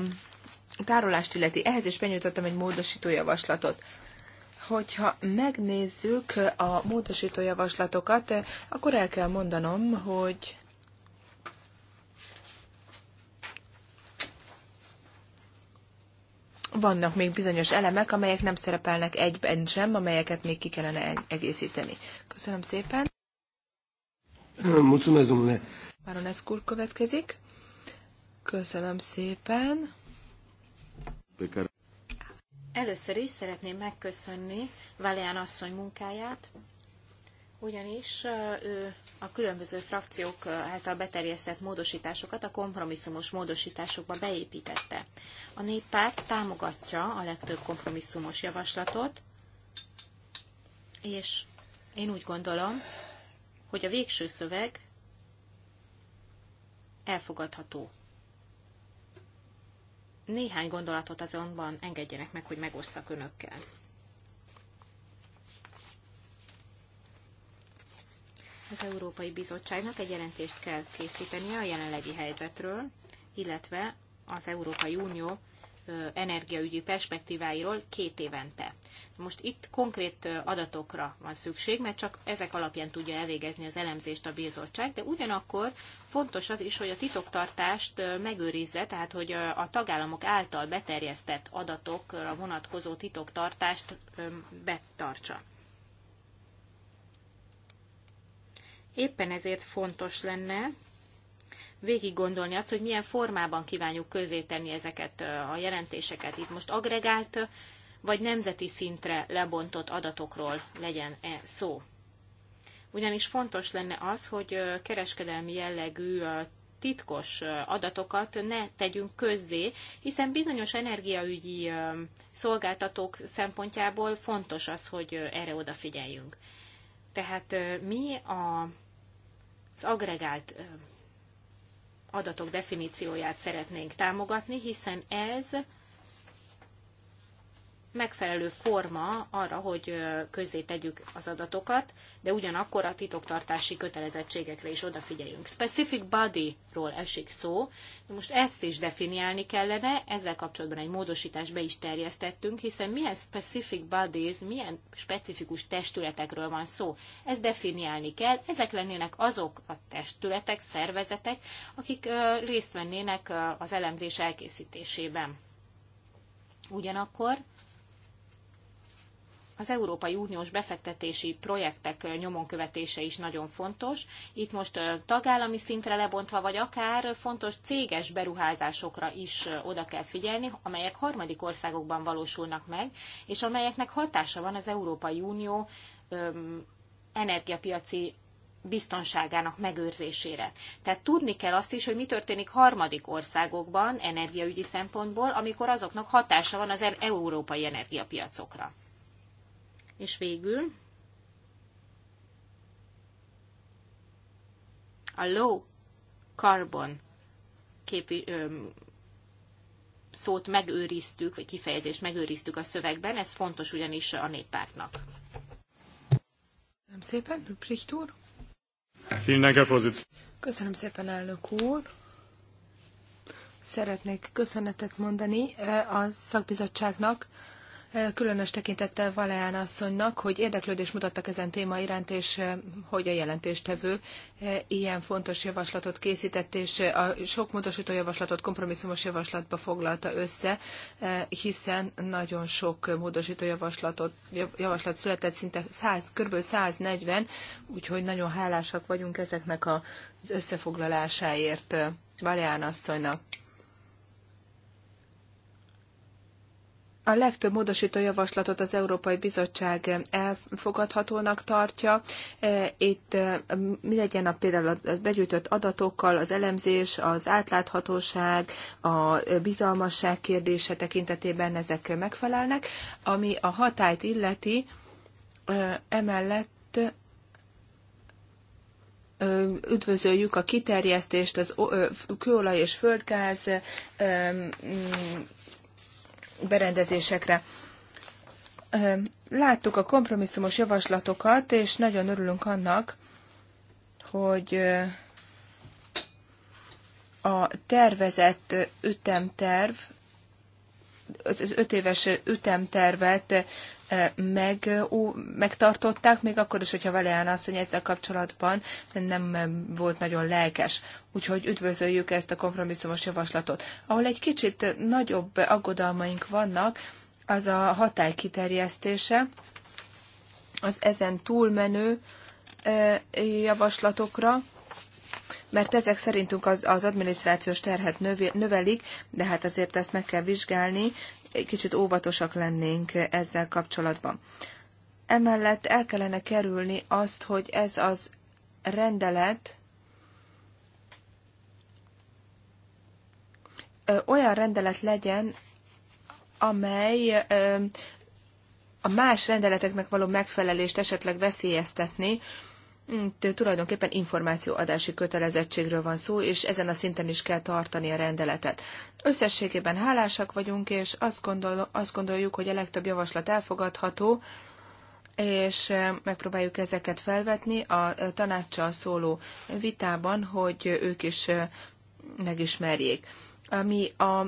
tárolást illeti, ehhez is benyújtottam egy módosító javaslatot hogyha megnézzük a módosító javaslatokat, akkor el kell mondanom, hogy vannak még bizonyos elemek, amelyek nem szerepelnek egyben sem, amelyeket még ki kellene egészíteni. Köszönöm szépen. Maronescu úr következik. Köszönöm szépen. Először is szeretném megköszönni Valéán asszony munkáját, ugyanis ő a különböző frakciók által beterjesztett módosításokat a kompromisszumos módosításokba beépítette. A néppárt támogatja a legtöbb kompromisszumos javaslatot, és én úgy gondolom, hogy a végső szöveg elfogadható. Néhány gondolatot azonban engedjenek meg, hogy megosszak önökkel. az Európai Bizottságnak egy jelentést kell készítenie a jelenlegi helyzetről, illetve az Európai Unió energiaügyi perspektíváiról két évente. Most itt konkrét adatokra van szükség, mert csak ezek alapján tudja elvégezni az elemzést a bizottság, de ugyanakkor fontos az is, hogy a titoktartást megőrizze, tehát hogy a tagállamok által beterjesztett adatokra vonatkozó titoktartást betartsa. Éppen ezért fontos lenne végig gondolni azt, hogy milyen formában kívánjuk közé tenni ezeket a jelentéseket. Itt most agregált vagy nemzeti szintre lebontott adatokról legyen -e szó. Ugyanis fontos lenne az, hogy kereskedelmi jellegű titkos adatokat ne tegyünk közzé, hiszen bizonyos energiaügyi szolgáltatók szempontjából fontos az, hogy erre odafigyeljünk. Tehát mi a az agregált adatok definícióját szeretnénk támogatni, hiszen ez megfelelő forma arra, hogy közzé tegyük az adatokat, de ugyanakkor a titoktartási kötelezettségekre is odafigyeljünk. Specific body-ról esik szó, de most ezt is definiálni kellene, ezzel kapcsolatban egy módosítást be is terjesztettünk, hiszen milyen specific bodies, milyen specifikus testületekről van szó. Ezt definiálni kell, ezek lennének azok a testületek, szervezetek, akik részt vennének az elemzés elkészítésében. Ugyanakkor az Európai Uniós befektetési projektek nyomon követése is nagyon fontos. Itt most tagállami szintre lebontva, vagy akár fontos céges beruházásokra is oda kell figyelni, amelyek harmadik országokban valósulnak meg, és amelyeknek hatása van az Európai Unió energiapiaci biztonságának megőrzésére. Tehát tudni kell azt is, hogy mi történik harmadik országokban energiaügyi szempontból, amikor azoknak hatása van az e- európai energiapiacokra. És végül a low carbon képi, ö, szót megőriztük, vagy kifejezést megőriztük a szövegben, ez fontos ugyanis a néppártnak. Nem szépen, Lüprich úr. Köszönöm szépen, elnök úr. Szeretnék köszönetet mondani a szakbizottságnak, különös tekintettel Valeán asszonynak, hogy érdeklődést mutattak ezen téma iránt, és eh, hogy a jelentéstevő eh, ilyen fontos javaslatot készített, és eh, a sok módosító javaslatot kompromisszumos javaslatba foglalta össze, hiszen nagyon sok módosító javaslatot, javaslat született, szinte 100, kb. 140, úgyhogy nagyon hálásak vagyunk ezeknek az összefoglalásáért Valeán asszonynak. a legtöbb módosító javaslatot az Európai Bizottság elfogadhatónak tartja. E, itt e, mi legyen a például a begyűjtött adatokkal, az elemzés, az átláthatóság, a bizalmasság kérdése tekintetében ezek megfelelnek. Ami a hatályt illeti, e, emellett üdvözöljük a kiterjesztést az kőolaj és földgáz berendezésekre. Láttuk a kompromisszumos javaslatokat, és nagyon örülünk annak, hogy a tervezett ütemterv az öt éves ütemtervet eh, meg, ó, megtartották, még akkor is, hogyha Valeán asszony ezzel kapcsolatban nem volt nagyon lelkes. Úgyhogy üdvözöljük ezt a kompromisszumos javaslatot. Ahol egy kicsit nagyobb aggodalmaink vannak, az a hatály kiterjesztése, az ezen túlmenő eh, javaslatokra, mert ezek szerintünk az, az adminisztrációs terhet növelik, de hát azért ezt meg kell vizsgálni, egy kicsit óvatosak lennénk ezzel kapcsolatban. Emellett el kellene kerülni azt, hogy ez az rendelet olyan rendelet legyen, amely a más rendeleteknek való megfelelést esetleg veszélyeztetni, itt tulajdonképpen információadási kötelezettségről van szó, és ezen a szinten is kell tartani a rendeletet. Összességében hálásak vagyunk, és azt, gondol, azt gondoljuk, hogy a legtöbb javaslat elfogadható, és megpróbáljuk ezeket felvetni a tanácssal szóló vitában, hogy ők is megismerjék. Ami a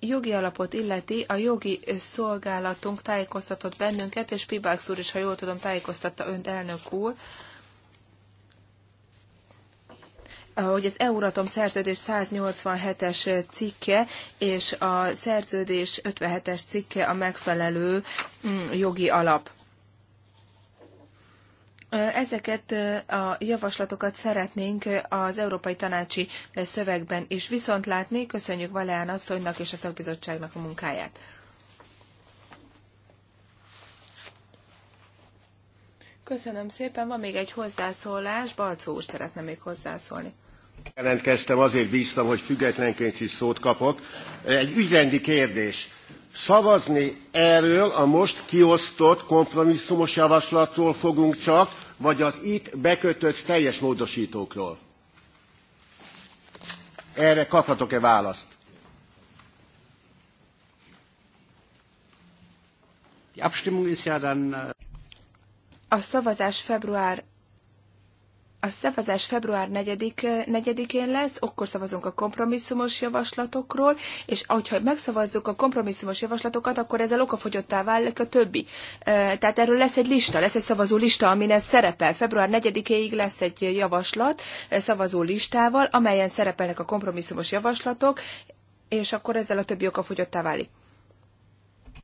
jogi alapot illeti, a jogi szolgálatunk tájékoztatott bennünket, és Pibax úr is, ha jól tudom, tájékoztatta önt elnök úr, hogy az Euratom szerződés 187-es cikke és a szerződés 57-es cikke a megfelelő mm, jogi alap. Ezeket a javaslatokat szeretnénk az Európai Tanácsi Szövegben is viszont látni. Köszönjük Valeán asszonynak és a szakbizottságnak a munkáját. Köszönöm szépen. Van még egy hozzászólás. Balcó úr szeretne még hozzászólni. Jelentkeztem, azért bíztam, hogy függetlenként is szót kapok. Egy ügyrendi kérdés. Szavazni erről a most kiosztott kompromisszumos javaslatról fogunk csak, vagy az itt bekötött teljes módosítókról? Erre kaphatok-e választ? Äh, a szavazás február a szavazás február 4-én eh, lesz, akkor szavazunk a kompromisszumos javaslatokról, és ahogyha megszavazzuk a kompromisszumos javaslatokat, akkor ezzel okafogyottá válik a többi. Eh, tehát erről lesz egy lista, lesz egy szavazó lista, amin ez szerepel. Február 4-éig lesz egy javaslat eh, szavazó listával, amelyen szerepelnek a kompromisszumos javaslatok, és akkor ezzel a többi okafogyottá válik.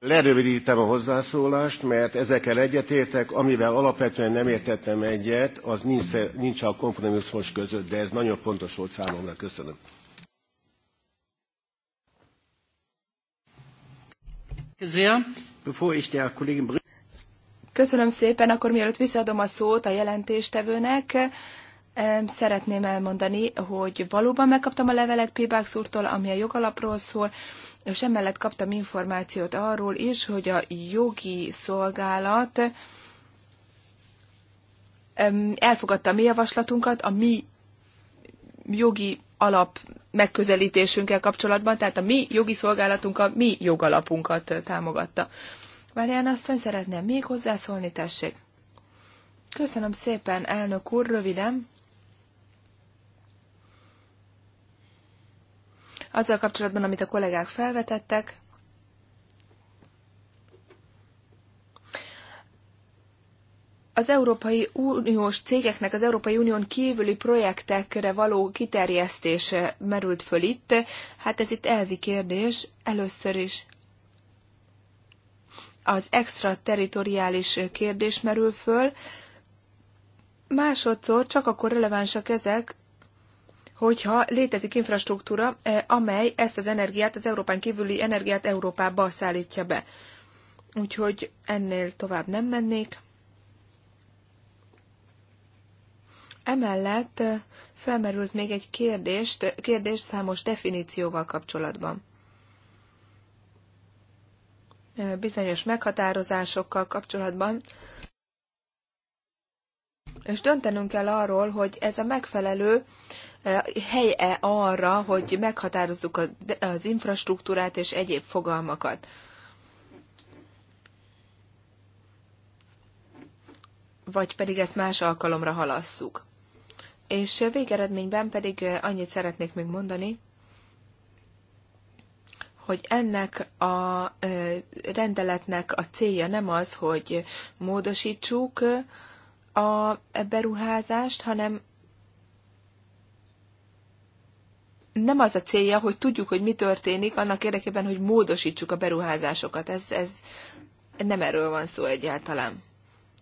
Lerövidítem a hozzászólást, mert ezekkel egyetértek, amivel alapvetően nem értettem egyet, az nincs, nincs a kompromisszumos között, de ez nagyon fontos volt számomra. Köszönöm. Köszönöm szépen, akkor mielőtt visszaadom a szót a jelentéstevőnek, szeretném elmondani, hogy valóban megkaptam a levelet Pibax úrtól, ami a jogalapról szól, és emellett kaptam információt arról is, hogy a jogi szolgálat elfogadta a mi javaslatunkat, a mi jogi alap megközelítésünkkel kapcsolatban, tehát a mi jogi szolgálatunk a mi jogalapunkat támogatta. Marian asszony szeretném még hozzászólni, tessék. Köszönöm szépen, elnök úr, röviden. azzal kapcsolatban, amit a kollégák felvetettek. az Európai Uniós cégeknek az Európai Unión kívüli projektekre való kiterjesztése merült föl itt. Hát ez itt elvi kérdés. Először is az extraterritoriális kérdés merül föl. Másodszor csak akkor relevánsak ezek, hogyha létezik infrastruktúra, eh, amely ezt az energiát, az Európán kívüli energiát Európába szállítja be. Úgyhogy ennél tovább nem mennék. Emellett eh, felmerült még egy kérdést, kérdés számos definícióval kapcsolatban. Eh, bizonyos meghatározásokkal kapcsolatban. És döntenünk kell arról, hogy ez a megfelelő helye arra, hogy meghatározzuk az infrastruktúrát és egyéb fogalmakat. Vagy pedig ezt más alkalomra halasszuk. És végeredményben pedig annyit szeretnék még mondani, hogy ennek a rendeletnek a célja nem az, hogy módosítsuk a beruházást, hanem nem az a célja, hogy tudjuk, hogy mi történik, annak érdekében, hogy módosítsuk a beruházásokat. Ez, ez nem erről van szó egyáltalán.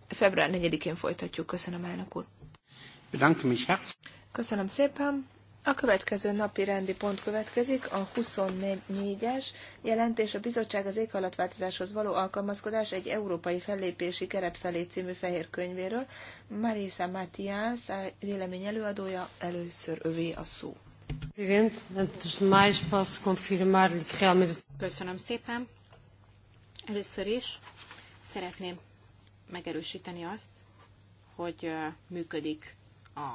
Február 4-én folytatjuk. Köszönöm, elnök úr. Köszönöm szépen. A következő napi rendi pont következik, a 24-es jelentés a bizottság az éghajlatváltozáshoz való alkalmazkodás egy európai fellépési keret felé című fehér könyvéről. Marisa Matias, vélemény előadója, először övé a szó. Köszönöm szépen. Először is szeretném megerősíteni azt, hogy működik a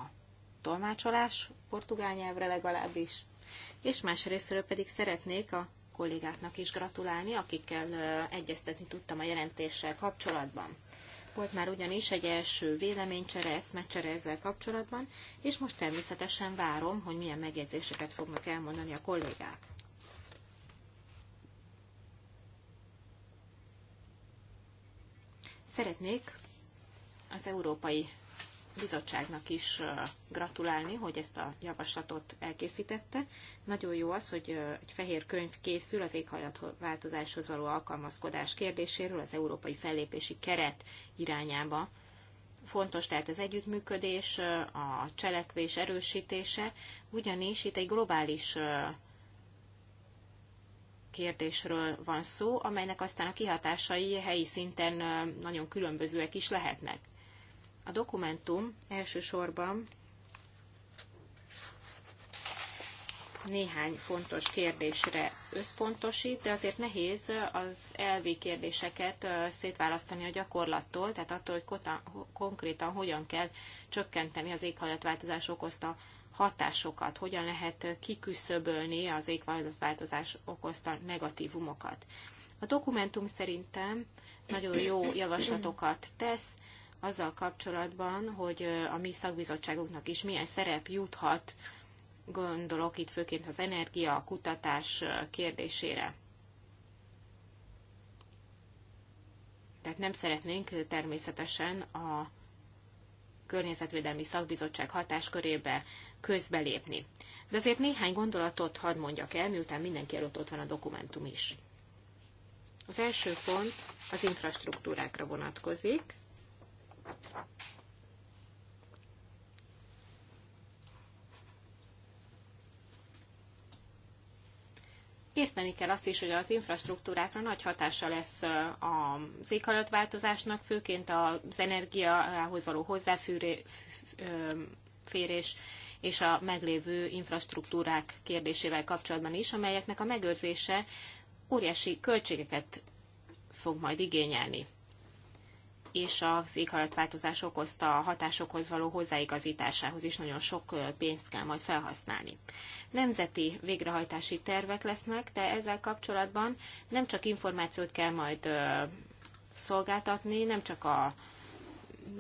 tolmácsolás portugál nyelvre legalábbis, és másrésztről pedig szeretnék a kollégáknak is gratulálni, akikkel egyeztetni tudtam a jelentéssel kapcsolatban. Volt már ugyanis egy első véleménycsere, eszmecsere ezzel kapcsolatban, és most természetesen várom, hogy milyen megjegyzéseket fognak elmondani a kollégák. Szeretnék az európai bizottságnak is gratulálni, hogy ezt a javaslatot elkészítette. Nagyon jó az, hogy egy fehér könyv készül az éghajlatváltozáshoz való alkalmazkodás kérdéséről az európai fellépési keret irányába. Fontos tehát az együttműködés, a cselekvés erősítése, ugyanis itt egy globális kérdésről van szó, amelynek aztán a kihatásai helyi szinten nagyon különbözőek is lehetnek a dokumentum elsősorban néhány fontos kérdésre összpontosít, de azért nehéz az elvi kérdéseket szétválasztani a gyakorlattól, tehát attól, hogy kota, konkrétan hogyan kell csökkenteni az éghajlatváltozás okozta hatásokat, hogyan lehet kiküszöbölni az éghajlatváltozás okozta negatívumokat. A dokumentum szerintem nagyon jó javaslatokat tesz, azzal kapcsolatban, hogy a mi szakbizottságunknak is milyen szerep juthat, gondolok itt főként az energia, a kutatás kérdésére. Tehát nem szeretnénk természetesen a környezetvédelmi szakbizottság hatáskörébe közbelépni. De azért néhány gondolatot hadd mondjak el, miután mindenki előtt ott van a dokumentum is. Az első pont az infrastruktúrákra vonatkozik. Érteni kell azt is, hogy az infrastruktúrákra nagy hatása lesz a éghajlatváltozásnak, főként az energiához való hozzáférés és a meglévő infrastruktúrák kérdésével kapcsolatban is, amelyeknek a megőrzése óriási költségeket fog majd igényelni és az éghajlatváltozás okozta hatásokhoz való hozzáigazításához is nagyon sok pénzt kell majd felhasználni. Nemzeti végrehajtási tervek lesznek, de ezzel kapcsolatban nem csak információt kell majd szolgáltatni, nem csak a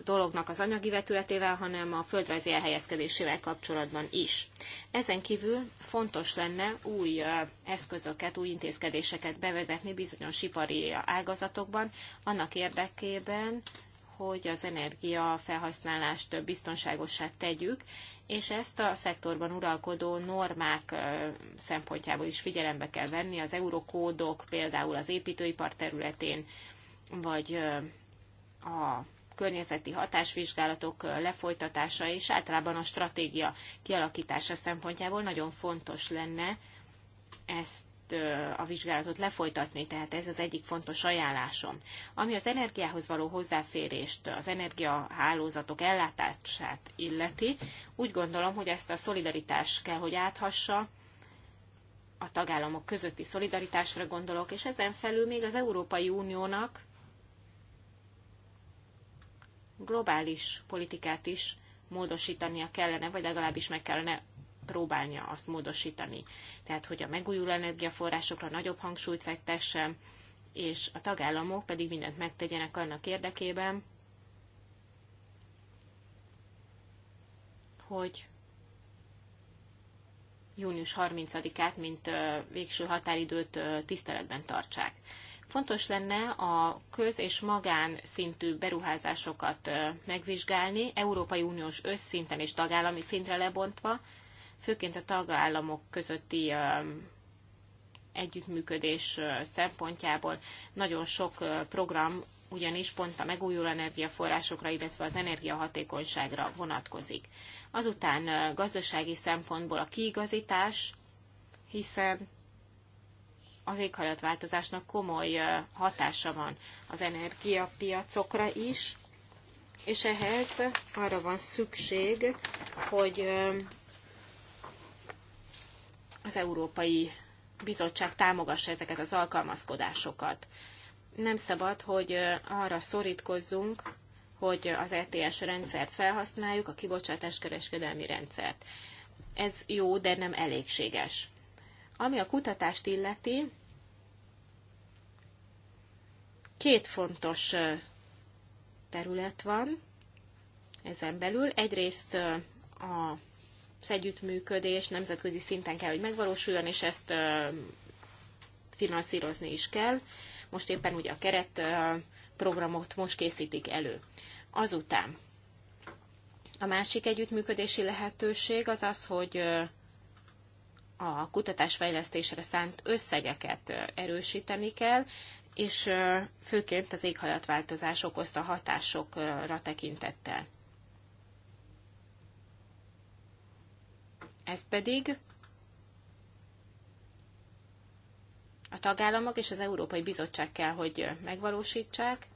dolognak az anyagi vetületével, hanem a földrajzi elhelyezkedésével kapcsolatban is. Ezen kívül fontos lenne új eszközöket, új intézkedéseket bevezetni bizonyos ipari ágazatokban, annak érdekében, hogy az energia felhasználást biztonságosá tegyük, és ezt a szektorban uralkodó normák szempontjából is figyelembe kell venni, az eurokódok például az építőipar területén, vagy a környezeti hatásvizsgálatok lefolytatása és általában a stratégia kialakítása szempontjából nagyon fontos lenne ezt a vizsgálatot lefolytatni, tehát ez az egyik fontos ajánlásom. Ami az energiához való hozzáférést, az energiahálózatok ellátását illeti, úgy gondolom, hogy ezt a szolidaritás kell, hogy áthassa, a tagállamok közötti szolidaritásra gondolok, és ezen felül még az Európai Uniónak globális politikát is módosítania kellene, vagy legalábbis meg kellene próbálnia azt módosítani. Tehát, hogy a megújuló energiaforrásokra nagyobb hangsúlyt fektessen, és a tagállamok pedig mindent megtegyenek annak érdekében, hogy június 30-át, mint végső határidőt tiszteletben tartsák. Fontos lenne a köz- és magán szintű beruházásokat megvizsgálni, Európai Uniós összinten és tagállami szintre lebontva, főként a tagállamok közötti együttműködés szempontjából nagyon sok program ugyanis pont a megújuló energiaforrásokra, illetve az energiahatékonyságra vonatkozik. Azután gazdasági szempontból a kiigazítás, hiszen az éghajlatváltozásnak komoly hatása van az energiapiacokra is, és ehhez arra van szükség, hogy az Európai Bizottság támogassa ezeket az alkalmazkodásokat. Nem szabad, hogy arra szorítkozzunk, hogy az ETS rendszert felhasználjuk, a kibocsátás-kereskedelmi rendszert. Ez jó, de nem elégséges. Ami a kutatást illeti, Két fontos terület van ezen belül. Egyrészt a az együttműködés nemzetközi szinten kell, hogy megvalósuljon, és ezt finanszírozni is kell. Most éppen ugye a keret programot most készítik elő. Azután a másik együttműködési lehetőség az az, hogy a kutatásfejlesztésre szánt összegeket erősíteni kell és főként az éghajlatváltozás okozta hatásokra tekintettel. Ez pedig a tagállamok és az Európai Bizottság kell, hogy megvalósítsák,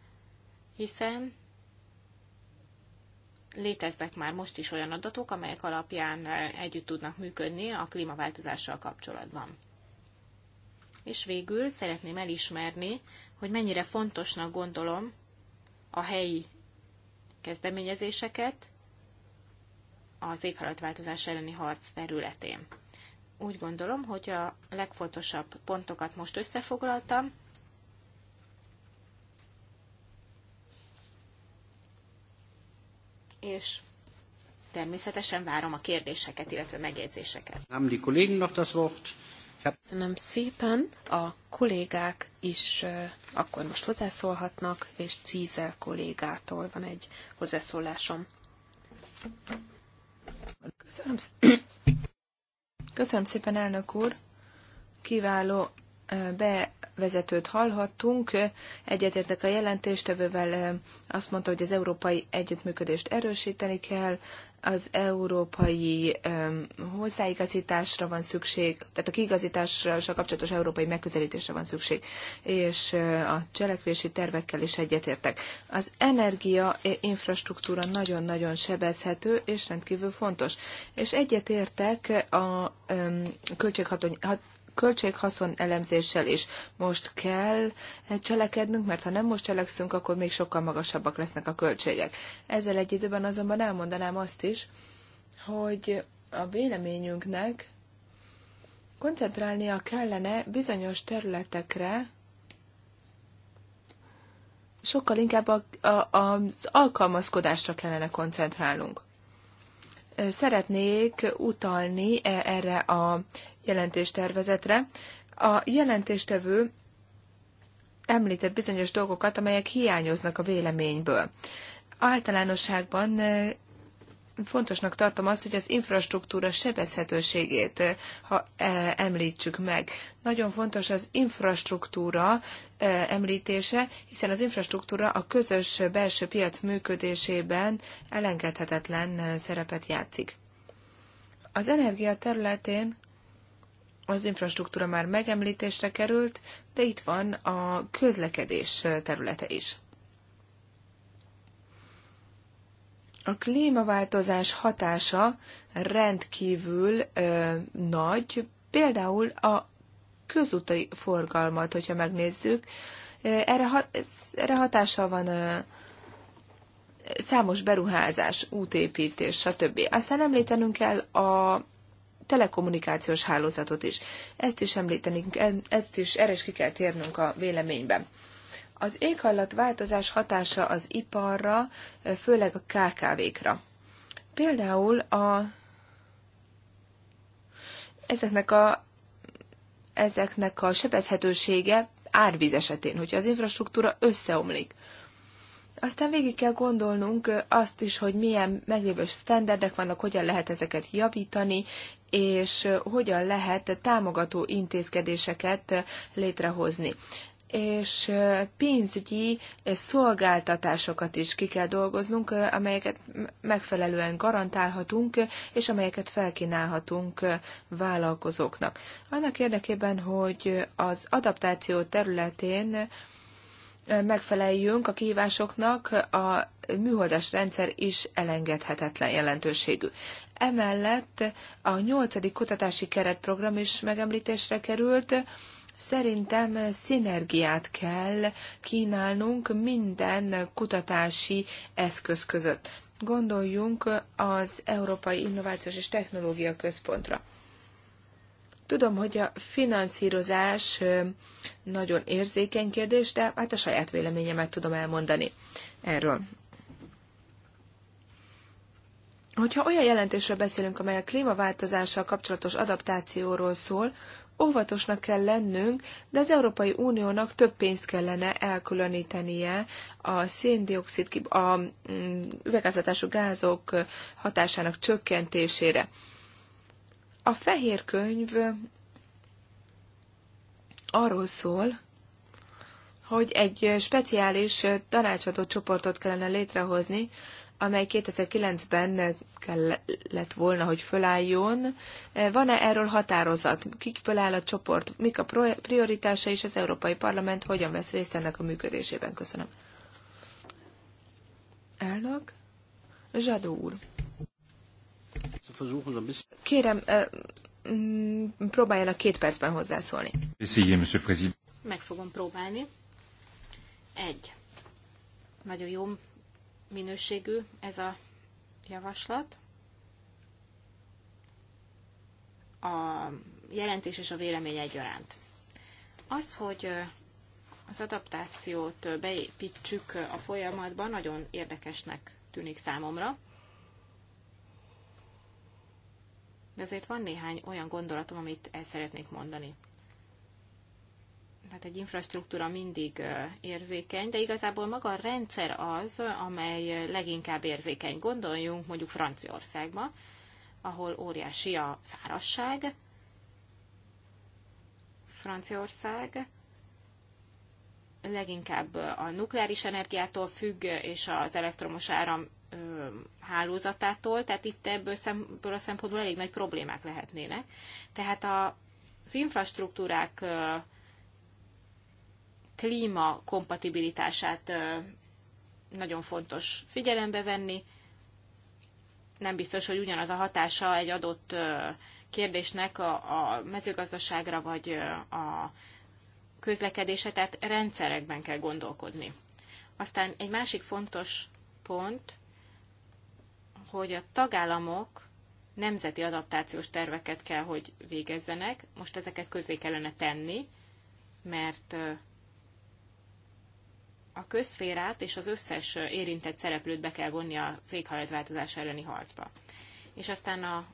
hiszen léteznek már most is olyan adatok, amelyek alapján együtt tudnak működni a klímaváltozással kapcsolatban. És végül szeretném elismerni, hogy mennyire fontosnak gondolom a helyi kezdeményezéseket az éghajlatváltozás elleni harc területén. Úgy gondolom, hogy a legfontosabb pontokat most összefoglaltam, és természetesen várom a kérdéseket, illetve megjegyzéseket. Haben die Kollegen noch das Wort? Köszönöm szépen, a kollégák is akkor most hozzászólhatnak, és Cízel kollégától van egy hozzászólásom. Köszönöm, Köszönöm szépen, elnök úr! Kiváló be vezetőt hallhattunk. Egyetértek a jelentéstevővel, azt mondta, hogy az európai együttműködést erősíteni kell, az európai um, hozzáigazításra van szükség, tehát a kiigazításra kapcsolatos európai megközelítésre van szükség, és uh, a cselekvési tervekkel is egyetértek. Az energia infrastruktúra nagyon-nagyon sebezhető, és rendkívül fontos. És egyetértek a um, költséghatékony költséghaszon elemzéssel is. Most kell eh, cselekednünk, mert ha nem most cselekszünk, akkor még sokkal magasabbak lesznek a költségek. Ezzel egy időben azonban elmondanám azt is, hogy a véleményünknek koncentrálnia kellene bizonyos területekre, sokkal inkább a, a, az alkalmazkodásra kellene koncentrálnunk. Szeretnék utalni eh, erre a jelentéstervezetre. A jelentéstevő említett bizonyos dolgokat, amelyek hiányoznak a véleményből. Általánosságban fontosnak tartom azt, hogy az infrastruktúra sebezhetőségét ha említsük meg. Nagyon fontos az infrastruktúra említése, hiszen az infrastruktúra a közös belső piac működésében elengedhetetlen szerepet játszik. Az energia területén az infrastruktúra már megemlítésre került, de itt van a közlekedés területe is. A klímaváltozás hatása rendkívül ö, nagy, például a közúti forgalmat, hogyha megnézzük, erre, ha, erre hatása van ö, számos beruházás, útépítés, stb. Aztán említenünk kell a telekommunikációs hálózatot is. Ezt is említenünk, ezt is, erre is ki kell térnünk a véleményben. Az változás hatása az iparra, főleg a KKV-kra. Például a, ezeknek, a, ezeknek a sebezhetősége árvíz esetén, hogyha az infrastruktúra összeomlik. Aztán végig kell gondolnunk azt is, hogy milyen meglévő sztenderdek vannak, hogyan lehet ezeket javítani, és hogyan lehet támogató intézkedéseket létrehozni és pénzügyi szolgáltatásokat is ki kell dolgoznunk, amelyeket megfelelően garantálhatunk, és amelyeket felkínálhatunk vállalkozóknak. Annak érdekében, hogy az adaptáció területén megfeleljünk a kihívásoknak, a műholdas rendszer is elengedhetetlen jelentőségű. Emellett a nyolcadik kutatási keretprogram is megemlítésre került. Szerintem szinergiát kell kínálnunk minden kutatási eszköz között. Gondoljunk az Európai Innovációs és Technológia Központra. Tudom, hogy a finanszírozás nagyon érzékeny kérdés, de hát a saját véleményemet tudom elmondani erről. Hogyha olyan jelentésről beszélünk, amely a klímaváltozással kapcsolatos adaptációról szól, óvatosnak kell lennünk, de az Európai Uniónak több pénzt kellene elkülönítenie a széndiokszid, a mm, üvegházhatású gázok hatásának csökkentésére. A fehér könyv arról szól, hogy egy speciális tanácsadó csoportot kellene létrehozni, amely 2009-ben kellett volna, hogy fölálljon. Van-e erről határozat? Kikből áll a csoport? Mik a prioritása és az Európai Parlament hogyan vesz részt ennek a működésében? Köszönöm. Elnök? Zsadó úr. Kérem, mm, próbáljanak két percben hozzászólni. Meg fogom próbálni. Egy. Nagyon jó minőségű ez a javaslat. A jelentés és a vélemény egyaránt. Az, hogy az adaptációt beépítsük a folyamatban, nagyon érdekesnek tűnik számomra. de azért van néhány olyan gondolatom, amit el szeretnék mondani. Tehát egy infrastruktúra mindig érzékeny, de igazából maga a rendszer az, amely leginkább érzékeny. Gondoljunk mondjuk Franciaországba, ahol óriási a szárasság. Franciaország leginkább a nukleáris energiától függ, és az elektromos áram hálózatától, tehát itt ebből, szempontból a szempontból elég nagy problémák lehetnének. Tehát a, az infrastruktúrák klíma kompatibilitását nagyon fontos figyelembe venni. Nem biztos, hogy ugyanaz a hatása egy adott kérdésnek a, mezőgazdaságra vagy a közlekedése, tehát rendszerekben kell gondolkodni. Aztán egy másik fontos pont hogy a tagállamok nemzeti adaptációs terveket kell, hogy végezzenek. Most ezeket közé kellene tenni, mert a közférát és az összes érintett szereplőt be kell vonni a céghajlatváltozás elleni harcba. És aztán a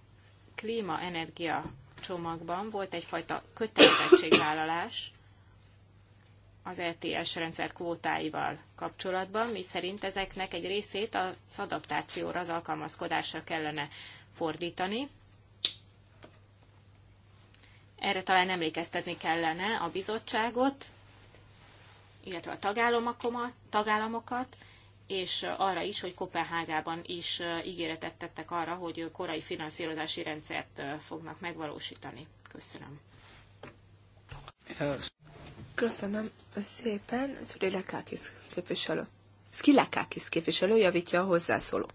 klíma-energia csomagban volt egyfajta kötelezettségvállalás, az ETS rendszer kvótáival kapcsolatban, mi szerint ezeknek egy részét az adaptációra, az alkalmazkodásra kellene fordítani. Erre talán emlékeztetni kellene a bizottságot, illetve a tagállamokat, tagállamokat és arra is, hogy Kopenhágában is ígéretet tettek arra, hogy korai finanszírozási rendszert fognak megvalósítani. Köszönöm. Köszönöm szépen, Szurilekákis képviselő. Szkilekákis képviselő javítja a hozzászóló.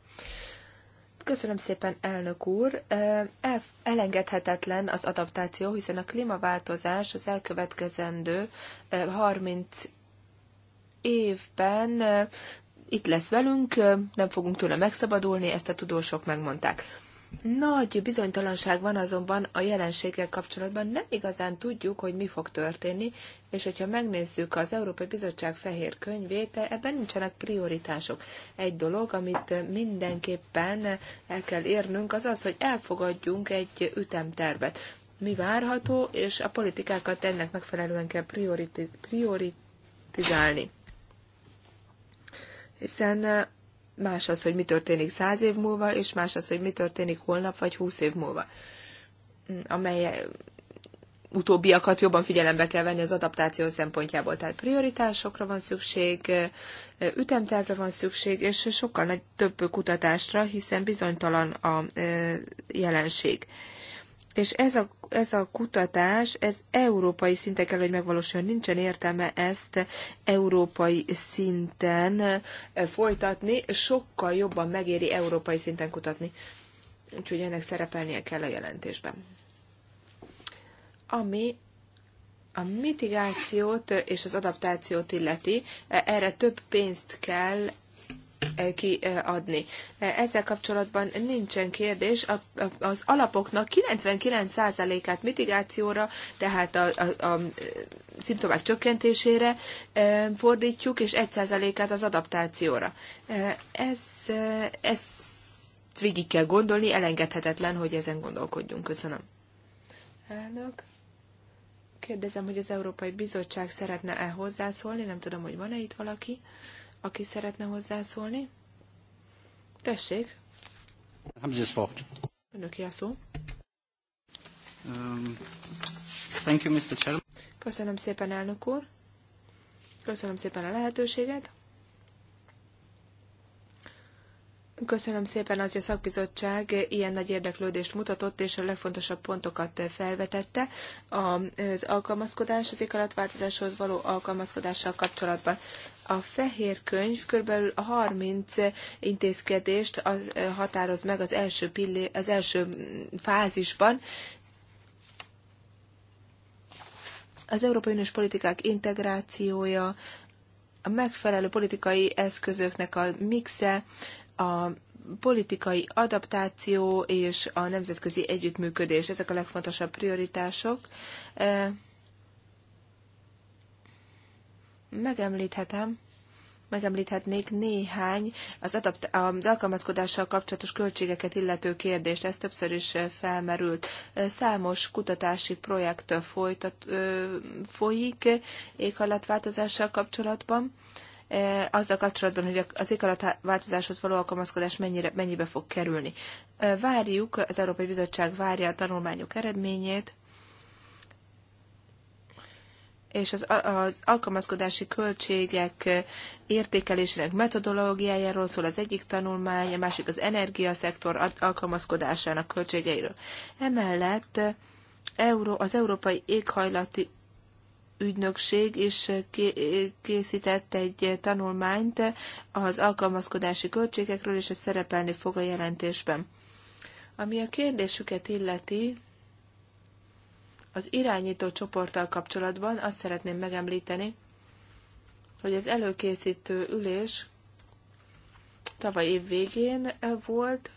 Köszönöm szépen, elnök úr. El, elengedhetetlen az adaptáció, hiszen a klímaváltozás az elkövetkezendő 30 évben itt lesz velünk, nem fogunk tőle megszabadulni, ezt a tudósok megmondták nagy bizonytalanság van azonban a jelenséggel kapcsolatban, nem igazán tudjuk, hogy mi fog történni, és hogyha megnézzük az Európai Bizottság fehér könyvét, ebben nincsenek prioritások. Egy dolog, amit mindenképpen el kell érnünk, az az, hogy elfogadjunk egy ütemtervet. Mi várható, és a politikákat ennek megfelelően kell prioritiz prioritizálni. Hiszen Más az, hogy mi történik száz év múlva, és más az, hogy mi történik holnap vagy húsz év múlva, amely utóbbiakat jobban figyelembe kell venni az adaptáció szempontjából. Tehát prioritásokra van szükség, ütemtervre van szükség, és sokkal nagy több kutatásra, hiszen bizonytalan a jelenség. És ez a ez a kutatás, ez európai szinten kell, hogy megvalósuljon. Nincsen értelme ezt európai szinten eh, folytatni, sokkal jobban megéri európai szinten kutatni. Úgyhogy ennek szerepelnie kell a jelentésben. Ami a mitigációt és az adaptációt illeti, eh, erre több pénzt kell Eh, kiadni. Eh, ezzel kapcsolatban nincsen kérdés. Az alapoknak 99%-át mitigációra, tehát a, a, a eh, szimptomák csökkentésére fordítjuk, és 1%-át az adaptációra. Ez, ez végig kell gondolni, elengedhetetlen, hogy ezen gondolkodjunk. Köszönöm. Elnök. Kérdezem, hogy az Európai Bizottság szeretne-e hozzászólni, nem tudom, hogy van-e itt valaki aki szeretne hozzászólni. Tessék! Önöki a szó. Um, thank you, Mr. Chairman. Köszönöm szépen, elnök úr. Köszönöm szépen a lehetőséget. Köszönöm szépen, hogy a szakbizottság ilyen nagy érdeklődést mutatott, és a legfontosabb pontokat felvetette az alkalmazkodás, az éghajlatváltozáshoz való alkalmazkodással kapcsolatban. A fehér könyv kb. 30 intézkedést határoz meg az első, pillé, az első fázisban, az Európai Uniós politikák integrációja, a megfelelő politikai eszközöknek a mixe, a politikai adaptáció és a nemzetközi együttműködés, ezek a legfontosabb prioritások. E, megemlíthetem, megemlíthetnék néhány az, adapt- az alkalmazkodással kapcsolatos költségeket illető kérdést, ez többször is felmerült. E, számos kutatási projekt folytat, folyik éghajlatváltozással kapcsolatban E, azzal kapcsolatban, hogy az éghajlatváltozáshoz való alkalmazkodás mennyire, mennyibe fog kerülni. E, várjuk, az Európai Bizottság várja a tanulmányok eredményét, és az, az alkalmazkodási költségek értékelésének metodológiájáról szól az egyik tanulmány, a másik az energiaszektor alkalmazkodásának költségeiről. Emellett az Európai Éghajlati ügynökség is készített egy tanulmányt az alkalmazkodási költségekről, és ez szerepelni fog a jelentésben. Ami a kérdésüket illeti, az irányító csoporttal kapcsolatban azt szeretném megemlíteni, hogy az előkészítő ülés tavaly év végén volt,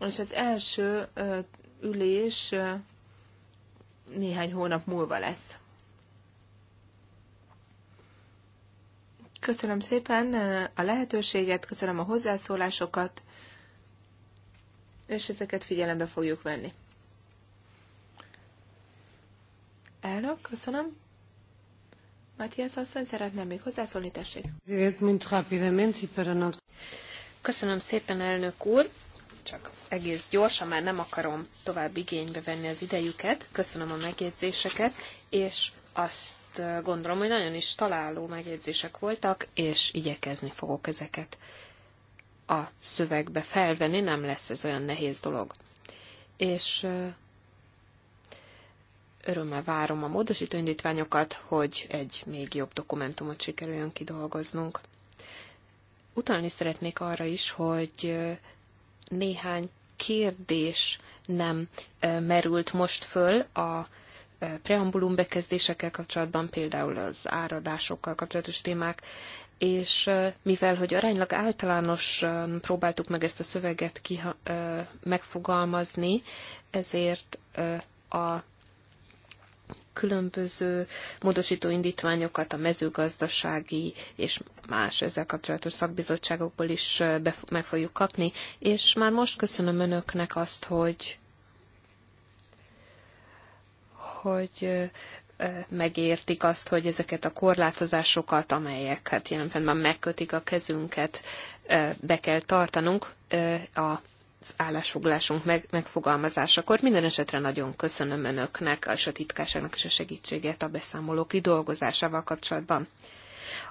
és az első ülés néhány hónap múlva lesz. Köszönöm szépen eh, a lehetőséget, köszönöm a hozzászólásokat, és ezeket figyelembe fogjuk venni. Elnök, köszönöm. Matthias asszony szeretném még hozzászólni, tessék. Köszönöm szépen, elnök úr. Csak egész gyorsan, már nem akarom tovább igénybe venni az idejüket. Köszönöm a megjegyzéseket, és azt azt gondolom, hogy nagyon is találó megjegyzések voltak, és igyekezni fogok ezeket a szövegbe felvenni, nem lesz ez olyan nehéz dolog. És örömmel várom a módosító indítványokat, hogy egy még jobb dokumentumot sikerüljön kidolgoznunk. Utalni szeretnék arra is, hogy néhány kérdés nem merült most föl a preambulum bekezdésekkel kapcsolatban, például az áradásokkal kapcsolatos témák, és mivel, hogy aránylag általános próbáltuk meg ezt a szöveget kiha, megfogalmazni, ezért a különböző módosító indítványokat a mezőgazdasági és más ezzel kapcsolatos szakbizottságokból is meg fogjuk kapni, és már most köszönöm önöknek azt, hogy hogy megértik azt, hogy ezeket a korlátozásokat, amelyek hát jelenleg már megkötik a kezünket, be kell tartanunk a az állásfoglásunk meg, megfogalmazásakor. Minden esetre nagyon köszönöm Önöknek és a titkárságnak is a segítséget a beszámoló kidolgozásával kapcsolatban.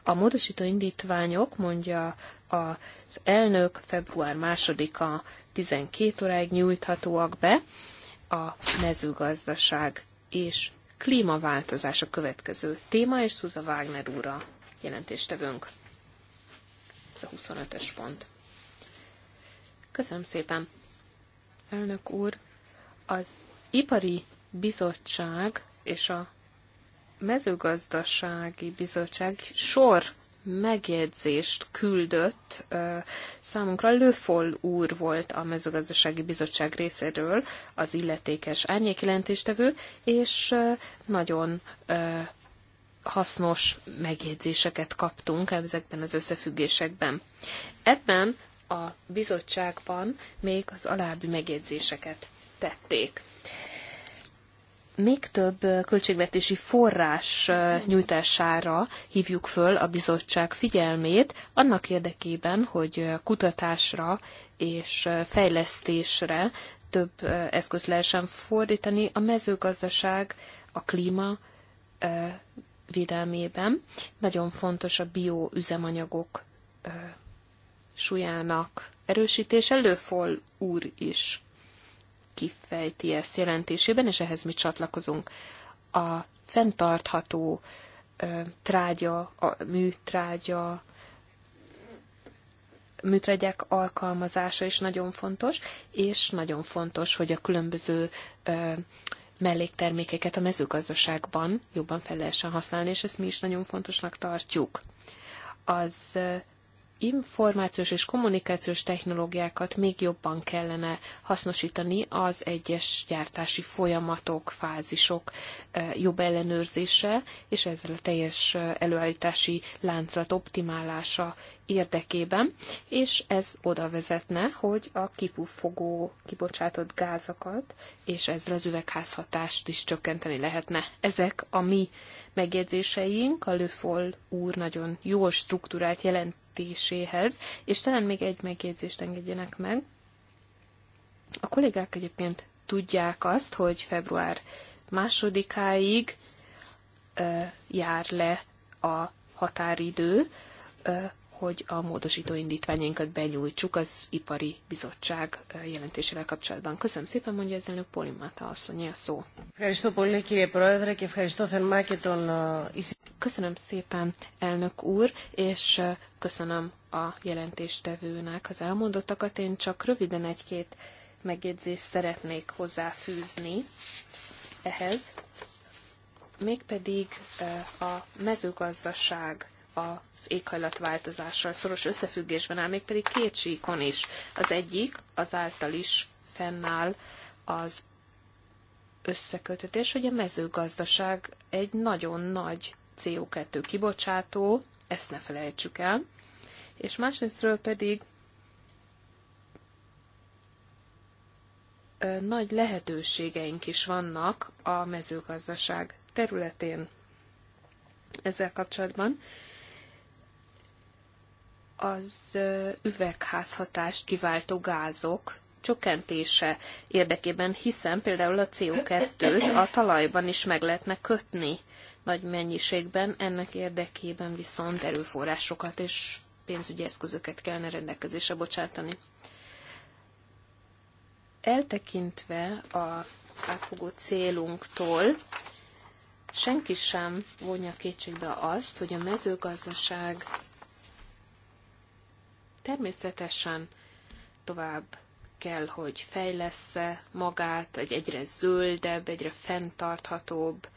A módosító indítványok, mondja az elnök, február 2-a 12 óráig nyújthatóak be a mezőgazdaság és klímaváltozás a következő téma, és Szuza Wagner úr a jelentéstevőnk. Ez a 25-ös pont. Köszönöm szépen. Elnök úr, az Ipari Bizottság és a Mezőgazdasági Bizottság sor megjegyzést küldött számunkra. Löfol úr volt a mezőgazdasági bizottság részéről az illetékes árnyékjelentéstevő, és nagyon hasznos megjegyzéseket kaptunk ezekben az összefüggésekben. Ebben a bizottságban még az alábbi megjegyzéseket tették még több költségvetési forrás nyújtására hívjuk föl a bizottság figyelmét, annak érdekében, hogy kutatásra és fejlesztésre több eszközt lehessen fordítani a mezőgazdaság, a klíma védelmében. Nagyon fontos a bioüzemanyagok súlyának erősítés. Előfol úr is kifejti ezt jelentésében, és ehhez mi csatlakozunk. A fenntartható trágya, a műtrágya, műtrágyák alkalmazása is nagyon fontos, és nagyon fontos, hogy a különböző melléktermékeket a mezőgazdaságban jobban fel lehessen használni, és ezt mi is nagyon fontosnak tartjuk. Az információs és kommunikációs technológiákat még jobban kellene hasznosítani az egyes gyártási folyamatok, fázisok jobb ellenőrzése, és ezzel a teljes előállítási láncolat optimálása érdekében, és ez oda vezetne, hogy a kipufogó kibocsátott gázokat, és ezzel az üvegházhatást is csökkenteni lehetne. Ezek a mi megjegyzéseink, a Löfol úr nagyon jól struktúrált jelentéséhez, és talán még egy megjegyzést engedjenek meg. A kollégák egyébként tudják azt, hogy február másodikáig jár le a határidő hogy a módosító indítványainkat benyújtsuk az Ipari Bizottság jelentésével kapcsolatban. Köszönöm szépen, mondja az elnök Polimáta asszony, a szó. Köszönöm szépen, elnök úr, és köszönöm a jelentéstevőnek az elmondottakat. Én csak röviden egy-két megjegyzést szeretnék hozzáfűzni ehhez, mégpedig a mezőgazdaság az éghajlatváltozással szoros összefüggésben áll, mégpedig két síkon is. Az egyik azáltal is fennáll az összekötetés, hogy a mezőgazdaság egy nagyon nagy CO2 kibocsátó, ezt ne felejtsük el, és másrésztről pedig nagy lehetőségeink is vannak a mezőgazdaság területén ezzel kapcsolatban az üvegházhatást kiváltó gázok csökkentése érdekében, hiszen például a CO2-t a talajban is meg lehetne kötni nagy mennyiségben, ennek érdekében viszont erőforrásokat és pénzügyi eszközöket kellene rendelkezésre bocsátani. Eltekintve az átfogó célunktól, senki sem vonja kétségbe azt, hogy a mezőgazdaság Természetesen tovább kell, hogy fejlessze magát egy egyre zöldebb, egyre fenntarthatóbb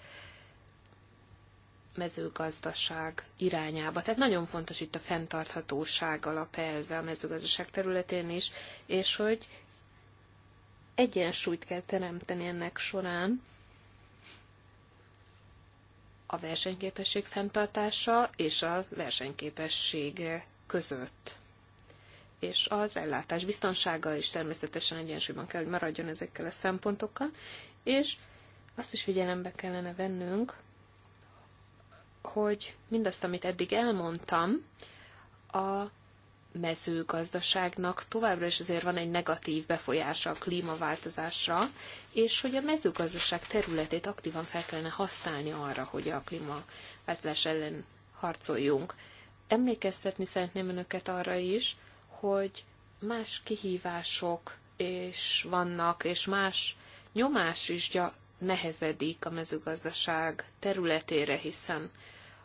mezőgazdaság irányába. Tehát nagyon fontos itt a fenntarthatóság alapelve a mezőgazdaság területén is, és hogy egyensúlyt kell teremteni ennek során a versenyképesség fenntartása és a versenyképesség között és az ellátás biztonsága is természetesen egyensúlyban kell, hogy maradjon ezekkel a szempontokkal, és azt is figyelembe kellene vennünk, hogy mindazt, amit eddig elmondtam, a mezőgazdaságnak továbbra is azért van egy negatív befolyása a klímaváltozásra, és hogy a mezőgazdaság területét aktívan fel kellene használni arra, hogy a klímaváltozás ellen harcoljunk. Emlékeztetni szeretném önöket arra is, hogy más kihívások és vannak, és más nyomás is nehezedik a mezőgazdaság területére, hiszen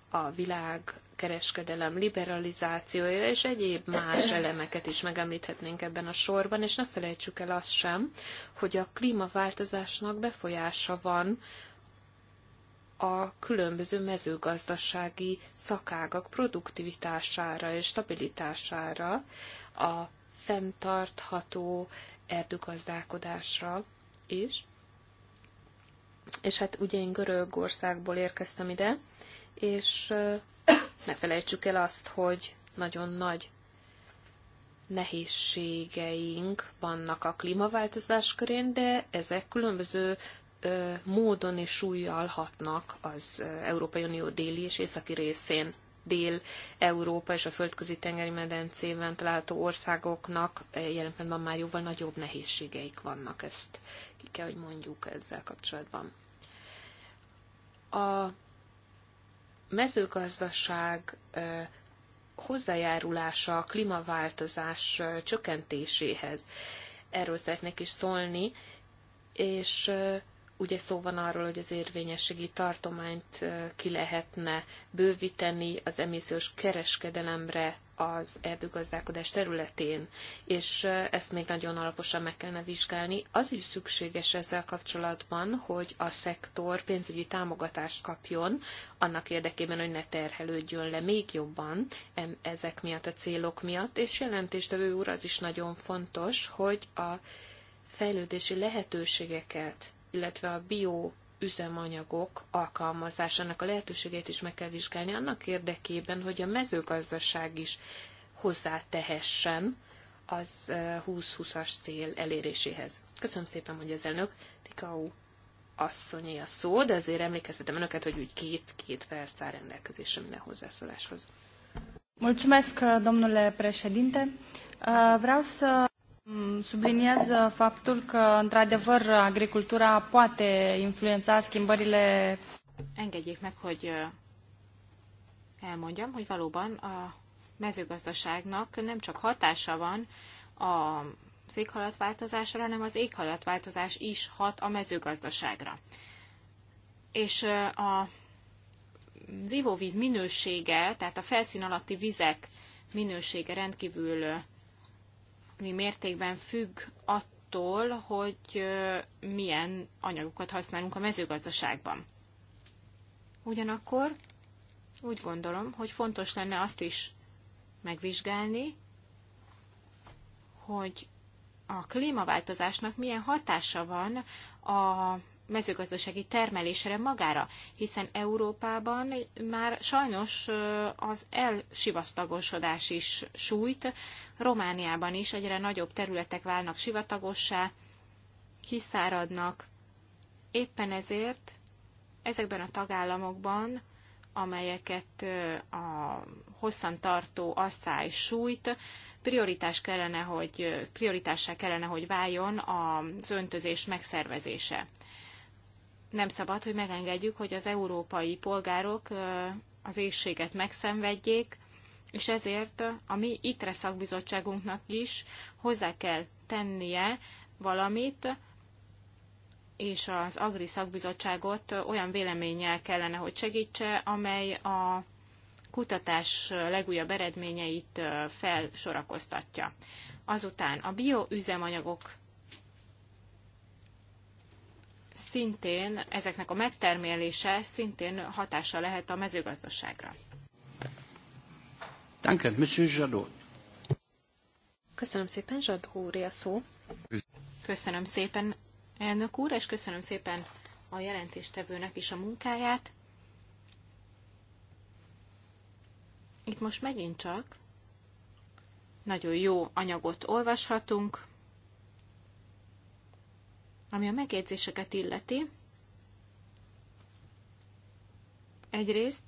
a világ kereskedelem liberalizációja és egyéb más elemeket is megemlíthetnénk ebben a sorban, és ne felejtsük el azt sem, hogy a klímaváltozásnak befolyása van a különböző mezőgazdasági szakágak produktivitására és stabilitására, a fenntartható erdőgazdálkodásra is. És hát ugye én Görögországból érkeztem ide, és ne felejtsük el azt, hogy nagyon nagy nehézségeink vannak a klímaváltozás körén, de ezek különböző módon és súlyjal hatnak az Európai Unió déli és északi részén. Dél-Európa és a földközi tengeri medencében található országoknak jelen pillanatban már jóval nagyobb nehézségeik vannak, ezt ki kell, hogy mondjuk ezzel kapcsolatban. A mezőgazdaság hozzájárulása a klímaváltozás csökkentéséhez. Erről szeretnék is szólni, és Ugye szó van arról, hogy az érvényességi tartományt ki lehetne bővíteni az emissziós kereskedelemre az erdőgazdálkodás területén, és ezt még nagyon alaposan meg kellene vizsgálni. Az is szükséges ezzel kapcsolatban, hogy a szektor pénzügyi támogatást kapjon, annak érdekében, hogy ne terhelődjön le még jobban ezek miatt, a célok miatt, és jelentéstevő úr az is nagyon fontos, hogy a fejlődési lehetőségeket illetve a bio üzemanyagok alkalmazásának a lehetőségét is meg kell vizsgálni annak érdekében, hogy a mezőgazdaság is hozzátehessen az 20-20-as cél eléréséhez. Köszönöm szépen, hogy az elnök Tikau asszonyé a szó, de azért emlékeztetem önöket, hogy úgy két-két perc áll rendelkezésre minden hozzászóláshoz. Mulțumesc, domnule președinte. Vreau să Mm, subliniez uh, faptul că, într-adevăr, agricultura poate influența schimbările. Engedjék meg, hogy uh, elmondjam, hogy valóban a mezőgazdaságnak nem csak hatása van a az éghajlatváltozásra, hanem az éghajlatváltozás is hat a mezőgazdaságra. És uh, a az ivóvíz minősége, tehát a felszín alatti vizek minősége rendkívül mi mértékben függ attól, hogy milyen anyagokat használunk a mezőgazdaságban. Ugyanakkor úgy gondolom, hogy fontos lenne azt is megvizsgálni, hogy a klímaváltozásnak milyen hatása van a mezőgazdasági termelésre magára, hiszen Európában már sajnos az elsivatagosodás is sújt, Romániában is egyre nagyobb területek válnak sivatagossá, kiszáradnak. Éppen ezért ezekben a tagállamokban, amelyeket a hosszantartó asszály sújt, prioritás kellene, hogy, prioritássá kellene, hogy váljon az öntözés megszervezése nem szabad, hogy megengedjük, hogy az európai polgárok az éjséget megszenvedjék, és ezért a mi ITRE szakbizottságunknak is hozzá kell tennie valamit, és az Agri szakbizottságot olyan véleménnyel kellene, hogy segítse, amely a kutatás legújabb eredményeit felsorakoztatja. Azután a bioüzemanyagok szintén ezeknek a megtermelése szintén hatása lehet a mezőgazdaságra. Danke, Köszönöm szépen, Zsadó úr, a szó. Köszönöm szépen, elnök úr, és köszönöm szépen a jelentéstevőnek is a munkáját. Itt most megint csak nagyon jó anyagot olvashatunk, ami a megjegyzéseket illeti, egyrészt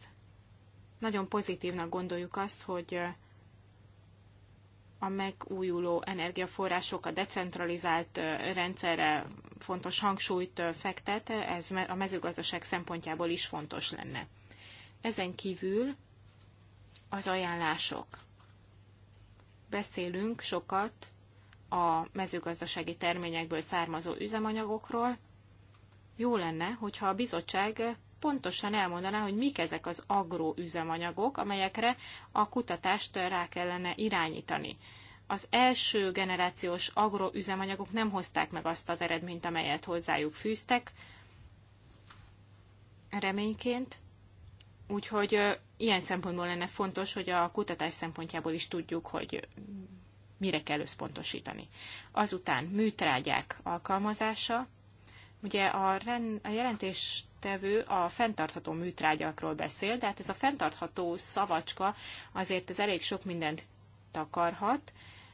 nagyon pozitívnak gondoljuk azt, hogy a megújuló energiaforrások a decentralizált rendszerre fontos hangsúlyt fektet, ez a mezőgazdaság szempontjából is fontos lenne. Ezen kívül az ajánlások. Beszélünk sokat a mezőgazdasági terményekből származó üzemanyagokról, jó lenne, hogyha a bizottság pontosan elmondaná, hogy mik ezek az agroüzemanyagok, amelyekre a kutatást rá kellene irányítani. Az első generációs agroüzemanyagok nem hozták meg azt az eredményt, amelyet hozzájuk fűztek reményként, úgyhogy ilyen szempontból lenne fontos, hogy a kutatás szempontjából is tudjuk, hogy mire kell összpontosítani. Azután műtrágyák alkalmazása. Ugye a, rend, a jelentéstevő a fenntartható műtrágyakról beszél, de hát ez a fenntartható szavacska azért ez elég sok mindent takarhat.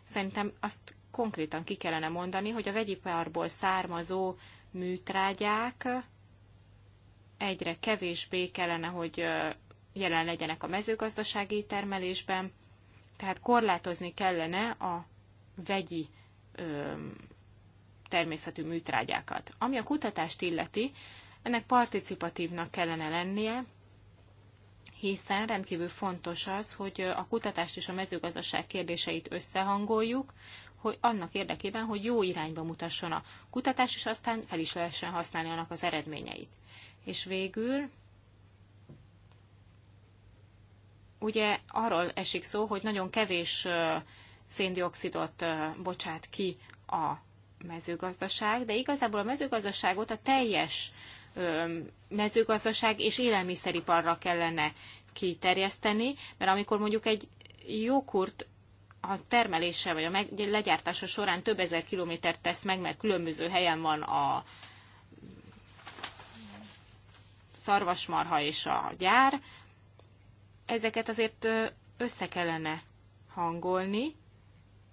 Szerintem azt konkrétan ki kellene mondani, hogy a vegyiparból származó műtrágyák egyre kevésbé kellene, hogy jelen legyenek a mezőgazdasági termelésben, tehát korlátozni kellene a vegyi ö, természetű műtrágyákat. Ami a kutatást illeti, ennek participatívnak kellene lennie, hiszen rendkívül fontos az, hogy a kutatást és a mezőgazdaság kérdéseit összehangoljuk, hogy annak érdekében, hogy jó irányba mutasson a kutatás, és aztán fel is lehessen használni annak az eredményeit. És végül ugye arról esik szó, hogy nagyon kevés széndiokszidot bocsát ki a mezőgazdaság, de igazából a mezőgazdaságot a teljes mezőgazdaság és élelmiszeriparra kellene kiterjeszteni, mert amikor mondjuk egy jókurt a termelése vagy a legyártása során több ezer kilométert tesz meg, mert különböző helyen van a szarvasmarha és a gyár, ezeket azért össze kellene hangolni,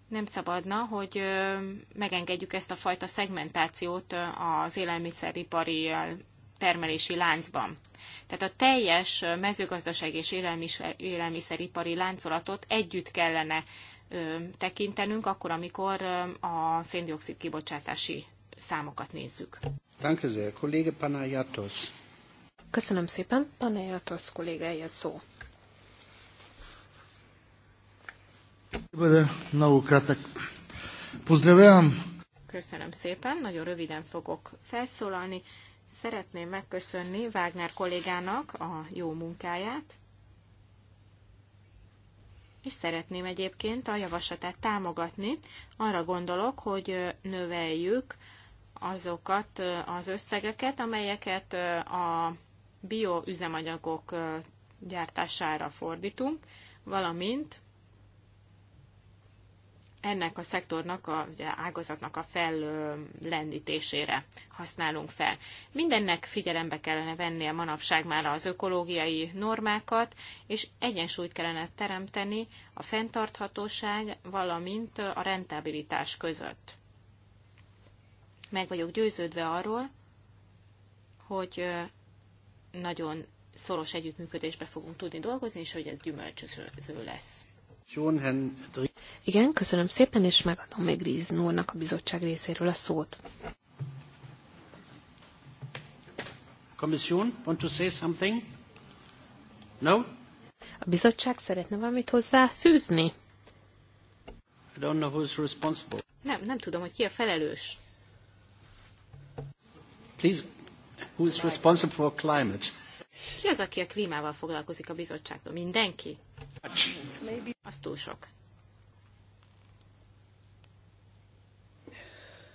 nem szabadna, hogy megengedjük ezt a fajta szegmentációt az élelmiszeripari termelési láncban. Tehát a teljes mezőgazdaság és élelmiszeripari láncolatot együtt kellene tekintenünk, akkor, amikor a széndiokszid kibocsátási számokat nézzük. Köszönöm szépen. Panayatos kollégája szó. Köszönöm szépen, nagyon röviden fogok felszólalni. Szeretném megköszönni Wagner kollégának a jó munkáját, és szeretném egyébként a javaslatát támogatni. Arra gondolok, hogy növeljük azokat az összegeket, amelyeket a bioüzemanyagok gyártására fordítunk, valamint ennek a szektornak, a, ugye, ágazatnak a fellendítésére használunk fel. Mindennek figyelembe kellene venni a manapság már az ökológiai normákat, és egyensúlyt kellene teremteni a fenntarthatóság, valamint a rentabilitás között. Meg vagyok győződve arról, hogy nagyon szoros együttműködésbe fogunk tudni dolgozni, és hogy ez gyümölcsöző lesz. Igen, köszönöm szépen, és megadom még Riznónak a bizottság részéről a szót. Commission, want to say something? No? A bizottság szeretne valamit hozzáfűzni? I don't know who's responsible. Nem, nem tudom, hogy ki a felelős. Please, who's responsible for climate? Ki az, aki a klímával foglalkozik a bizottságtól? Mindenki? Az túl sok.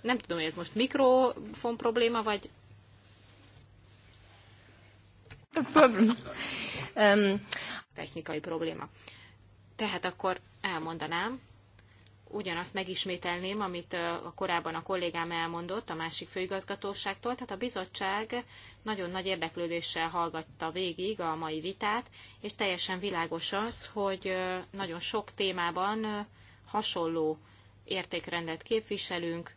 Nem tudom, hogy ez most mikrofon probléma, vagy... Technikai probléma. Tehát akkor elmondanám, ugyanazt megismételném, amit a korábban a kollégám elmondott a másik főigazgatóságtól. Tehát a bizottság nagyon nagy érdeklődéssel hallgatta végig a mai vitát, és teljesen világos az, hogy nagyon sok témában hasonló értékrendet képviselünk,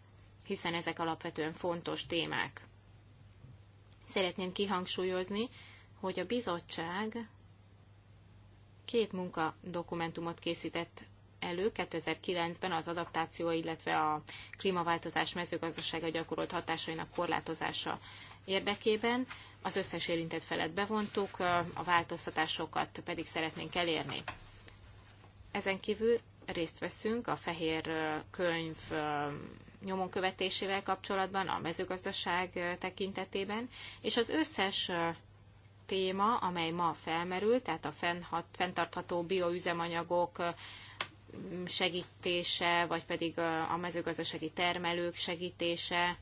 hiszen ezek alapvetően fontos témák. Szeretném kihangsúlyozni, hogy a bizottság két munkadokumentumot készített elő 2009-ben az adaptáció, illetve a klímaváltozás mezőgazdasága gyakorolt hatásainak korlátozása érdekében. Az összes érintett felet bevontuk, a változtatásokat pedig szeretnénk elérni. Ezen kívül részt veszünk a fehér könyv nyomon követésével kapcsolatban, a mezőgazdaság tekintetében, és az összes téma, amely ma felmerült, tehát a fenntartható bioüzemanyagok, segítése, vagy pedig a mezőgazdasági termelők segítése.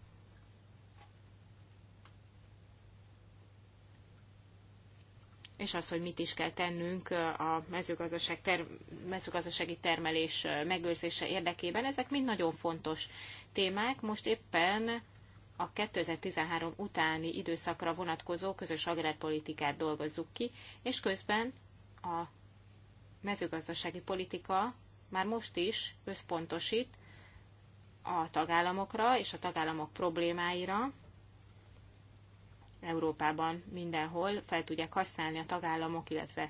és az, hogy mit is kell tennünk a mezőgazdaság ter- mezőgazdasági termelés megőrzése érdekében. Ezek mind nagyon fontos témák. Most éppen a 2013 utáni időszakra vonatkozó közös agrárpolitikát dolgozzuk ki, és közben a mezőgazdasági politika már most is összpontosít a tagállamokra és a tagállamok problémáira. Európában mindenhol fel tudják használni a tagállamok, illetve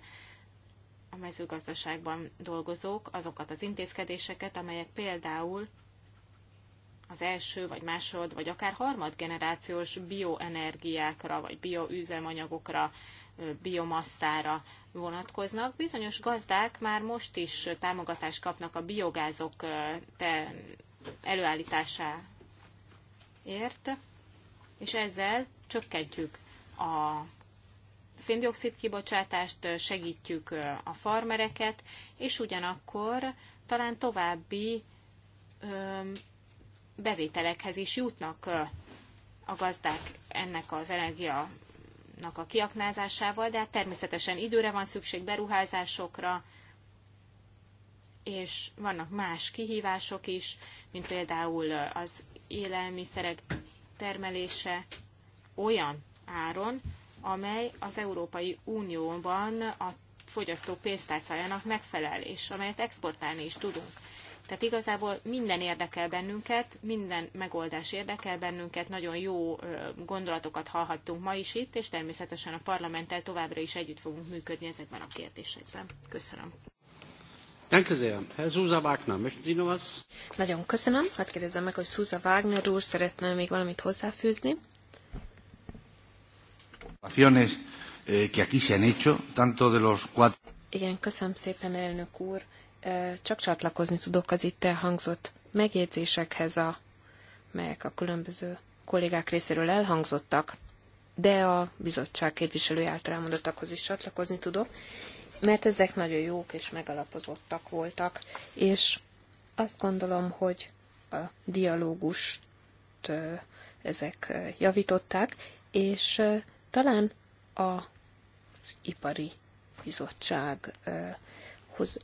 a mezőgazdaságban dolgozók azokat az intézkedéseket, amelyek például az első, vagy másod, vagy akár harmad generációs bioenergiákra, vagy bioüzemanyagokra biomasszára vonatkoznak. Bizonyos gazdák már most is támogatást kapnak a biogázok előállításáért, és ezzel csökkentjük a széndiokszid kibocsátást, segítjük a farmereket, és ugyanakkor talán további bevételekhez is jutnak a gazdák ennek az energia a kiaknázásával, de hát természetesen időre van szükség beruházásokra, és vannak más kihívások is, mint például az élelmiszerek termelése olyan áron, amely az Európai Unióban a fogyasztó pénztárcájának megfelel, és amelyet exportálni is tudunk. Tehát igazából minden érdekel bennünket, minden megoldás érdekel bennünket, nagyon jó gondolatokat hallhattunk ma is itt, és természetesen a parlamenttel továbbra is együtt fogunk működni ezekben a kérdésekben. Köszönöm. Nagyon köszönöm. Hát kérdezem meg, hogy Szúza Wagner úr szeretne még valamit hozzáfűzni. Eh, Igen, köszönöm szépen, elnök úr csak csatlakozni tudok az itt elhangzott megjegyzésekhez, a, melyek a különböző kollégák részéről elhangzottak, de a bizottság képviselői által elmondottakhoz is csatlakozni tudok, mert ezek nagyon jók és megalapozottak voltak, és azt gondolom, hogy a dialógust ezek javították, és talán az ipari bizottsághoz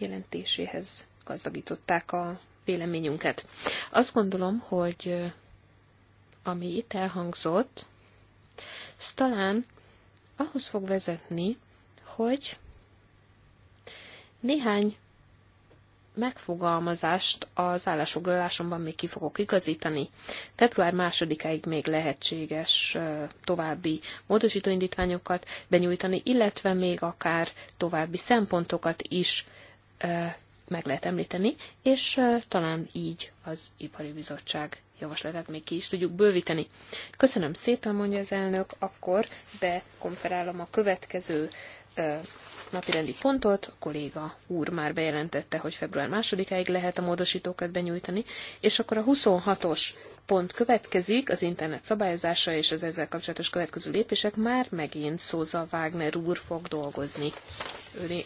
jelentéséhez gazdagították a véleményünket. Azt gondolom, hogy ami itt elhangzott, ez talán ahhoz fog vezetni, hogy néhány megfogalmazást az állásfoglalásomban még ki fogok igazítani. Február másodikáig még lehetséges további módosítóindítványokat benyújtani, illetve még akár további szempontokat is meg lehet említeni, és talán így az Ipari Bizottság javaslatát még ki is tudjuk bővíteni. Köszönöm szépen, mondja az elnök, akkor bekonferálom a következő napirendi pontot. A kolléga úr már bejelentette, hogy február másodikáig lehet a módosítókat benyújtani, és akkor a 26-os pont következik, az internet szabályozása és az ezzel kapcsolatos következő lépések már megint Szóza Wagner úr fog dolgozni.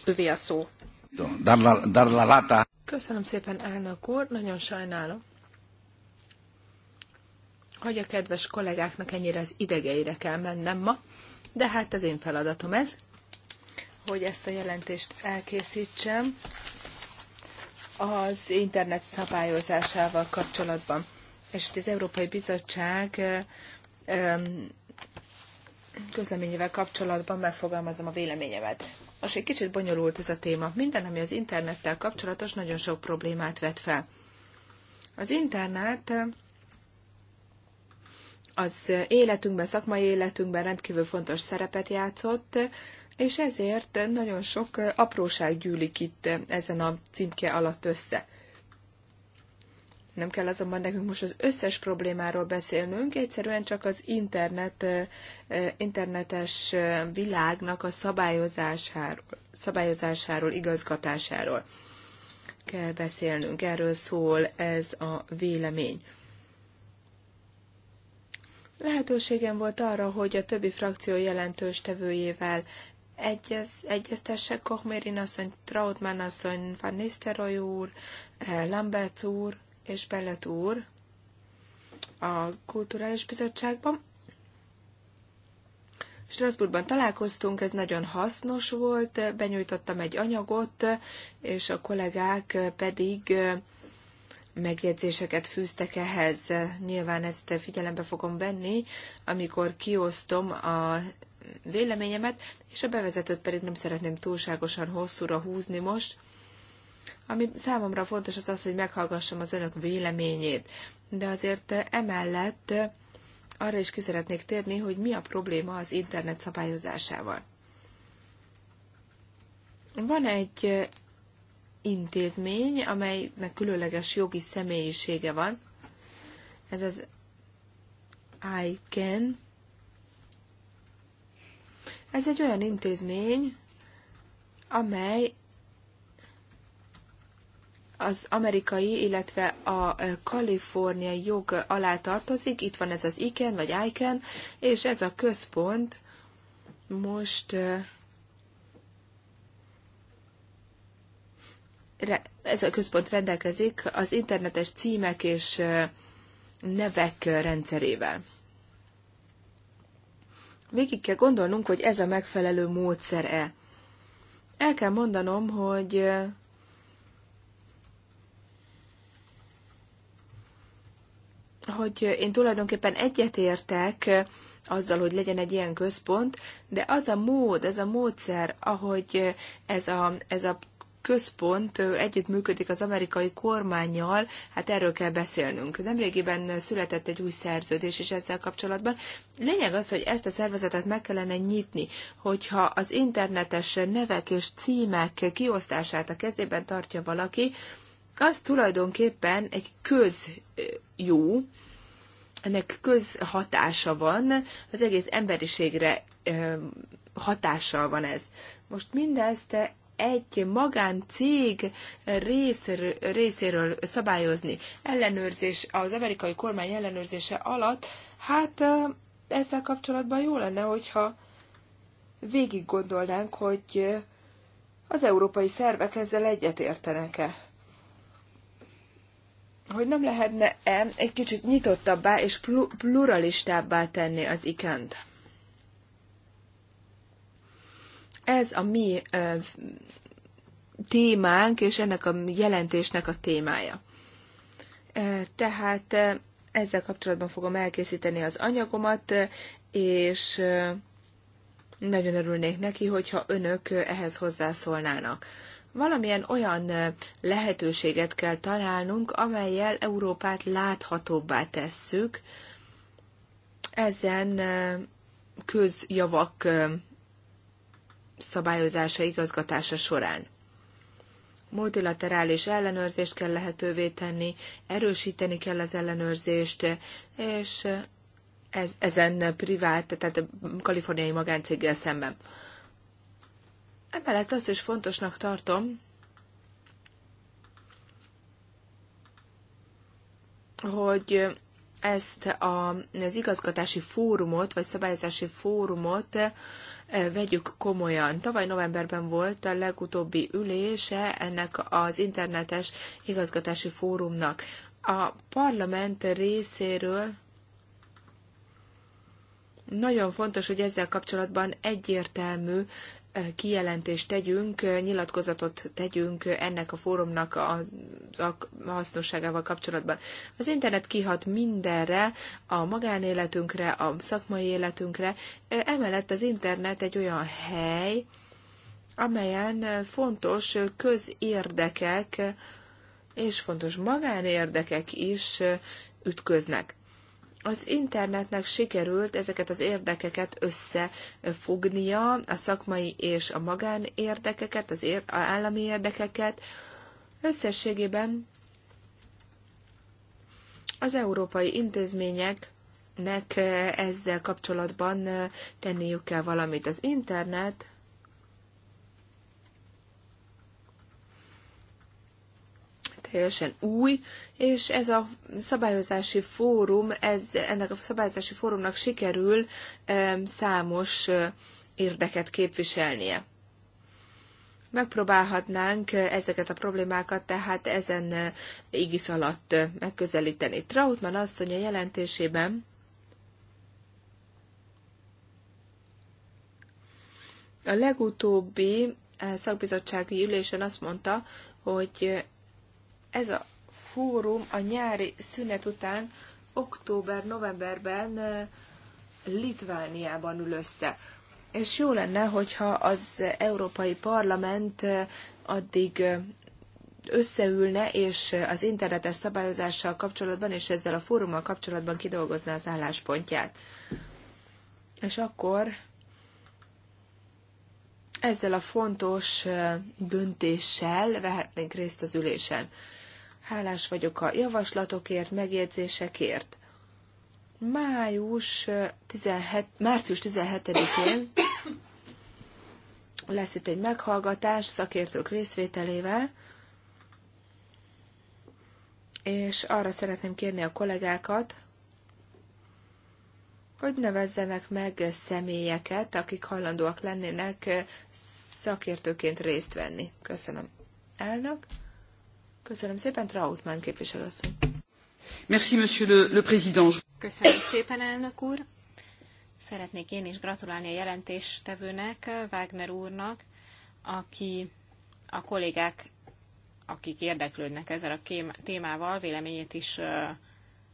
Övé a szó, Dar la, dar la lata. Köszönöm szépen, elnök úr, nagyon sajnálom, hogy a kedves kollégáknak ennyire az idegeire kell mennem ma, de hát az én feladatom ez, hogy ezt a jelentést elkészítsem az internet szabályozásával kapcsolatban. És az Európai Bizottság közleményével kapcsolatban megfogalmazom a véleményemet. Most egy kicsit bonyolult ez a téma. Minden, ami az internettel kapcsolatos, nagyon sok problémát vet fel. Az internet eh, az életünkben, szakmai életünkben rendkívül fontos szerepet játszott, és ezért nagyon sok eh, apróság gyűlik itt eh, ezen a címke alatt össze. Nem kell azonban nekünk most az összes problémáról beszélnünk, egyszerűen csak az internet, internetes világnak a szabályozásáról, szabályozásáról, igazgatásáról kell beszélnünk. Erről szól ez a vélemény. Lehetőségem volt arra, hogy a többi frakció jelentős tevőjével egyez, egyeztessek Kochmérin asszony, Trautmann asszony, Van Nistelrooy úr, eh, Lambert úr, és Bellet úr a Kulturális Bizottságban. Strasbourgban találkoztunk, ez nagyon hasznos volt, benyújtottam egy anyagot, és a kollégák pedig megjegyzéseket fűztek ehhez. Nyilván ezt figyelembe fogom venni, amikor kiosztom a véleményemet, és a bevezetőt pedig nem szeretném túlságosan hosszúra húzni most, ami számomra fontos az az, hogy meghallgassam az önök véleményét. De azért emellett arra is kiszeretnék térni, hogy mi a probléma az internet szabályozásával. Van egy intézmény, amelynek különleges jogi személyisége van. Ez az ICANN. E Ez egy olyan intézmény, amely az amerikai, illetve a eh, kaliforniai jog alá tartozik. Itt van ez az iken vagy ICAN, és ez a központ most eh, ez a központ rendelkezik az internetes címek és eh, nevek rendszerével. Végig kell gondolnunk, hogy ez a megfelelő módszer-e. El kell mondanom, hogy hogy én tulajdonképpen egyetértek azzal, hogy legyen egy ilyen központ, de az a mód, az a módszer, ahogy ez a, ez a központ együttműködik az amerikai kormányjal, hát erről kell beszélnünk. Nemrégiben született egy új szerződés is ezzel kapcsolatban. Lényeg az, hogy ezt a szervezetet meg kellene nyitni, hogyha az internetes nevek és címek kiosztását a kezében tartja valaki, az tulajdonképpen egy közjó, ennek közhatása van, az egész emberiségre hatással van ez. Most mindezt egy magáncég részéről, részéről szabályozni, ellenőrzés, az amerikai kormány ellenőrzése alatt, hát ezzel kapcsolatban jó lenne, hogyha végig gondolnánk, hogy az európai szervek ezzel egyetértenek-e hogy nem lehetne-e egy kicsit nyitottabbá és pluralistábbá tenni az ikent. Ez a mi ö, témánk, és ennek a jelentésnek a témája. Tehát ezzel kapcsolatban fogom elkészíteni az anyagomat, és nagyon örülnék neki, hogyha önök ehhez hozzászólnának valamilyen olyan lehetőséget kell találnunk, amelyel Európát láthatóbbá tesszük ezen közjavak szabályozása, igazgatása során. Multilaterális ellenőrzést kell lehetővé tenni, erősíteni kell az ellenőrzést, és ez, ezen privát, tehát a kaliforniai magáncéggel szemben. Emellett azt is fontosnak tartom, hogy ezt a, az igazgatási fórumot, vagy szabályozási fórumot eh, vegyük komolyan. Tavaly novemberben volt a legutóbbi ülése ennek az internetes igazgatási fórumnak. A parlament részéről nagyon fontos, hogy ezzel kapcsolatban egyértelmű kijelentést tegyünk, nyilatkozatot tegyünk ennek a fórumnak a, a hasznosságával kapcsolatban. Az internet kihat mindenre, a magánéletünkre, a szakmai életünkre. Emellett az internet egy olyan hely, amelyen fontos közérdekek és fontos magánérdekek is ütköznek. Az internetnek sikerült ezeket az érdekeket összefognia, a szakmai és a magán érdekeket, az ér- a állami érdekeket. Összességében az európai intézmények eh, ezzel kapcsolatban eh, tenniük kell valamit. Az internet teljesen új, és ez a szabályozási fórum, ez, ennek a szabályozási fórumnak sikerül számos érdeket képviselnie megpróbálhatnánk ezeket a problémákat tehát ezen égisz alatt megközelíteni. Trautmann asszony a jelentésében a legutóbbi szakbizottsági ülésen azt mondta, hogy ez a fórum a nyári szünet után október-novemberben Litvániában ül össze. És jó lenne, hogyha az Európai Parlament addig összeülne, és az internetes szabályozással kapcsolatban és ezzel a fórummal kapcsolatban kidolgozná az álláspontját. És akkor ezzel a fontos döntéssel vehetnénk részt az ülésen. Hálás vagyok a javaslatokért, megjegyzésekért. Május 17, március 17-én lesz itt egy meghallgatás szakértők részvételével, és arra szeretném kérni a kollégákat, hogy nevezzenek meg személyeket, akik hajlandóak lennének szakértőként részt venni. Köszönöm. Elnök. Köszönöm szépen, Trautmann asszony. Merci, monsieur le, le président. Köszönöm szépen, elnök úr. Szeretnék én is gratulálni a jelentéstevőnek, Wagner úrnak, aki a kollégák, akik érdeklődnek ezzel a témával, véleményét is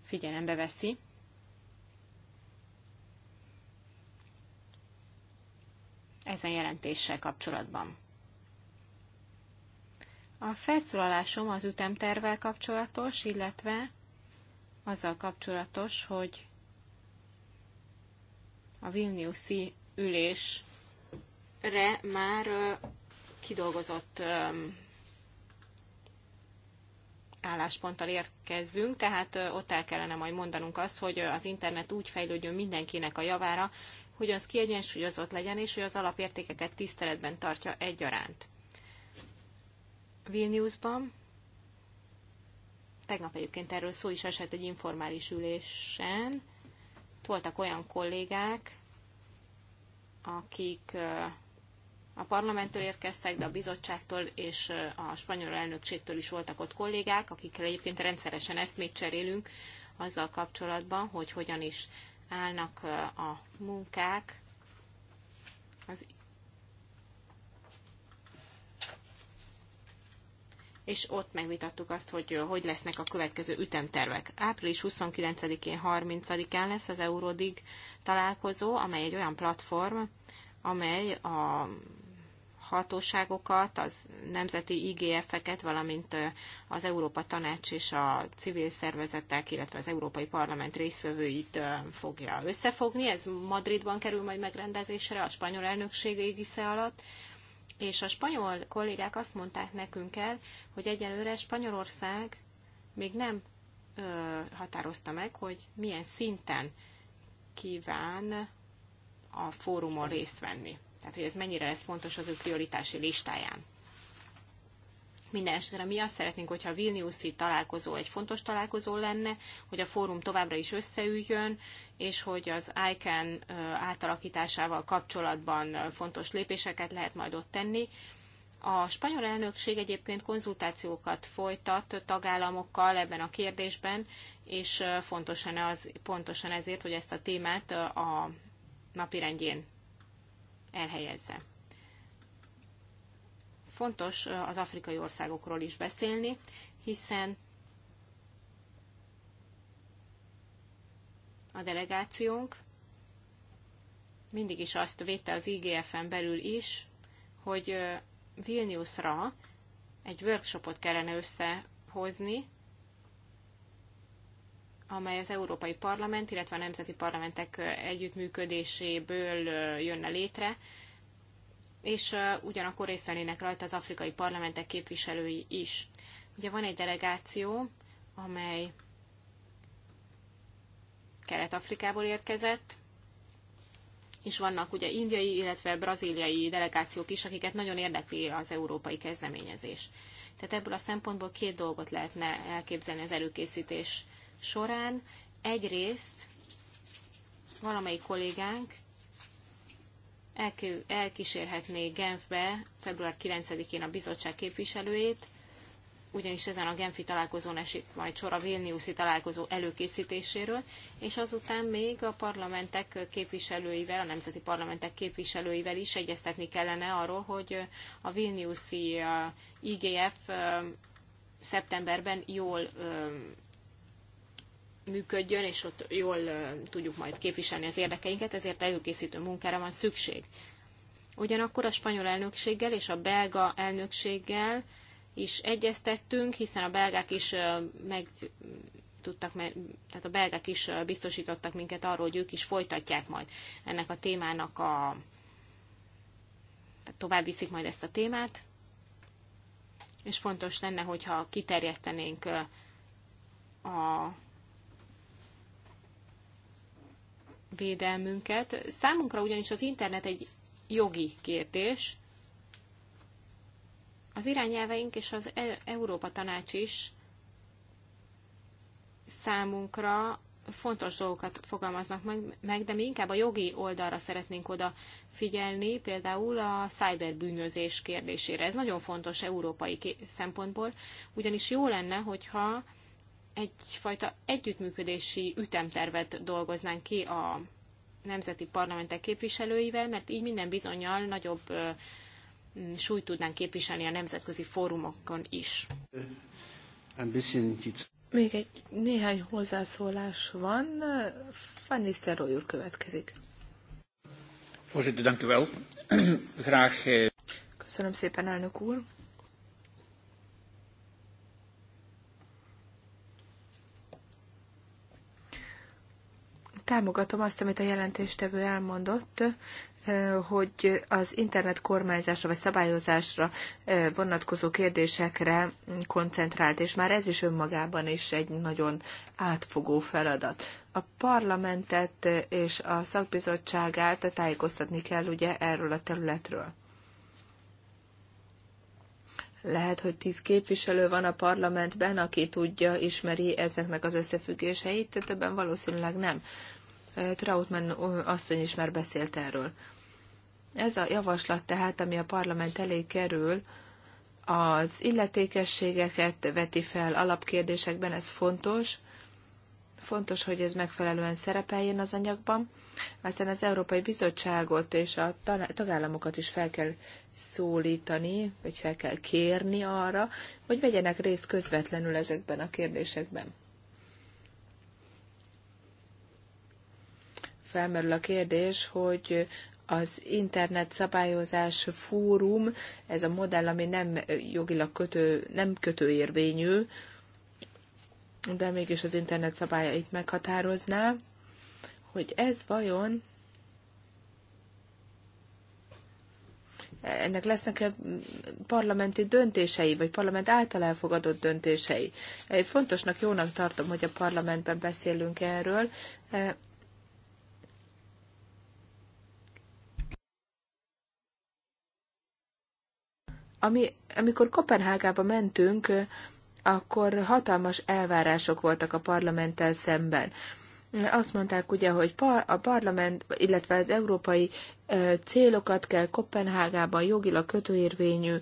figyelembe veszi. Ezen jelentéssel kapcsolatban. A felszólalásom az ütemtervel kapcsolatos, illetve azzal kapcsolatos, hogy a Vilniuszi ülésre már kidolgozott állásponttal érkezzünk, tehát ott el kellene majd mondanunk azt, hogy az internet úgy fejlődjön mindenkinek a javára, hogy az kiegyensúlyozott legyen, és hogy az alapértékeket tiszteletben tartja egyaránt. Vilniusban. Tegnap egyébként erről szó is esett egy informális ülésen. Voltak olyan kollégák, akik a parlamenttől érkeztek, de a bizottságtól és a spanyol elnökségtől is voltak ott kollégák, akikkel egyébként rendszeresen ezt még cserélünk azzal kapcsolatban, hogy hogyan is állnak a munkák az és ott megvitattuk azt, hogy hogy lesznek a következő ütemtervek. Április 29-én, 30-án lesz az Eurodig találkozó, amely egy olyan platform, amely a hatóságokat, az nemzeti IGF-eket, valamint az Európa Tanács és a civil szervezetek, illetve az Európai Parlament részvevőit fogja összefogni. Ez Madridban kerül majd megrendezésre a spanyol elnökség égisze alatt és a spanyol kollégák azt mondták nekünk el, hogy egyelőre Spanyolország még nem ö, határozta meg, hogy milyen szinten kíván a fórumon részt venni. Tehát, hogy ez mennyire lesz fontos az ő prioritási listáján. Minden esetre mi azt szeretnénk, hogyha a Vilniuszi találkozó egy fontos találkozó lenne, hogy a fórum továbbra is összeüljön, és hogy az ICAN átalakításával kapcsolatban fontos lépéseket lehet majd ott tenni. A spanyol elnökség egyébként konzultációkat folytat tagállamokkal ebben a kérdésben, és fontosan az, pontosan ezért, hogy ezt a témát a napirendjén elhelyezze. Fontos az afrikai országokról is beszélni, hiszen a delegációnk mindig is azt védte az IGF-en belül is, hogy Vilniusra egy workshopot kellene összehozni, amely az Európai Parlament, illetve a nemzeti parlamentek együttműködéséből jönne létre, és ugyanakkor részt vennének rajta az afrikai parlamentek képviselői is. Ugye van egy delegáció, amely Kelet-Afrikából érkezett, és vannak ugye indiai, illetve braziliai delegációk is, akiket nagyon érdekli az európai kezdeményezés. Tehát ebből a szempontból két dolgot lehetne elképzelni az előkészítés során. Egyrészt valamelyik kollégánk elkísérhetné Genfbe február 9-én a bizottság képviselőjét, ugyanis ezen a Genfi találkozón esik majd sor a Vilniuszi találkozó előkészítéséről, és azután még a parlamentek képviselőivel, a nemzeti parlamentek képviselőivel is egyeztetni kellene arról, hogy a Vilniuszi IGF szeptemberben jól működjön, és ott jól tudjuk majd képviselni az érdekeinket, ezért előkészítő munkára van szükség. Ugyanakkor a spanyol elnökséggel és a belga elnökséggel is egyeztettünk, hiszen a belgák is meg tudtak, tehát a belgák is biztosítottak minket arról, hogy ők is folytatják majd ennek a témának a tehát tovább viszik majd ezt a témát, és fontos lenne, hogyha kiterjesztenénk a védelmünket. Számunkra ugyanis az internet egy jogi kérdés. Az irányelveink és az e- Európa Tanács is számunkra fontos dolgokat fogalmaznak meg, de mi inkább a jogi oldalra szeretnénk oda figyelni, például a szájberbűnözés kérdésére. Ez nagyon fontos európai szempontból, ugyanis jó lenne, hogyha egyfajta együttműködési ütemtervet dolgoznánk ki a nemzeti parlamentek képviselőivel, mert így minden bizonyal nagyobb súlyt tudnánk képviselni a nemzetközi fórumokon is. Még egy néhány hozzászólás van. Van Nisztelrooy úr következik. Eh, Köszönöm szépen, elnök úr. Támogatom azt, amit a jelentéstevő elmondott, hogy az internet kormányzásra vagy szabályozásra vonatkozó kérdésekre koncentrált, és már ez is önmagában is egy nagyon átfogó feladat. A parlamentet és a szakbizottságát tájékoztatni kell ugye erről a területről. Lehet, hogy tíz képviselő van a parlamentben, aki tudja, ismeri ezeknek az összefüggéseit, többen valószínűleg nem. Trautmann asszony is már beszélt erről. Ez a javaslat tehát, ami a parlament elé kerül, az illetékességeket veti fel alapkérdésekben, ez fontos. Fontos, hogy ez megfelelően szerepeljen az anyagban. Aztán az Európai Bizottságot és a tagállamokat is fel kell szólítani, vagy fel kell kérni arra, hogy vegyenek részt közvetlenül ezekben a kérdésekben. felmerül a kérdés, hogy az internet szabályozás fórum, ez a modell, ami nem jogilag kötő, nem kötőérvényű, de mégis az internet szabályait meghatározná, hogy ez vajon ennek lesznek-e parlamenti döntései, vagy parlament által elfogadott döntései. Fontosnak, jónak tartom, hogy a parlamentben beszélünk erről, Ami, amikor Kopenhágába mentünk, akkor hatalmas elvárások voltak a parlamenttel szemben. Azt mondták ugye, hogy a parlament, illetve az európai célokat kell Kopenhágában jogilag kötőérvényű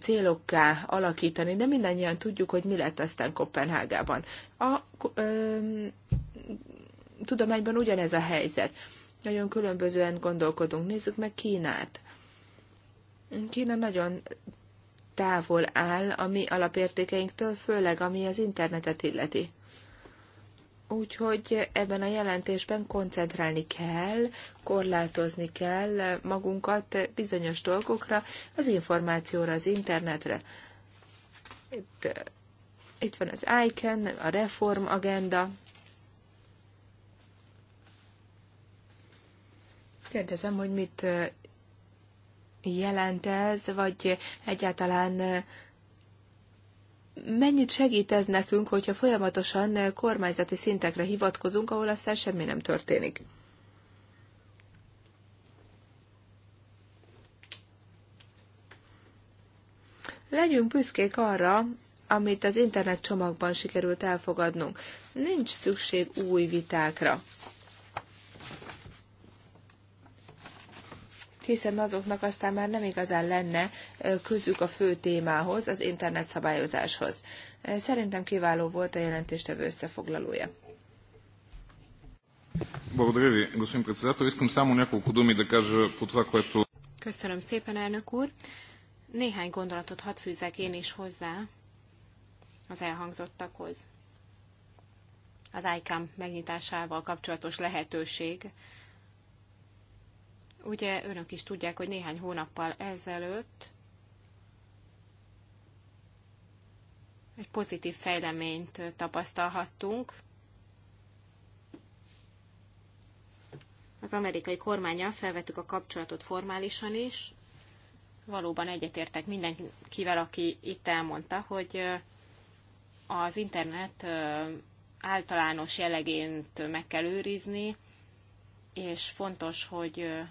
célokká alakítani, de mindannyian tudjuk, hogy mi lett aztán Kopenhágában. A ö, tudományban ugyanez a helyzet. Nagyon különbözően gondolkodunk. Nézzük meg Kínát. Kína nagyon távol áll a mi alapértékeinktől, főleg ami az internetet illeti. Úgyhogy ebben a jelentésben koncentrálni kell, korlátozni kell magunkat bizonyos dolgokra, az információra, az internetre. Itt, itt van az ICAN, a reform agenda. Kérdezem, hogy mit jelent ez, vagy egyáltalán mennyit segít ez nekünk, hogyha folyamatosan kormányzati szintekre hivatkozunk, ahol aztán semmi nem történik? Legyünk büszkék arra, amit az internet csomagban sikerült elfogadnunk. Nincs szükség új vitákra. hiszen azoknak aztán már nem igazán lenne közük a fő témához, az internet szabályozáshoz. Szerintem kiváló volt a jelentéstevő összefoglalója. Köszönöm szépen, elnök úr. Néhány gondolatot hadd fűzek én is hozzá az elhangzottakhoz. Az ICAM megnyitásával kapcsolatos lehetőség Ugye önök is tudják, hogy néhány hónappal ezelőtt egy pozitív fejleményt tapasztalhattunk. Az amerikai kormányjal felvettük a kapcsolatot formálisan is. Valóban egyetértek mindenkivel, aki itt elmondta, hogy az internet általános jellegént meg kell őrizni, és fontos, hogy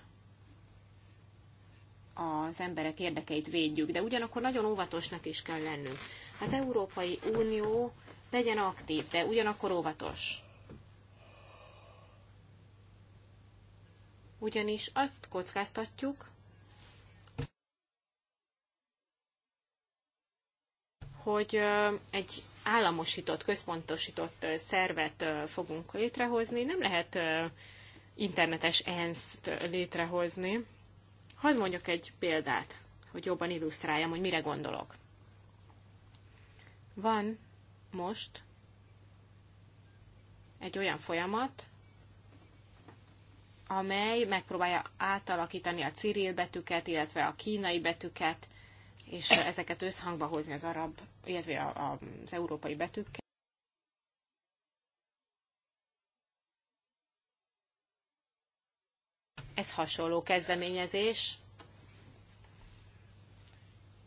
az emberek érdekeit védjük, de ugyanakkor nagyon óvatosnak is kell lennünk. Az hát Európai Unió legyen aktív, de ugyanakkor óvatos. Ugyanis azt kockáztatjuk, hogy egy államosított, központosított szervet fogunk létrehozni. Nem lehet internetes ENSZ-t létrehozni. Hadd mondjak egy példát, hogy jobban illusztráljam, hogy mire gondolok. Van most egy olyan folyamat, amely megpróbálja átalakítani a ciril betűket, illetve a kínai betűket, és ezeket összhangba hozni az arab, illetve az európai betűkkel. Ez hasonló kezdeményezés.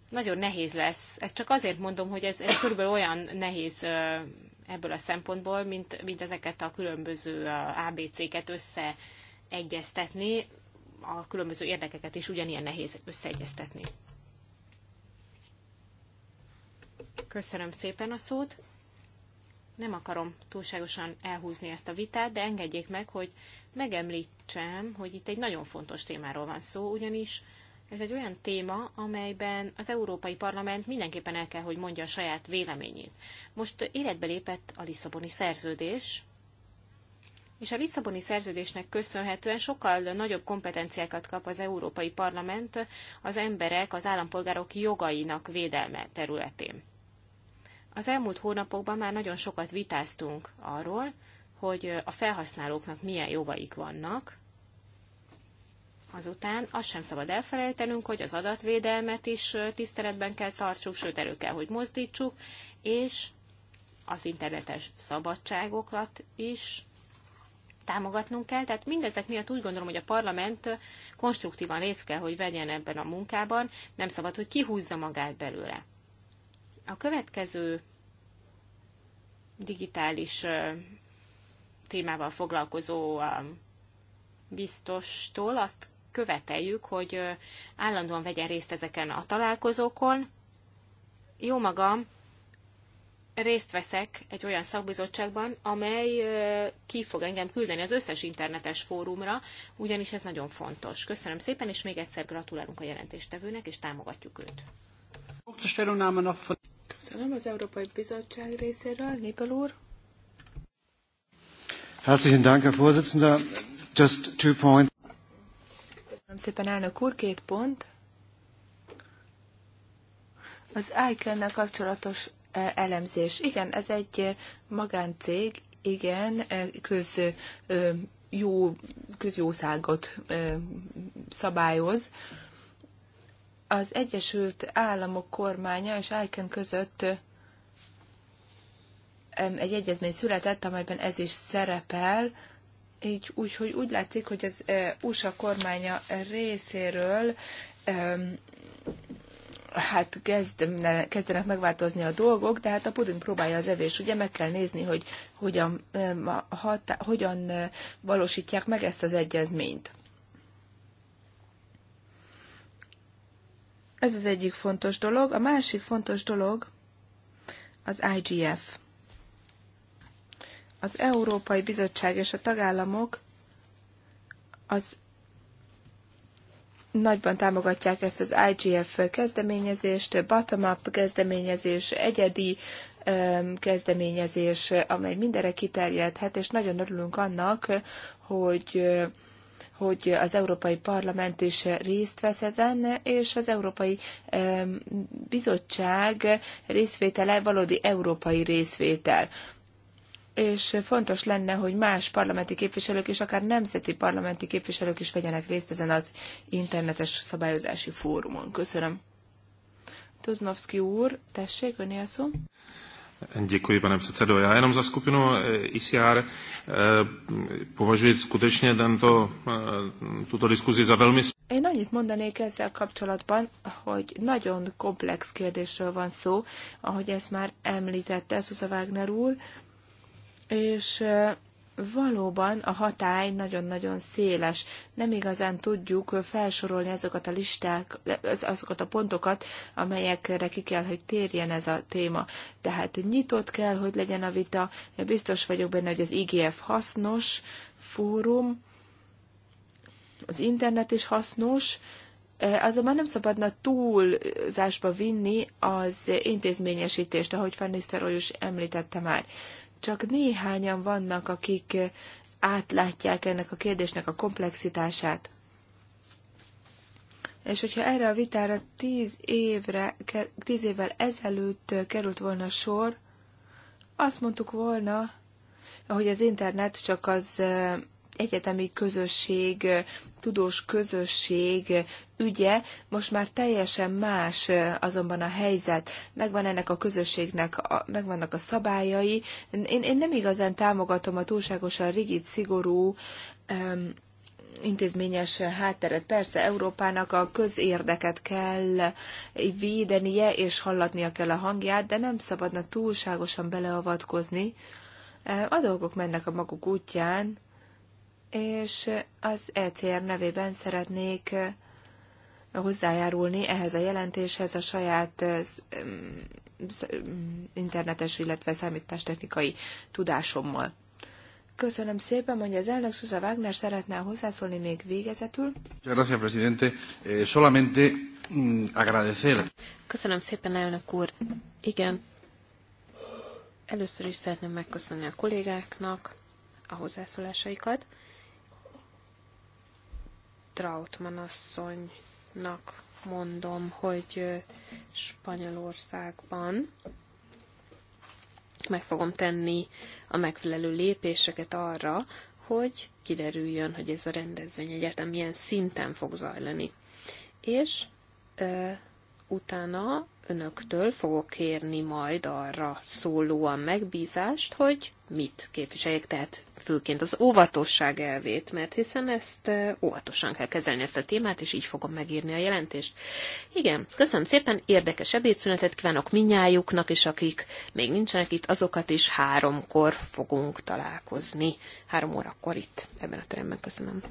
Nagyon nehéz lesz. Ezt csak azért mondom, hogy ez, ez körülbelül olyan nehéz ebből a szempontból, mint, mint ezeket a különböző ABC-ket összeegyeztetni. A különböző érdekeket is ugyanilyen nehéz összeegyeztetni. Köszönöm szépen a szót nem akarom túlságosan elhúzni ezt a vitát, de engedjék meg, hogy megemlítsem, hogy itt egy nagyon fontos témáról van szó, ugyanis ez egy olyan téma, amelyben az Európai Parlament mindenképpen el kell, hogy mondja a saját véleményét. Most életbe lépett a Lisszaboni szerződés, és a Lisszaboni szerződésnek köszönhetően sokkal nagyobb kompetenciákat kap az Európai Parlament az emberek, az állampolgárok jogainak védelme területén. Az elmúlt hónapokban már nagyon sokat vitáztunk arról, hogy a felhasználóknak milyen jogaik vannak. Azután azt sem szabad elfelejtenünk, hogy az adatvédelmet is tiszteletben kell tartsuk, sőt elő kell, hogy mozdítsuk, és az internetes szabadságokat is támogatnunk kell. Tehát mindezek miatt úgy gondolom, hogy a parlament konstruktívan részt kell, hogy vegyen ebben a munkában, nem szabad, hogy kihúzza magát belőle. A következő digitális témával foglalkozó biztostól azt követeljük, hogy állandóan vegyen részt ezeken a találkozókon. Jó magam, részt veszek egy olyan szakbizottságban, amely ki fog engem küldeni az összes internetes fórumra, ugyanis ez nagyon fontos. Köszönöm szépen, és még egyszer gratulálunk a jelentéstevőnek, és támogatjuk őt. Köszönöm az Európai Bizottság részéről. Nipel úr. Herzlichen Dank, Herr Vorsitzender. Just two points. Köszönöm szépen, elnök úr. Két pont. Az icann kapcsolatos e, elemzés. Igen, ez egy e, magáncég, igen, e, köz jó, közjószágot szabályoz az Egyesült Államok kormánya és Aiken között egy egyezmény született, amelyben ez is szerepel, így úgy, hogy úgy látszik, hogy az eh, USA kormánya részéről hát kezdene, kezdenek megváltozni a dolgok, de hát a puding próbálja az evés, ugye meg kell nézni, hogy hogyan, hatá, hogyan eh, valósítják meg ezt az egyezményt. Ez az egyik fontos dolog. A másik fontos dolog az IGF. Az Európai Bizottság és a tagállamok az nagyban támogatják ezt az IGF kezdeményezést, bottom-up kezdeményezés, egyedi kezdeményezés, amely mindenre kiterjedhet, és nagyon örülünk annak, hogy hogy az Európai Parlament is részt vesz ezen, és az Európai Bizottság részvétele valódi európai részvétel és fontos lenne, hogy más parlamenti képviselők és akár nemzeti parlamenti képviselők is vegyenek részt ezen az internetes szabályozási fórumon. Köszönöm. Tuznovszki úr, tessék, öné a szó. Děkuji, pane předsedo. Já jenom za skupinu ICR eh, e eh, považuji skutečně tento, eh, tuto diskuzi za velmi... Én annyit mondanék ezzel kapcsolatban, hogy nagyon komplex kérdésről van szó, ahogy ezt már említette Szuza Wagner úr, és valóban a hatály nagyon-nagyon széles. Nem igazán tudjuk felsorolni azokat a listák, azokat a pontokat, amelyekre ki kell, hogy térjen ez a téma. Tehát nyitott kell, hogy legyen a vita. Biztos vagyok benne, hogy az IGF hasznos fórum, az internet is hasznos, azonban nem szabadna túlzásba vinni az intézményesítést, ahogy Fanniszter is említette már csak néhányan vannak, akik átlátják ennek a kérdésnek a komplexitását. És hogyha erre a vitára tíz, évre, tíz évvel ezelőtt került volna sor, azt mondtuk volna, hogy az internet csak az egyetemi közösség, tudós közösség ügye, most már teljesen más azonban a helyzet, megvan ennek a közösségnek, a, megvannak a szabályai. Én, én nem igazán támogatom a túlságosan rigid, szigorú um, intézményes hátteret. Persze Európának a közérdeket kell védenie, és hallatnia kell a hangját, de nem szabadna túlságosan beleavatkozni. A dolgok mennek a maguk útján, és az ECR nevében szeretnék eh, hozzájárulni ehhez a jelentéshez a saját eh, internetes, illetve számítástechnikai tudásommal. Köszönöm szépen, mondja az elnök Susa Wagner, szeretne hozzászólni még végezetül. Eh, mm, Köszönöm szépen, elnök úr. Igen, először is szeretném megköszönni a kollégáknak a hozzászólásaikat, Trautmann asszonynak mondom, hogy Spanyolországban meg fogom tenni a megfelelő lépéseket arra, hogy kiderüljön, hogy ez a rendezvény egyetem milyen szinten fog zajlani. És utána önöktől fogok kérni majd arra szólóan megbízást, hogy mit képviseljék, tehát főként az óvatosság elvét, mert hiszen ezt óvatosan kell kezelni ezt a témát, és így fogom megírni a jelentést. Igen, köszönöm szépen, érdekes ebédszünetet kívánok minnyájuknak, és akik még nincsenek itt, azokat is háromkor fogunk találkozni. Három órakor itt, ebben a teremben. Köszönöm.